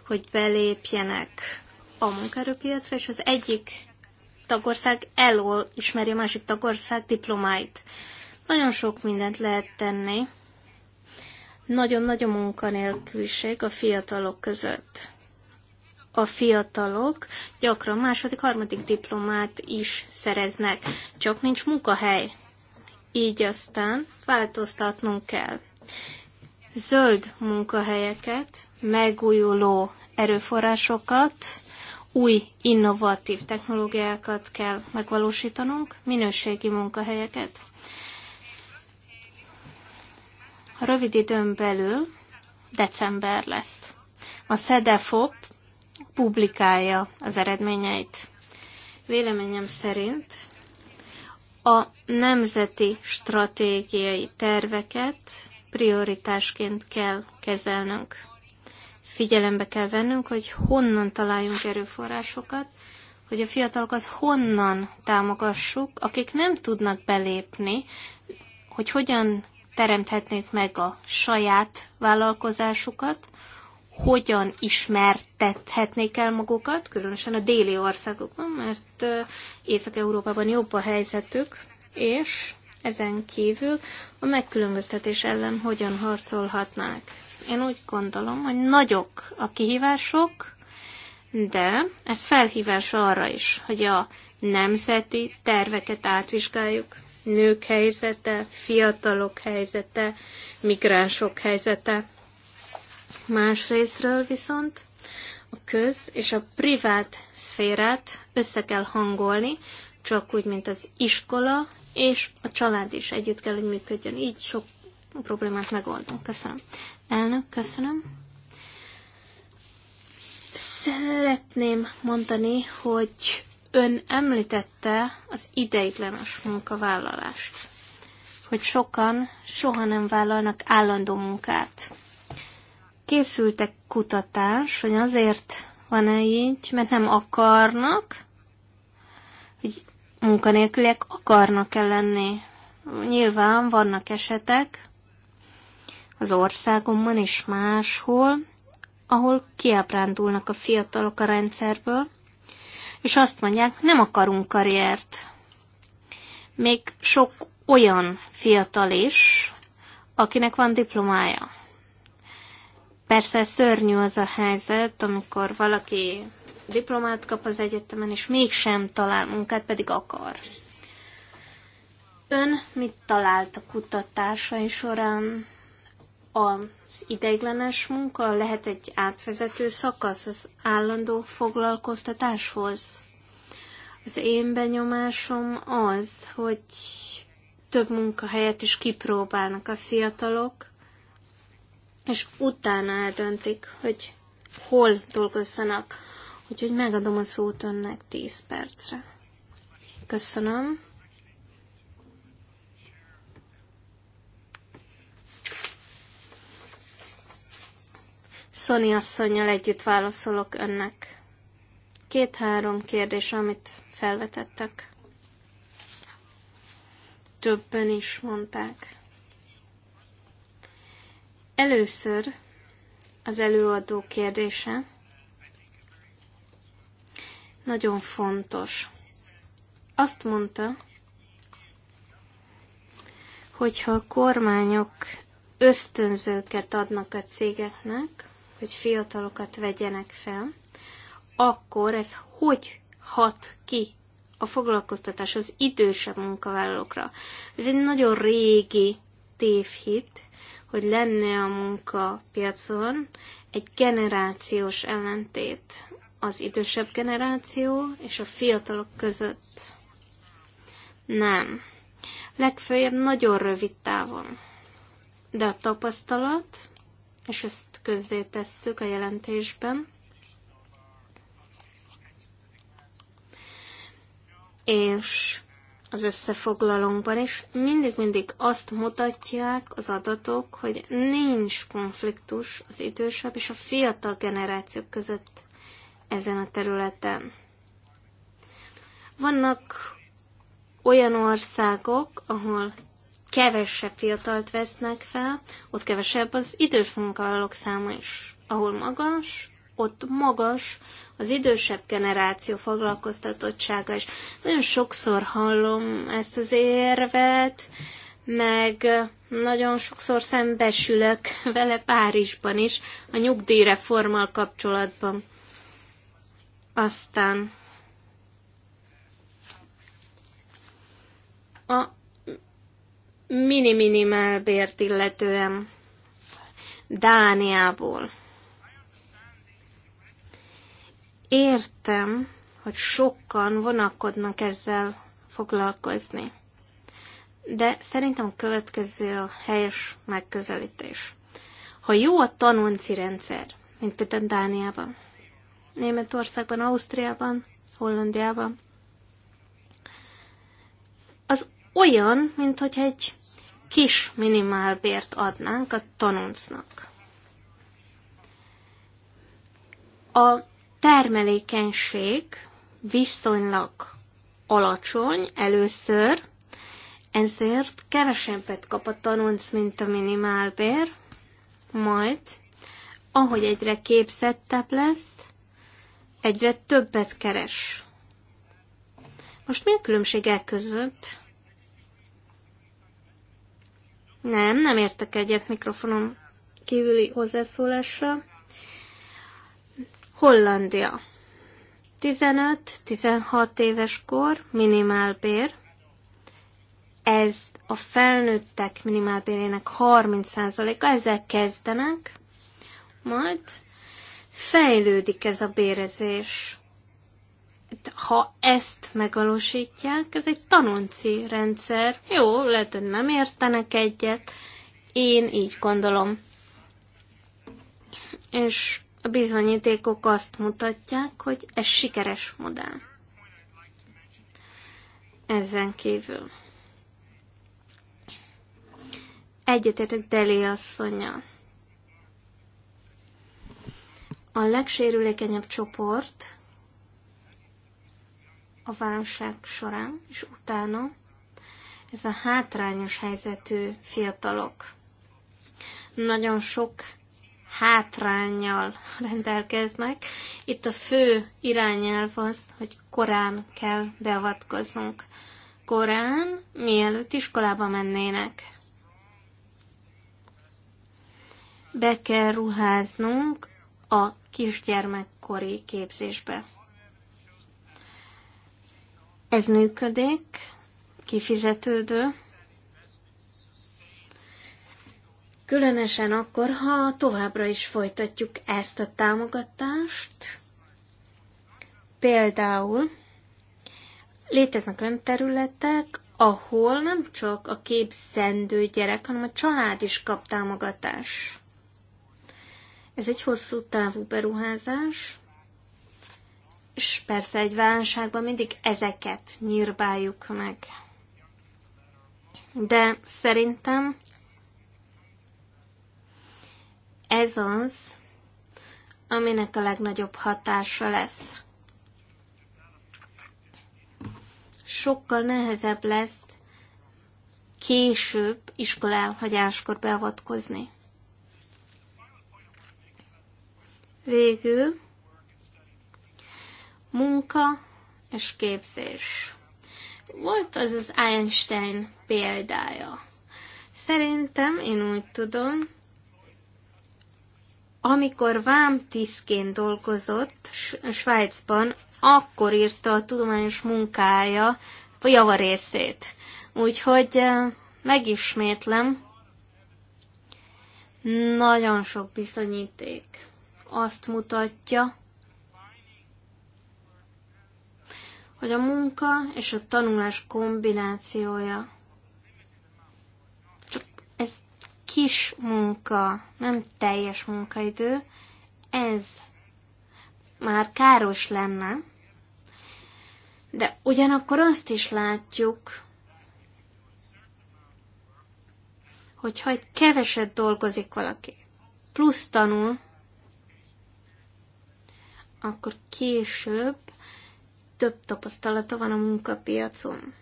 hogy belépjenek a munkaerőpiacra, és az egyik tagország elol ismeri a másik tagország diplomáit. Nagyon sok mindent lehet tenni. Nagyon nagy munkanélküliség a fiatalok között. A fiatalok gyakran második, harmadik diplomát is szereznek, csak nincs munkahely. Így aztán változtatnunk kell. Zöld munkahelyeket, megújuló erőforrásokat, új innovatív technológiákat kell megvalósítanunk, minőségi munkahelyeket. Rövid időn belül december lesz. A SEDEFOP publikálja az eredményeit. Véleményem szerint a nemzeti stratégiai terveket prioritásként kell kezelnünk figyelembe kell vennünk, hogy honnan találjunk erőforrásokat, hogy a fiatalokat honnan támogassuk, akik nem tudnak belépni, hogy hogyan teremthetnék meg a saját vállalkozásukat, hogyan ismertethetnék el magukat, különösen a déli országokban, mert Észak-Európában jobb a helyzetük, és ezen kívül a megkülönböztetés ellen hogyan harcolhatnák. Én úgy gondolom, hogy nagyok a kihívások, de ez felhívás arra is, hogy a nemzeti terveket átvizsgáljuk. Nők helyzete, fiatalok helyzete, migránsok helyzete. Másrésztről viszont a köz és a privát szférát össze kell hangolni, csak úgy, mint az iskola és a család is együtt kell, hogy működjön. Így sok problémát megoldunk. Köszönöm. Elnök, köszönöm. Szeretném mondani, hogy ön említette az ideiglenes munkavállalást, hogy sokan soha nem vállalnak állandó munkát. Készültek kutatás, hogy azért van-e így, mert nem akarnak, hogy munkanélküliek akarnak-e lenni. Nyilván vannak esetek, az országomban és máshol, ahol kiábrándulnak a fiatalok a rendszerből, és azt mondják, nem akarunk karriert. Még sok olyan fiatal is, akinek van diplomája. Persze szörnyű az a helyzet, amikor valaki diplomát kap az egyetemen, és mégsem talál munkát, pedig akar. Ön mit talált a kutatásai során? az ideiglenes munka lehet egy átvezető szakasz az állandó foglalkoztatáshoz. Az én benyomásom az, hogy több munkahelyet is kipróbálnak a fiatalok, és utána eldöntik, hogy hol dolgozzanak. Úgyhogy megadom a szót önnek 10 percre. Köszönöm. Szoni asszonynal együtt válaszolok önnek. Két-három kérdés, amit felvetettek. Többen is mondták. Először az előadó kérdése nagyon fontos. Azt mondta, hogyha a kormányok ösztönzőket adnak a cégeknek, hogy fiatalokat vegyenek fel, akkor ez hogy hat ki a foglalkoztatás az idősebb munkavállalókra? Ez egy nagyon régi tévhit, hogy lenne a munkapiacon egy generációs ellentét az idősebb generáció és a fiatalok között. Nem. legfeljebb nagyon rövid távon. De a tapasztalat és ezt közzé tesszük a jelentésben. És az összefoglalónkban is mindig-mindig azt mutatják az adatok, hogy nincs konfliktus az idősebb és a fiatal generációk között ezen a területen. Vannak olyan országok, ahol kevesebb fiatalt vesznek fel, ott kevesebb az idős munkavállalók száma is. Ahol magas, ott magas az idősebb generáció foglalkoztatottsága is. Nagyon sokszor hallom ezt az érvet, meg nagyon sokszor szembesülök vele Párizsban is, a nyugdíjreformmal kapcsolatban. Aztán a mini-minimál bért illetően Dániából. Értem, hogy sokan vonakodnak ezzel foglalkozni. De szerintem a következő a helyes megközelítés. Ha jó a tanulci rendszer, mint például Dániában, Németországban, Ausztriában, Hollandiában, az olyan, mint hogy egy kis minimálbért adnánk a tanuncnak. A termelékenység viszonylag alacsony először, ezért kevesebbet kap a tanunc, mint a minimálbér, majd, ahogy egyre képzettebb lesz, egyre többet keres. Most mi a különbség e között? Nem, nem értek egyet mikrofonom kívüli hozzászólásra. Hollandia. 15-16 éves kor, minimálbér. Ez a felnőttek minimálbérének 30%-a, ezzel kezdenek, majd fejlődik ez a bérezés ha ezt megvalósítják, ez egy tanonci rendszer. Jó, lehet, hogy nem értenek egyet. Én így gondolom. És a bizonyítékok azt mutatják, hogy ez sikeres modell. Ezen kívül. Egyetértek Deli asszonya. A legsérülékenyebb csoport a válság során, és utána ez a hátrányos helyzetű fiatalok nagyon sok hátrányjal rendelkeznek. Itt a fő irányelv az, hogy korán kell beavatkoznunk. Korán, mielőtt iskolába mennének. Be kell ruháznunk a kisgyermekkori képzésbe. Ez működik, kifizetődő, különösen akkor, ha továbbra is folytatjuk ezt a támogatást. Például léteznek olyan területek, ahol nem csak a képzendő gyerek, hanem a család is kap támogatást. Ez egy hosszú távú beruházás, és persze egy válságban mindig ezeket nyírbáljuk meg. De szerintem ez az, aminek a legnagyobb hatása lesz. Sokkal nehezebb lesz később iskolálhagyáskor beavatkozni. Végül munka és képzés. Volt az az Einstein példája. Szerintem, én úgy tudom, amikor Vám Tiszkén dolgozott Svájcban, akkor írta a tudományos munkája a javarészét. Úgyhogy megismétlem, nagyon sok bizonyíték azt mutatja, hogy a munka és a tanulás kombinációja. Csak ez kis munka, nem teljes munkaidő, ez már káros lenne, de ugyanakkor azt is látjuk, hogyha egy keveset dolgozik valaki, plusz tanul, akkor később több tapasztalata van a munkapiacon.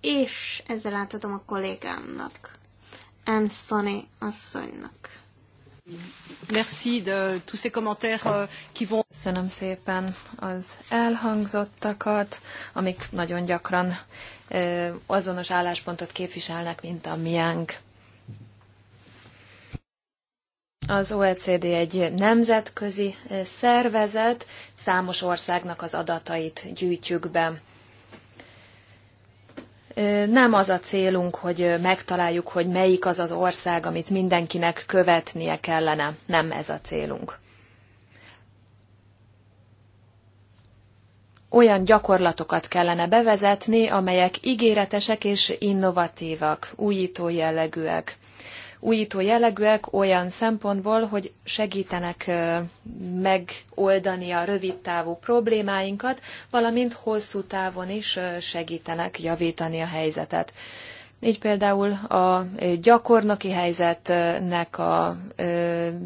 És ezzel átadom a kollégámnak, Anthony asszonynak. Merci de tous ces commentaires euh, qui vont... Köszönöm szépen az elhangzottakat, amik nagyon gyakran euh, azonos álláspontot képviselnek, mint a miénk. Az OECD egy nemzetközi eh, szervezet, számos országnak az adatait gyűjtjük be. Eh, nem az a célunk, hogy eh, megtaláljuk, hogy melyik az az ország, amit mindenkinek követnie kellene. Nem ez a célunk. olyan gyakorlatokat kellene bevezetni, amelyek ígéretesek és innovatívak, újító jellegűek újító jellegűek olyan szempontból, hogy segítenek megoldani a rövid távú problémáinkat, valamint hosszú távon is segítenek javítani a helyzetet. Így például a gyakornoki helyzetnek a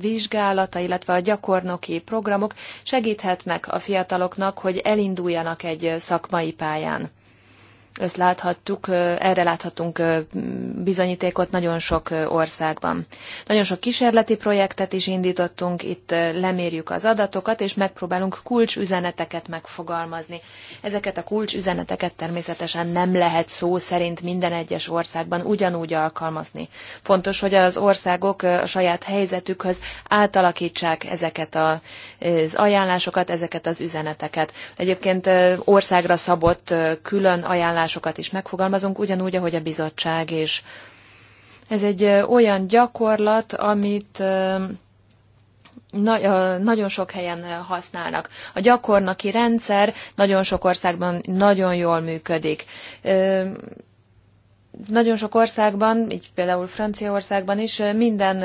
vizsgálata, illetve a gyakornoki programok segíthetnek a fiataloknak, hogy elinduljanak egy szakmai pályán. Ezt láthattuk, erre láthatunk bizonyítékot nagyon sok országban. Nagyon sok kísérleti projektet is indítottunk, itt lemérjük az adatokat, és megpróbálunk kulcsüzeneteket megfogalmazni. Ezeket a kulcsüzeneteket természetesen nem lehet szó szerint minden egyes országban ugyanúgy alkalmazni. Fontos, hogy az országok a saját helyzetükhöz átalakítsák ezeket az ajánlásokat, ezeket az üzeneteket. Egyébként országra szabott külön ajánlás ajánlásokat is megfogalmazunk, ugyanúgy, ahogy a bizottság is. Ez egy olyan gyakorlat, amit nagyon sok helyen használnak. A gyakornoki rendszer nagyon sok országban nagyon jól működik nagyon sok országban, így például Franciaországban is minden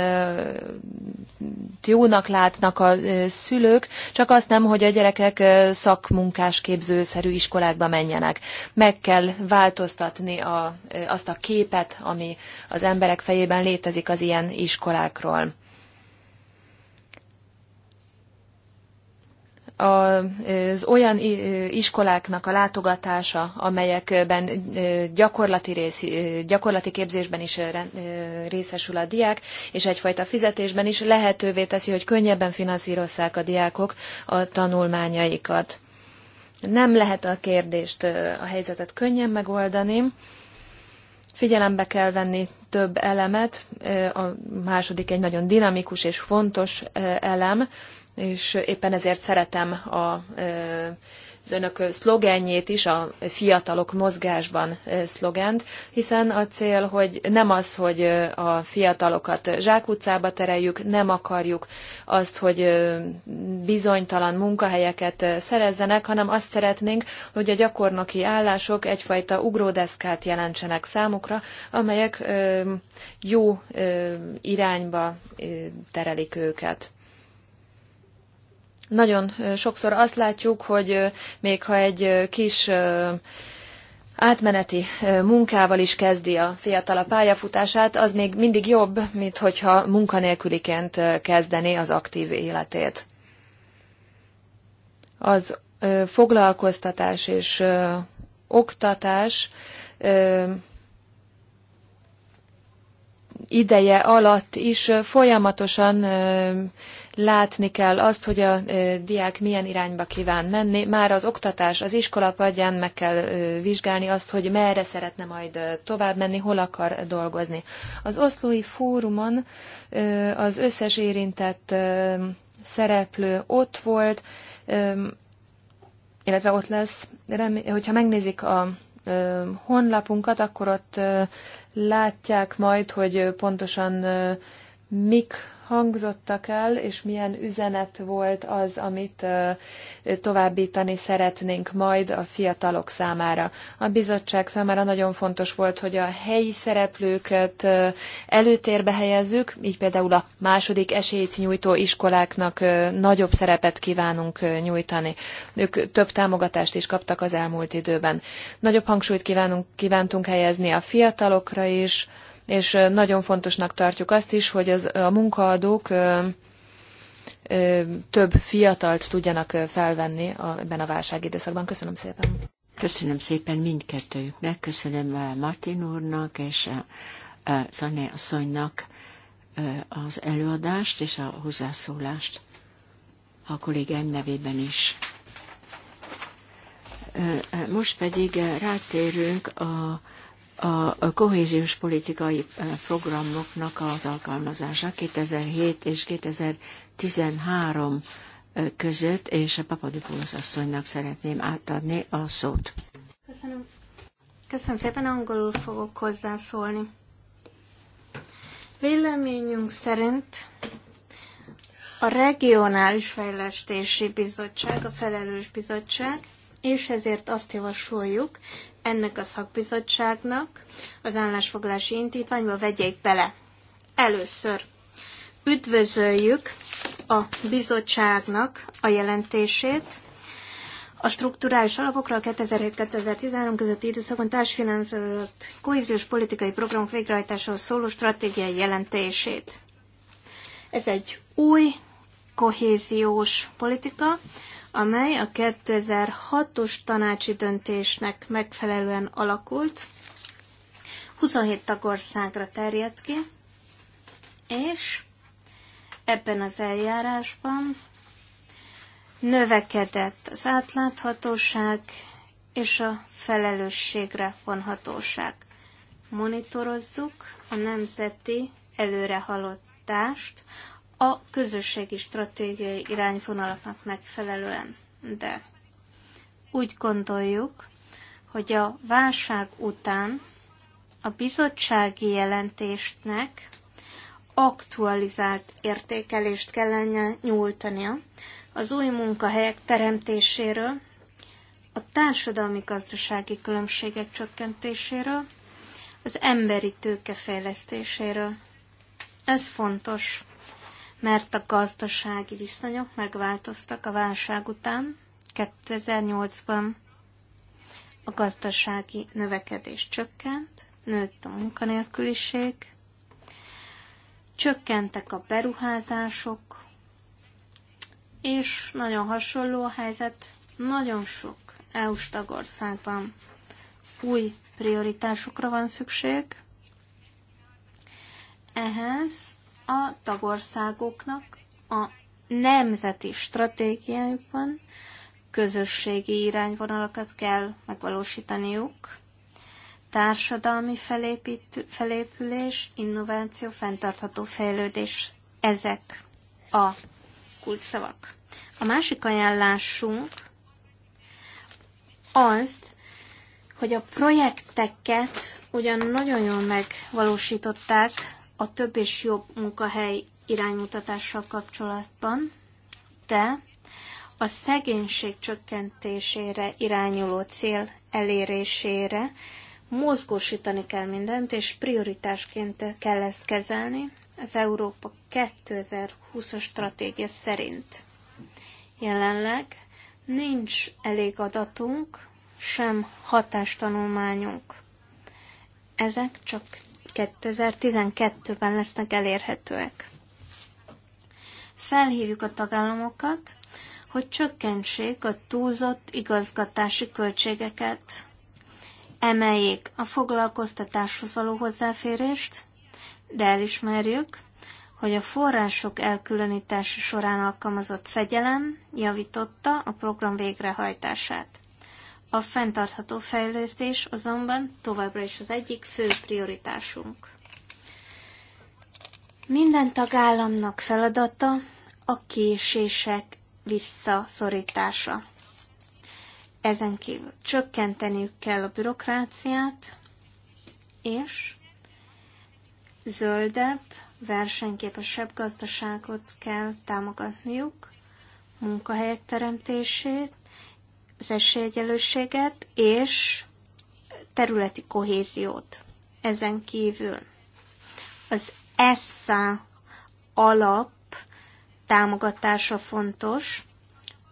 jónak látnak a szülők, csak azt nem, hogy a gyerekek szakmunkás képzőszerű iskolákba menjenek. Meg kell változtatni a, azt a képet, ami az emberek fejében létezik az ilyen iskolákról. az olyan iskoláknak a látogatása, amelyekben gyakorlati, rész, gyakorlati képzésben is részesül a diák, és egyfajta fizetésben is lehetővé teszi, hogy könnyebben finanszírozzák a diákok a tanulmányaikat. Nem lehet a kérdést, a helyzetet könnyen megoldani. Figyelembe kell venni több elemet. A második egy nagyon dinamikus és fontos elem, és éppen ezért szeretem a az önök szlogenjét is, a fiatalok mozgásban szlogent, hiszen a cél, hogy nem az, hogy a fiatalokat zsákutcába tereljük, nem akarjuk azt, hogy bizonytalan munkahelyeket szerezzenek, hanem azt szeretnénk, hogy a gyakornoki állások egyfajta ugródeszkát jelentsenek számukra, amelyek jó irányba terelik őket. Nagyon sokszor azt látjuk, hogy még ha egy kis átmeneti munkával is kezdi a fiatal a pályafutását, az még mindig jobb, mint hogyha munkanélküliként kezdené az aktív életét. Az foglalkoztatás és oktatás ideje alatt is folyamatosan látni kell azt, hogy a diák milyen irányba kíván menni. Már az oktatás, az iskola padján meg kell vizsgálni azt, hogy merre szeretne majd tovább menni, hol akar dolgozni. Az oszlói fórumon az összes érintett szereplő ott volt, illetve ott lesz, hogyha megnézik a honlapunkat, akkor ott látják majd, hogy pontosan mik hangzottak el, és milyen üzenet volt az, amit továbbítani szeretnénk majd a fiatalok számára. A bizottság számára nagyon fontos volt, hogy a helyi szereplőket előtérbe helyezzük, így például a második esélyt nyújtó iskoláknak nagyobb szerepet kívánunk nyújtani. Ők több támogatást is kaptak az elmúlt időben. Nagyobb hangsúlyt kívánunk, kívántunk helyezni a fiatalokra is, és nagyon fontosnak tartjuk azt is, hogy az, a munkaadók több fiatalt tudjanak felvenni a, ebben a válságidőszakban. Köszönöm szépen. Köszönöm szépen mindkettőjüknek, köszönöm Martin úrnak és Zané asszonynak az előadást és a hozzászólást a kollégám nevében is. Most pedig rátérünk a a kohéziós politikai e, programoknak az alkalmazása 2007 és 2013 e, között, és a Papadopoulos asszonynak szeretném átadni a szót. Köszönöm. Köszönöm szépen, angolul fogok hozzászólni. Véleményünk szerint a Regionális Fejlesztési Bizottság, a Felelős Bizottság, és ezért azt javasoljuk, ennek a szakbizottságnak az állásfoglalási indítványba vegyék bele. Először üdvözöljük a bizottságnak a jelentését, a strukturális alapokra a 2007-2013 közötti időszakon társfinanszírozott kohéziós politikai programok végrehajtásához szóló stratégiai jelentését. Ez egy új kohéziós politika, amely a 2006-os tanácsi döntésnek megfelelően alakult, 27 tagországra terjed ki, és ebben az eljárásban növekedett az átláthatóság és a felelősségre vonhatóság. Monitorozzuk a nemzeti előrehaladtást a közösségi stratégiai irányvonalaknak megfelelően. De úgy gondoljuk, hogy a válság után a bizottsági jelentésnek aktualizált értékelést kellene nyújtania az új munkahelyek teremtéséről, a társadalmi-gazdasági különbségek csökkentéséről, az emberi tőke fejlesztéséről. Ez fontos mert a gazdasági viszonyok megváltoztak a válság után 2008-ban. A gazdasági növekedés csökkent, nőtt a munkanélküliség, csökkentek a beruházások, és nagyon hasonló a helyzet nagyon sok EU-s tagországban. Új prioritásokra van szükség. Ehhez a tagországoknak a nemzeti stratégiájukban közösségi irányvonalakat kell megvalósítaniuk, társadalmi felépít, felépülés, innováció, fenntartható fejlődés. Ezek a kulcsszavak. A másik ajánlásunk az, hogy a projekteket ugyan nagyon jól megvalósították a több és jobb munkahely iránymutatással kapcsolatban, de a szegénység csökkentésére irányuló cél elérésére mozgósítani kell mindent, és prioritásként kell ezt kezelni az Európa 2020-as stratégia szerint. Jelenleg nincs elég adatunk, sem hatástanulmányunk. Ezek csak 2012-ben lesznek elérhetőek. Felhívjuk a tagállamokat, hogy csökkentsék a túlzott igazgatási költségeket, emeljék a foglalkoztatáshoz való hozzáférést, de elismerjük, hogy a források elkülönítése során alkalmazott fegyelem javította a program végrehajtását. A fenntartható fejlődés azonban továbbra is az egyik fő prioritásunk. Minden tagállamnak feladata a késések visszaszorítása. Ezen kívül csökkenteniük kell a bürokráciát, és zöldebb, versenyképesebb gazdaságot kell támogatniuk, munkahelyek teremtését, az esélyegyelősséget és területi kohéziót. Ezen kívül az ESSA alap támogatása fontos,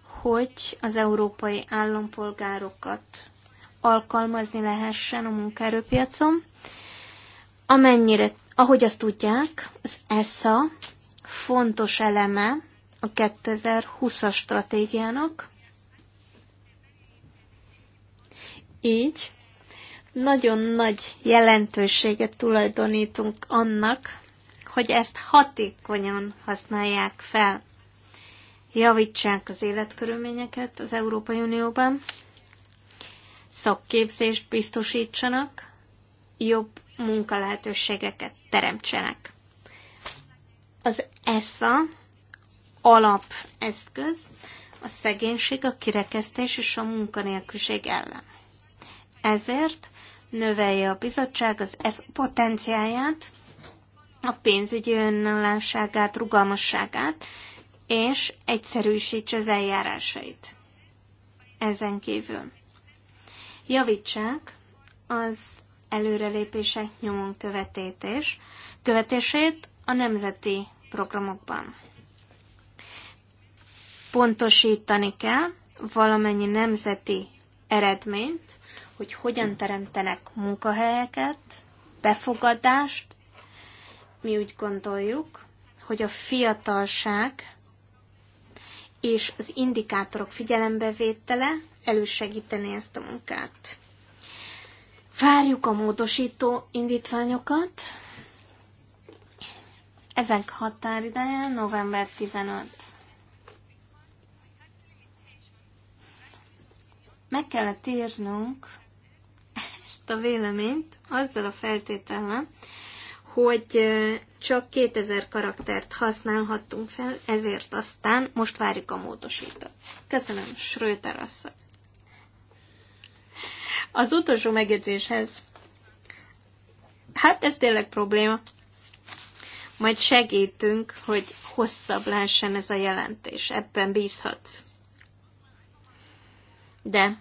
hogy az európai állampolgárokat alkalmazni lehessen a munkaerőpiacon. Amennyire, ahogy azt tudják, az ESSA fontos eleme a 2020-as stratégiának, Így nagyon nagy jelentőséget tulajdonítunk annak, hogy ezt hatékonyan használják fel. Javítsák az életkörülményeket az Európai Unióban, szakképzést biztosítsanak, jobb munkalehetőségeket teremtsenek. Az ESSA alapeszköz a szegénység, a kirekesztés és a munkanélküliség ellen. Ezért növelje a bizottság az ez potenciáját, a pénzügyi önállásságát, rugalmasságát, és egyszerűsítse az eljárásait. Ezen kívül javítsák az előrelépések nyomon követétés, követését a nemzeti programokban. Pontosítani kell valamennyi nemzeti eredményt, hogy hogyan teremtenek munkahelyeket, befogadást. Mi úgy gondoljuk, hogy a fiatalság és az indikátorok figyelembevétele elősegíteni ezt a munkát. Várjuk a módosító indítványokat. Ezek határideje november 15. Meg kellett írnunk a véleményt azzal a feltétellel, hogy csak 2000 karaktert használhattunk fel, ezért aztán most várjuk a módosítót. Köszönöm, Schröter asszony. Az utolsó megjegyzéshez. Hát ez tényleg probléma. Majd segítünk, hogy hosszabb lássen ez a jelentés. Ebben bízhatsz. De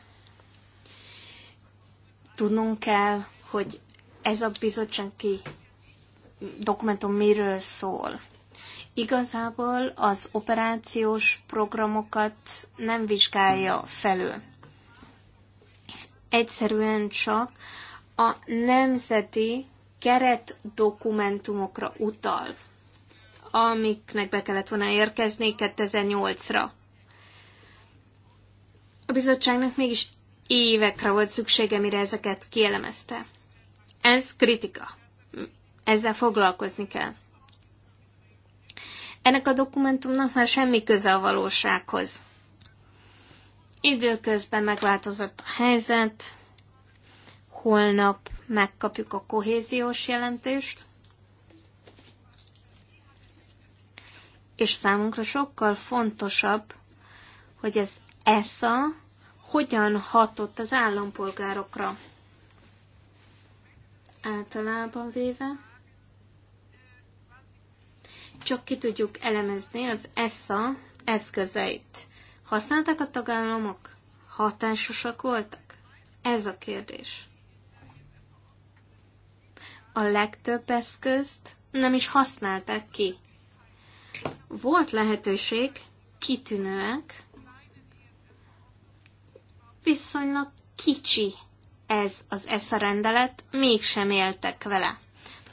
Tudnunk kell, hogy ez a bizottsági dokumentum miről szól. Igazából az operációs programokat nem vizsgálja felül. Egyszerűen csak a nemzeti keretdokumentumokra utal, amiknek be kellett volna érkezni 2008-ra. A bizottságnak mégis évekre volt szüksége, mire ezeket kielemezte. Ez kritika. Ezzel foglalkozni kell. Ennek a dokumentumnak már semmi köze a valósághoz. Időközben megváltozott a helyzet, holnap megkapjuk a kohéziós jelentést, és számunkra sokkal fontosabb, hogy az ESA hogyan hatott az állampolgárokra. Általában véve csak ki tudjuk elemezni az ESSA eszközeit. Használtak a tagállamok? Hatásosak voltak? Ez a kérdés. A legtöbb eszközt nem is használták ki. Volt lehetőség kitűnőek, viszonylag kicsi ez az ESZA rendelet, mégsem éltek vele.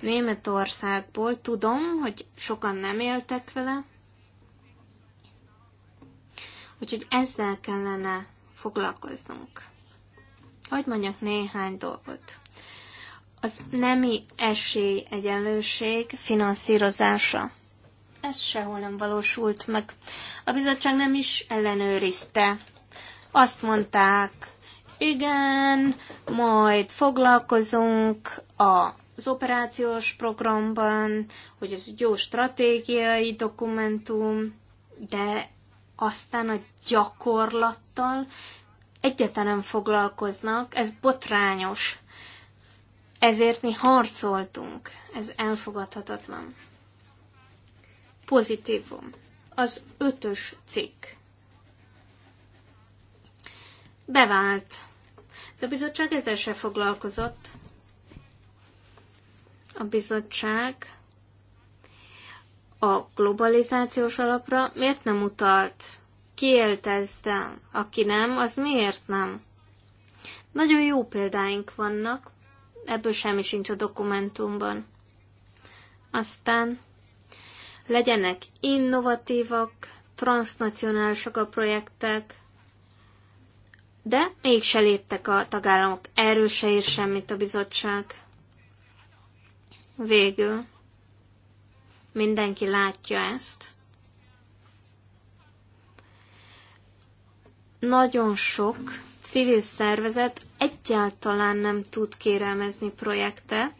Németországból tudom, hogy sokan nem éltek vele, úgyhogy ezzel kellene foglalkoznunk. Hogy mondjak néhány dolgot. Az nemi esélyegyenlőség finanszírozása. Ez sehol nem valósult meg. A bizottság nem is ellenőrizte azt mondták, igen, majd foglalkozunk a az operációs programban, hogy ez egy jó stratégiai dokumentum, de aztán a gyakorlattal egyetlen nem foglalkoznak, ez botrányos. Ezért mi harcoltunk, ez elfogadhatatlan. Pozitívum. Az ötös cikk bevált. De a bizottság ezzel se foglalkozott. A bizottság a globalizációs alapra miért nem utalt? Kiéltezte. Aki nem, az miért nem? Nagyon jó példáink vannak, ebből semmi sincs a dokumentumban. Aztán legyenek innovatívak, transnacionálisak a projektek, de mégse léptek a tagállamok. Erről se semmit a bizottság. Végül. Mindenki látja ezt. Nagyon sok civil szervezet egyáltalán nem tud kérelmezni projektet,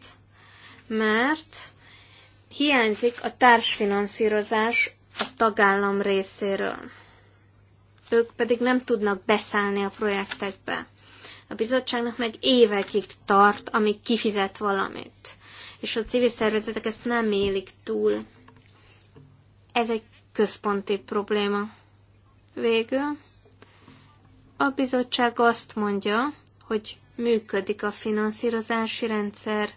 mert hiányzik a társfinanszírozás a tagállam részéről ők pedig nem tudnak beszállni a projektekbe. A bizottságnak meg évekig tart, amíg kifizet valamit. És a civil szervezetek ezt nem élik túl. Ez egy központi probléma. Végül a bizottság azt mondja, hogy működik a finanszírozási rendszer.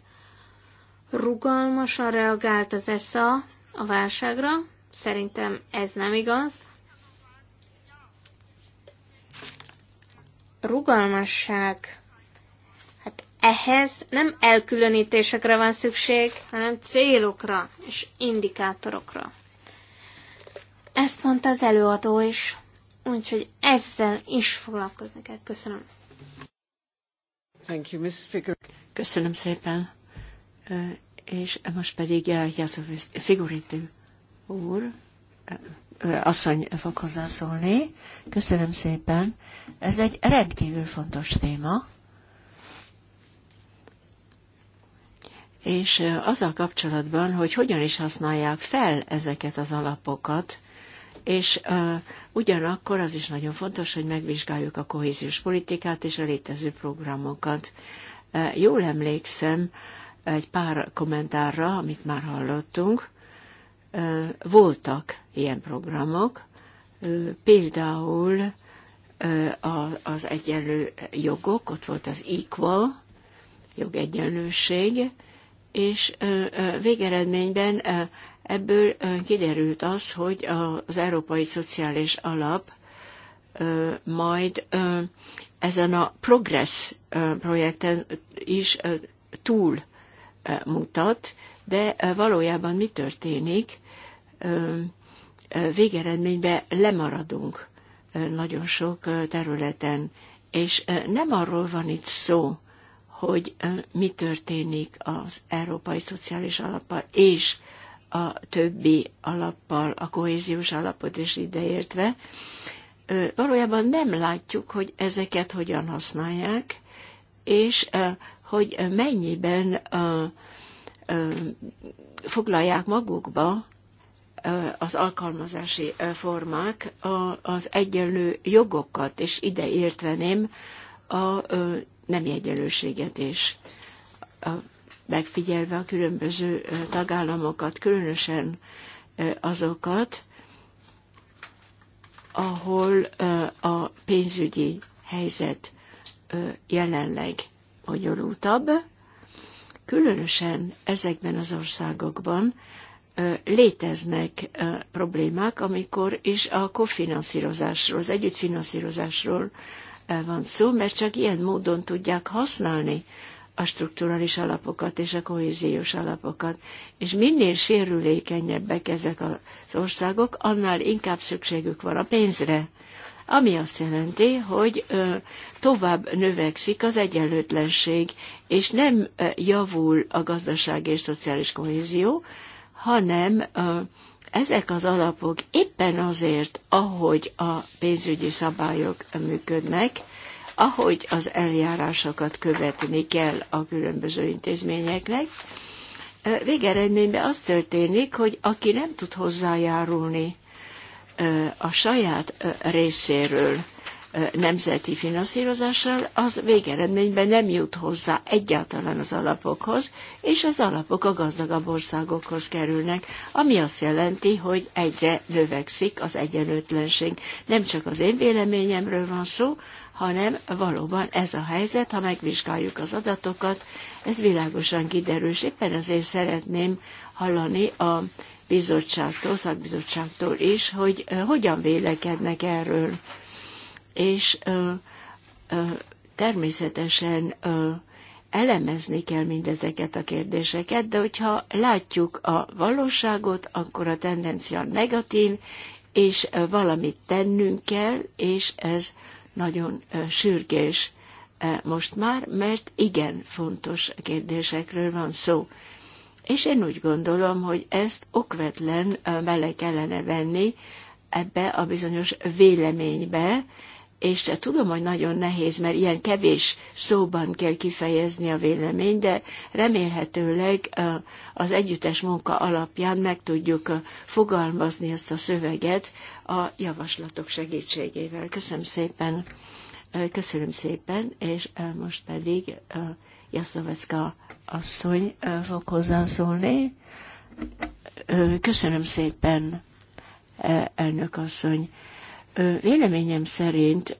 Rugalmasan reagált az ESA a válságra, szerintem ez nem igaz, rugalmasság. Hát ehhez nem elkülönítésekre van szükség, hanem célokra és indikátorokra. Ezt mondta az előadó is, úgyhogy ezzel is foglalkozni kell. Köszönöm. Thank you, Mrs. Köszönöm szépen. És most pedig Jászló Figurintő úr asszony fog hozzászólni. Köszönöm szépen. Ez egy rendkívül fontos téma. És azzal kapcsolatban, hogy hogyan is használják fel ezeket az alapokat, és uh, ugyanakkor az is nagyon fontos, hogy megvizsgáljuk a kohéziós politikát és a létező programokat. Uh, jól emlékszem egy pár kommentárra, amit már hallottunk, voltak ilyen programok, például az egyenlő jogok, ott volt az equal, jogegyenlőség, és végeredményben ebből kiderült az, hogy az Európai Szociális Alap majd ezen a Progress projekten is túl mutat, de valójában mi történik? végeredményben lemaradunk nagyon sok területen, és nem arról van itt szó, hogy mi történik az Európai Szociális Alappal és a többi alappal, a kohéziós alapot is ideértve. Valójában nem látjuk, hogy ezeket hogyan használják, és hogy mennyiben foglalják magukba az alkalmazási formák az egyenlő jogokat, és ide értveném a nem egyenlőséget is. Megfigyelve a különböző tagállamokat, különösen azokat, ahol a pénzügyi helyzet jelenleg bonyolultabb, különösen ezekben az országokban, léteznek problémák, amikor is a kofinanszírozásról, az együttfinanszírozásról van szó, mert csak ilyen módon tudják használni a strukturális alapokat és a kohéziós alapokat. És minél sérülékenyebbek ezek az országok, annál inkább szükségük van a pénzre. Ami azt jelenti, hogy tovább növekszik az egyenlőtlenség, és nem javul a gazdaság és szociális kohézió, hanem ezek az alapok éppen azért, ahogy a pénzügyi szabályok működnek, ahogy az eljárásokat követni kell a különböző intézményeknek, végeredményben az történik, hogy aki nem tud hozzájárulni a saját részéről nemzeti finanszírozással, az végeredményben nem jut hozzá egyáltalán az alapokhoz, és az alapok a gazdagabb országokhoz kerülnek, ami azt jelenti, hogy egyre növekszik az egyenlőtlenség. Nem csak az én véleményemről van szó, hanem valóban ez a helyzet, ha megvizsgáljuk az adatokat, ez világosan kiderül, és éppen azért szeretném hallani a bizottságtól, szakbizottságtól is, hogy hogyan vélekednek erről és ö, ö, természetesen ö, elemezni kell mindezeket a kérdéseket, de hogyha látjuk a valóságot, akkor a tendencia negatív, és valamit tennünk kell, és ez nagyon sürgés most már, mert igen fontos kérdésekről van szó. És én úgy gondolom, hogy ezt okvetlen bele kellene venni ebbe a bizonyos véleménybe, és tudom, hogy nagyon nehéz, mert ilyen kevés szóban kell kifejezni a vélemény, de remélhetőleg az együttes munka alapján meg tudjuk fogalmazni ezt a szöveget a javaslatok segítségével. Köszönöm szépen, köszönöm szépen, és most pedig Jaszlovecka asszony fog hozzászólni. Köszönöm szépen, elnök asszony Véleményem szerint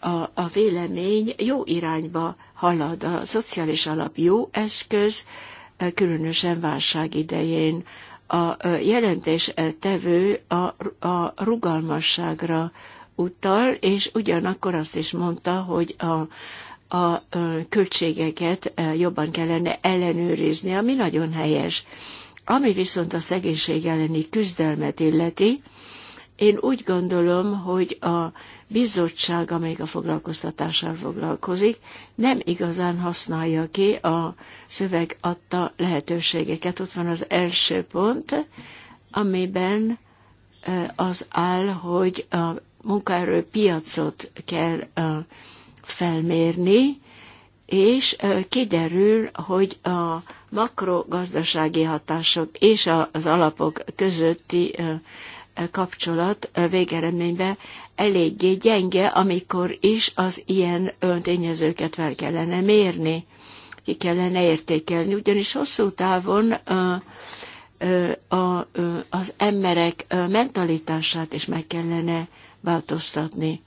a, a vélemény jó irányba halad. A szociális alap jó eszköz, különösen válság idején. A jelentés tevő a, a rugalmasságra utal, és ugyanakkor azt is mondta, hogy a, a költségeket jobban kellene ellenőrizni, ami nagyon helyes. Ami viszont a szegénység elleni küzdelmet illeti, én úgy gondolom, hogy a bizottság, amelyik a foglalkoztatással foglalkozik, nem igazán használja ki a szöveg adta lehetőségeket. Ott van az első pont, amiben az áll, hogy a munkaerőpiacot kell felmérni, és kiderül, hogy a makrogazdasági hatások és az alapok közötti kapcsolat végeredményben eléggé gyenge, amikor is az ilyen öntényezőket fel kellene mérni, ki kellene értékelni, ugyanis hosszú távon a, a, az emberek mentalitását is meg kellene változtatni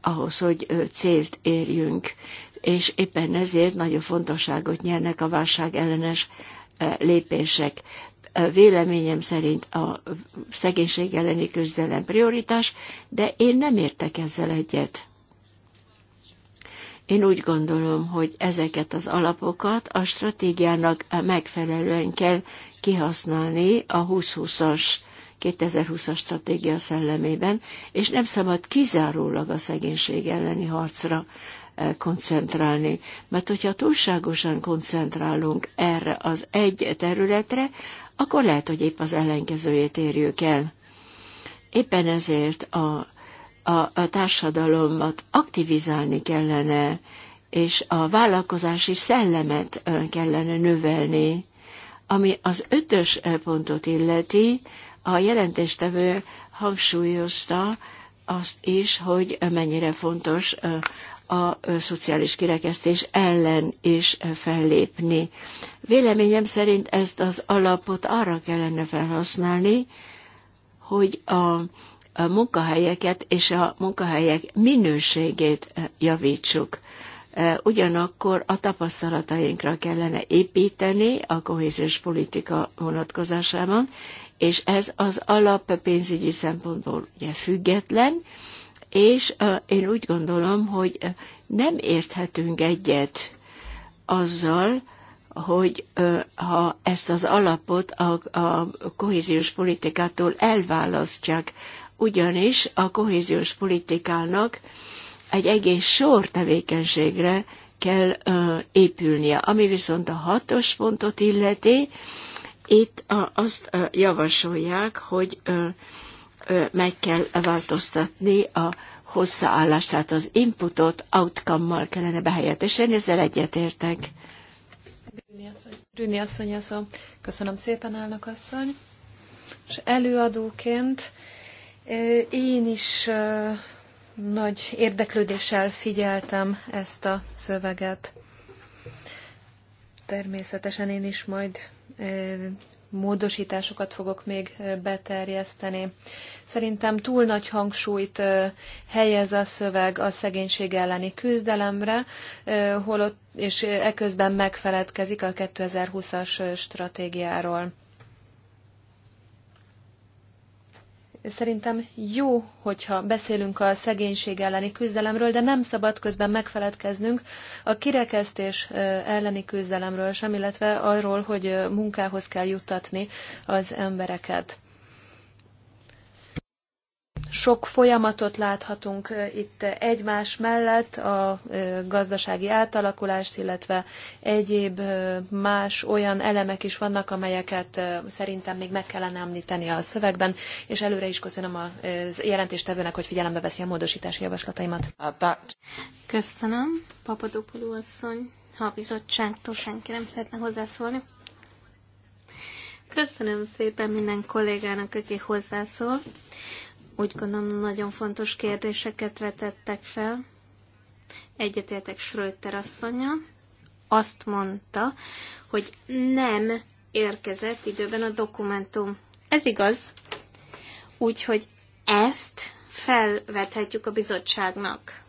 ahhoz, hogy célt érjünk. És éppen ezért nagyon fontosságot nyernek a válság ellenes lépések. Véleményem szerint a szegénység elleni küzdelem prioritás, de én nem értek ezzel egyet. Én úgy gondolom, hogy ezeket az alapokat a stratégiának megfelelően kell kihasználni a 2020-as 2020-as stratégia szellemében, és nem szabad kizárólag a szegénység elleni harcra eh, koncentrálni. Mert hogyha túlságosan koncentrálunk erre az egy területre, akkor lehet, hogy épp az ellenkezőjét érjük el. Éppen ezért a, a, a társadalomat aktivizálni kellene, és a vállalkozási szellemet kellene növelni. Ami az ötös pontot illeti, a jelentéstevő hangsúlyozta azt is, hogy mennyire fontos a szociális kirekesztés ellen is fellépni. Véleményem szerint ezt az alapot arra kellene felhasználni, hogy a a munkahelyeket és a munkahelyek minőségét javítsuk. Ugyanakkor a tapasztalatainkra kellene építeni a kohéziós politika vonatkozásában, és ez az alap pénzügyi szempontból ugye független, és én úgy gondolom, hogy nem érthetünk egyet azzal, hogy ha ezt az alapot a, a kohéziós politikától elválasztják, ugyanis a kohéziós politikának egy egész sor tevékenységre kell ö, épülnie. Ami viszont a hatos pontot illeti, itt a, azt ö, javasolják, hogy ö, meg kell változtatni a hozzáállást, tehát az inputot outcome-mal kellene behelyettesíteni, ezzel egyetértek. Rüni asszony, asszony, Köszönöm szépen, elnök asszony. És előadóként én is nagy érdeklődéssel figyeltem ezt a szöveget. Természetesen én is majd módosításokat fogok még beterjeszteni. Szerintem túl nagy hangsúlyt helyez a szöveg a szegénység elleni küzdelemre, holott, és eközben megfeledkezik a 2020-as stratégiáról. Szerintem jó, hogyha beszélünk a szegénység elleni küzdelemről, de nem szabad közben megfeledkeznünk a kirekesztés elleni küzdelemről sem, illetve arról, hogy munkához kell juttatni az embereket. Sok folyamatot láthatunk itt egymás mellett, a gazdasági átalakulást, illetve egyéb más olyan elemek is vannak, amelyeket szerintem még meg kellene említeni a szövegben, és előre is köszönöm a jelentéstevőnek, hogy figyelembe veszi a módosítási javaslataimat. Köszönöm, Papadopoulou asszony. Ha a bizottságtól senki nem szeretne hozzászólni. Köszönöm szépen minden kollégának, aki hozzászól. Úgy gondolom, nagyon fontos kérdéseket vetettek fel. Egyetértek Schröter asszonya. Azt mondta, hogy nem érkezett időben a dokumentum. Ez igaz. Úgyhogy ezt felvethetjük a bizottságnak.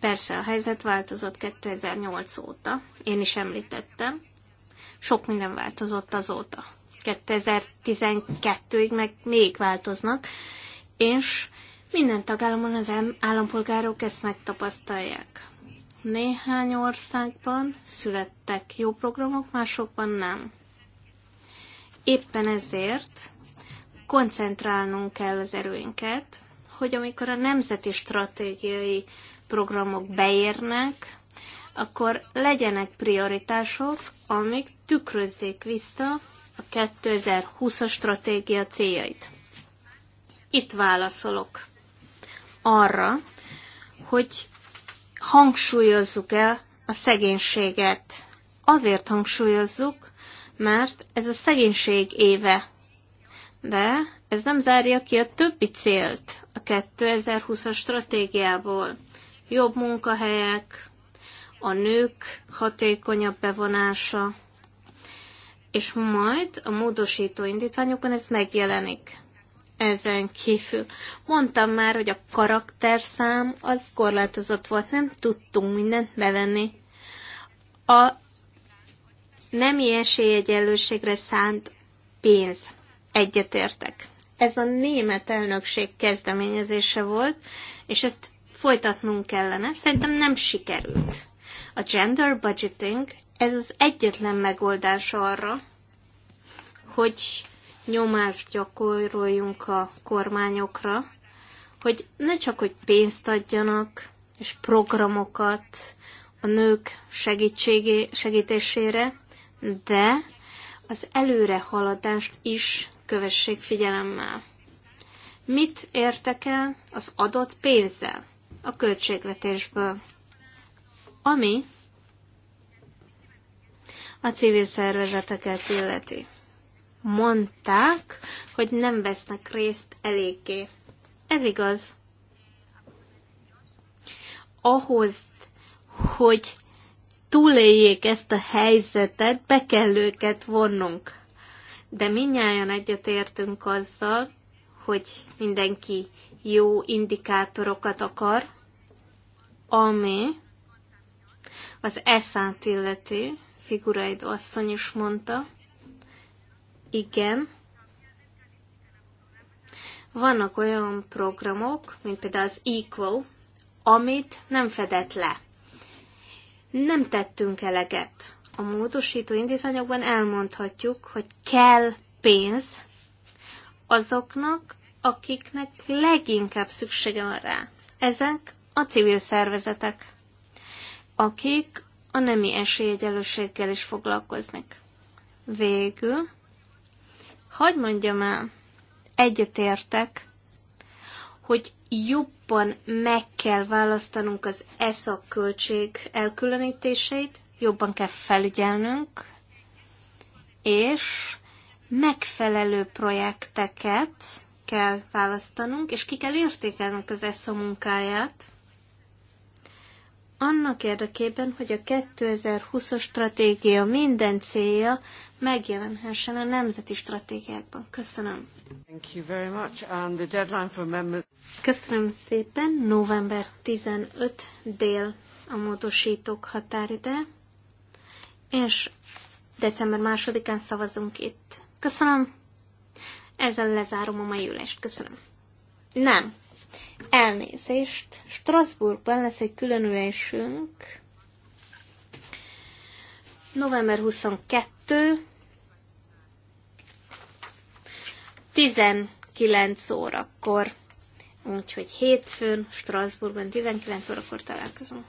Persze a helyzet változott 2008 óta, én is említettem. Sok minden változott azóta. 2012-ig meg még változnak, és minden tagállamon az állampolgárok ezt megtapasztalják. Néhány országban születtek jó programok, másokban nem. Éppen ezért koncentrálnunk kell az erőinket, hogy amikor a nemzeti stratégiai programok beérnek, akkor legyenek prioritások, amik tükrözzék vissza a 2020-as stratégia céljait itt válaszolok arra, hogy hangsúlyozzuk el a szegénységet. Azért hangsúlyozzuk, mert ez a szegénység éve. De ez nem zárja ki a többi célt a 2020-as stratégiából. Jobb munkahelyek, a nők hatékonyabb bevonása, és majd a módosító indítványokon ez megjelenik ezen kívül. Mondtam már, hogy a karakterszám az korlátozott volt, nem tudtunk mindent bevenni. A nem esélyegyenlőségre szánt pénz. Egyetértek. Ez a német elnökség kezdeményezése volt, és ezt folytatnunk kellene. Szerintem nem sikerült. A gender budgeting ez az egyetlen megoldás arra, hogy nyomást gyakoroljunk a kormányokra, hogy ne csak, hogy pénzt adjanak, és programokat a nők segítségé, segítésére, de az előrehaladást is kövessék figyelemmel. Mit értek el az adott pénzzel a költségvetésből? Ami a civil szervezeteket illeti mondták, hogy nem vesznek részt eléggé. Ez igaz. Ahhoz, hogy túléljék ezt a helyzetet, be kell őket vonnunk. De minnyáján egyetértünk azzal, hogy mindenki jó indikátorokat akar, ami az eszánt illeti, figuraid asszony is mondta, igen, vannak olyan programok, mint például az Equal, amit nem fedett le. Nem tettünk eleget. A módosító indítványokban elmondhatjuk, hogy kell pénz azoknak, akiknek leginkább szüksége van rá. Ezek a civil szervezetek, akik a nemi esélyegyelőséggel is foglalkoznak. Végül Hagy mondjam el, egyetértek, hogy jobban meg kell választanunk az ESZA költség elkülönítéseit, jobban kell felügyelnünk, és megfelelő projekteket kell választanunk, és ki kell értékelnünk az ESZA munkáját, annak érdekében, hogy a 2020-as stratégia minden célja megjelenhessen a nemzeti stratégiákban. Köszönöm. Thank you very much. And the deadline for members... Köszönöm szépen. November 15 dél a módosítók határide, és december másodikán szavazunk itt. Köszönöm. Ezzel lezárom a mai ülést. Köszönöm. Nem, Elnézést, Strasbourgban lesz egy különülésünk, november 22, 19 órakor. Úgyhogy hétfőn Strasbourgban 19 órakor találkozunk.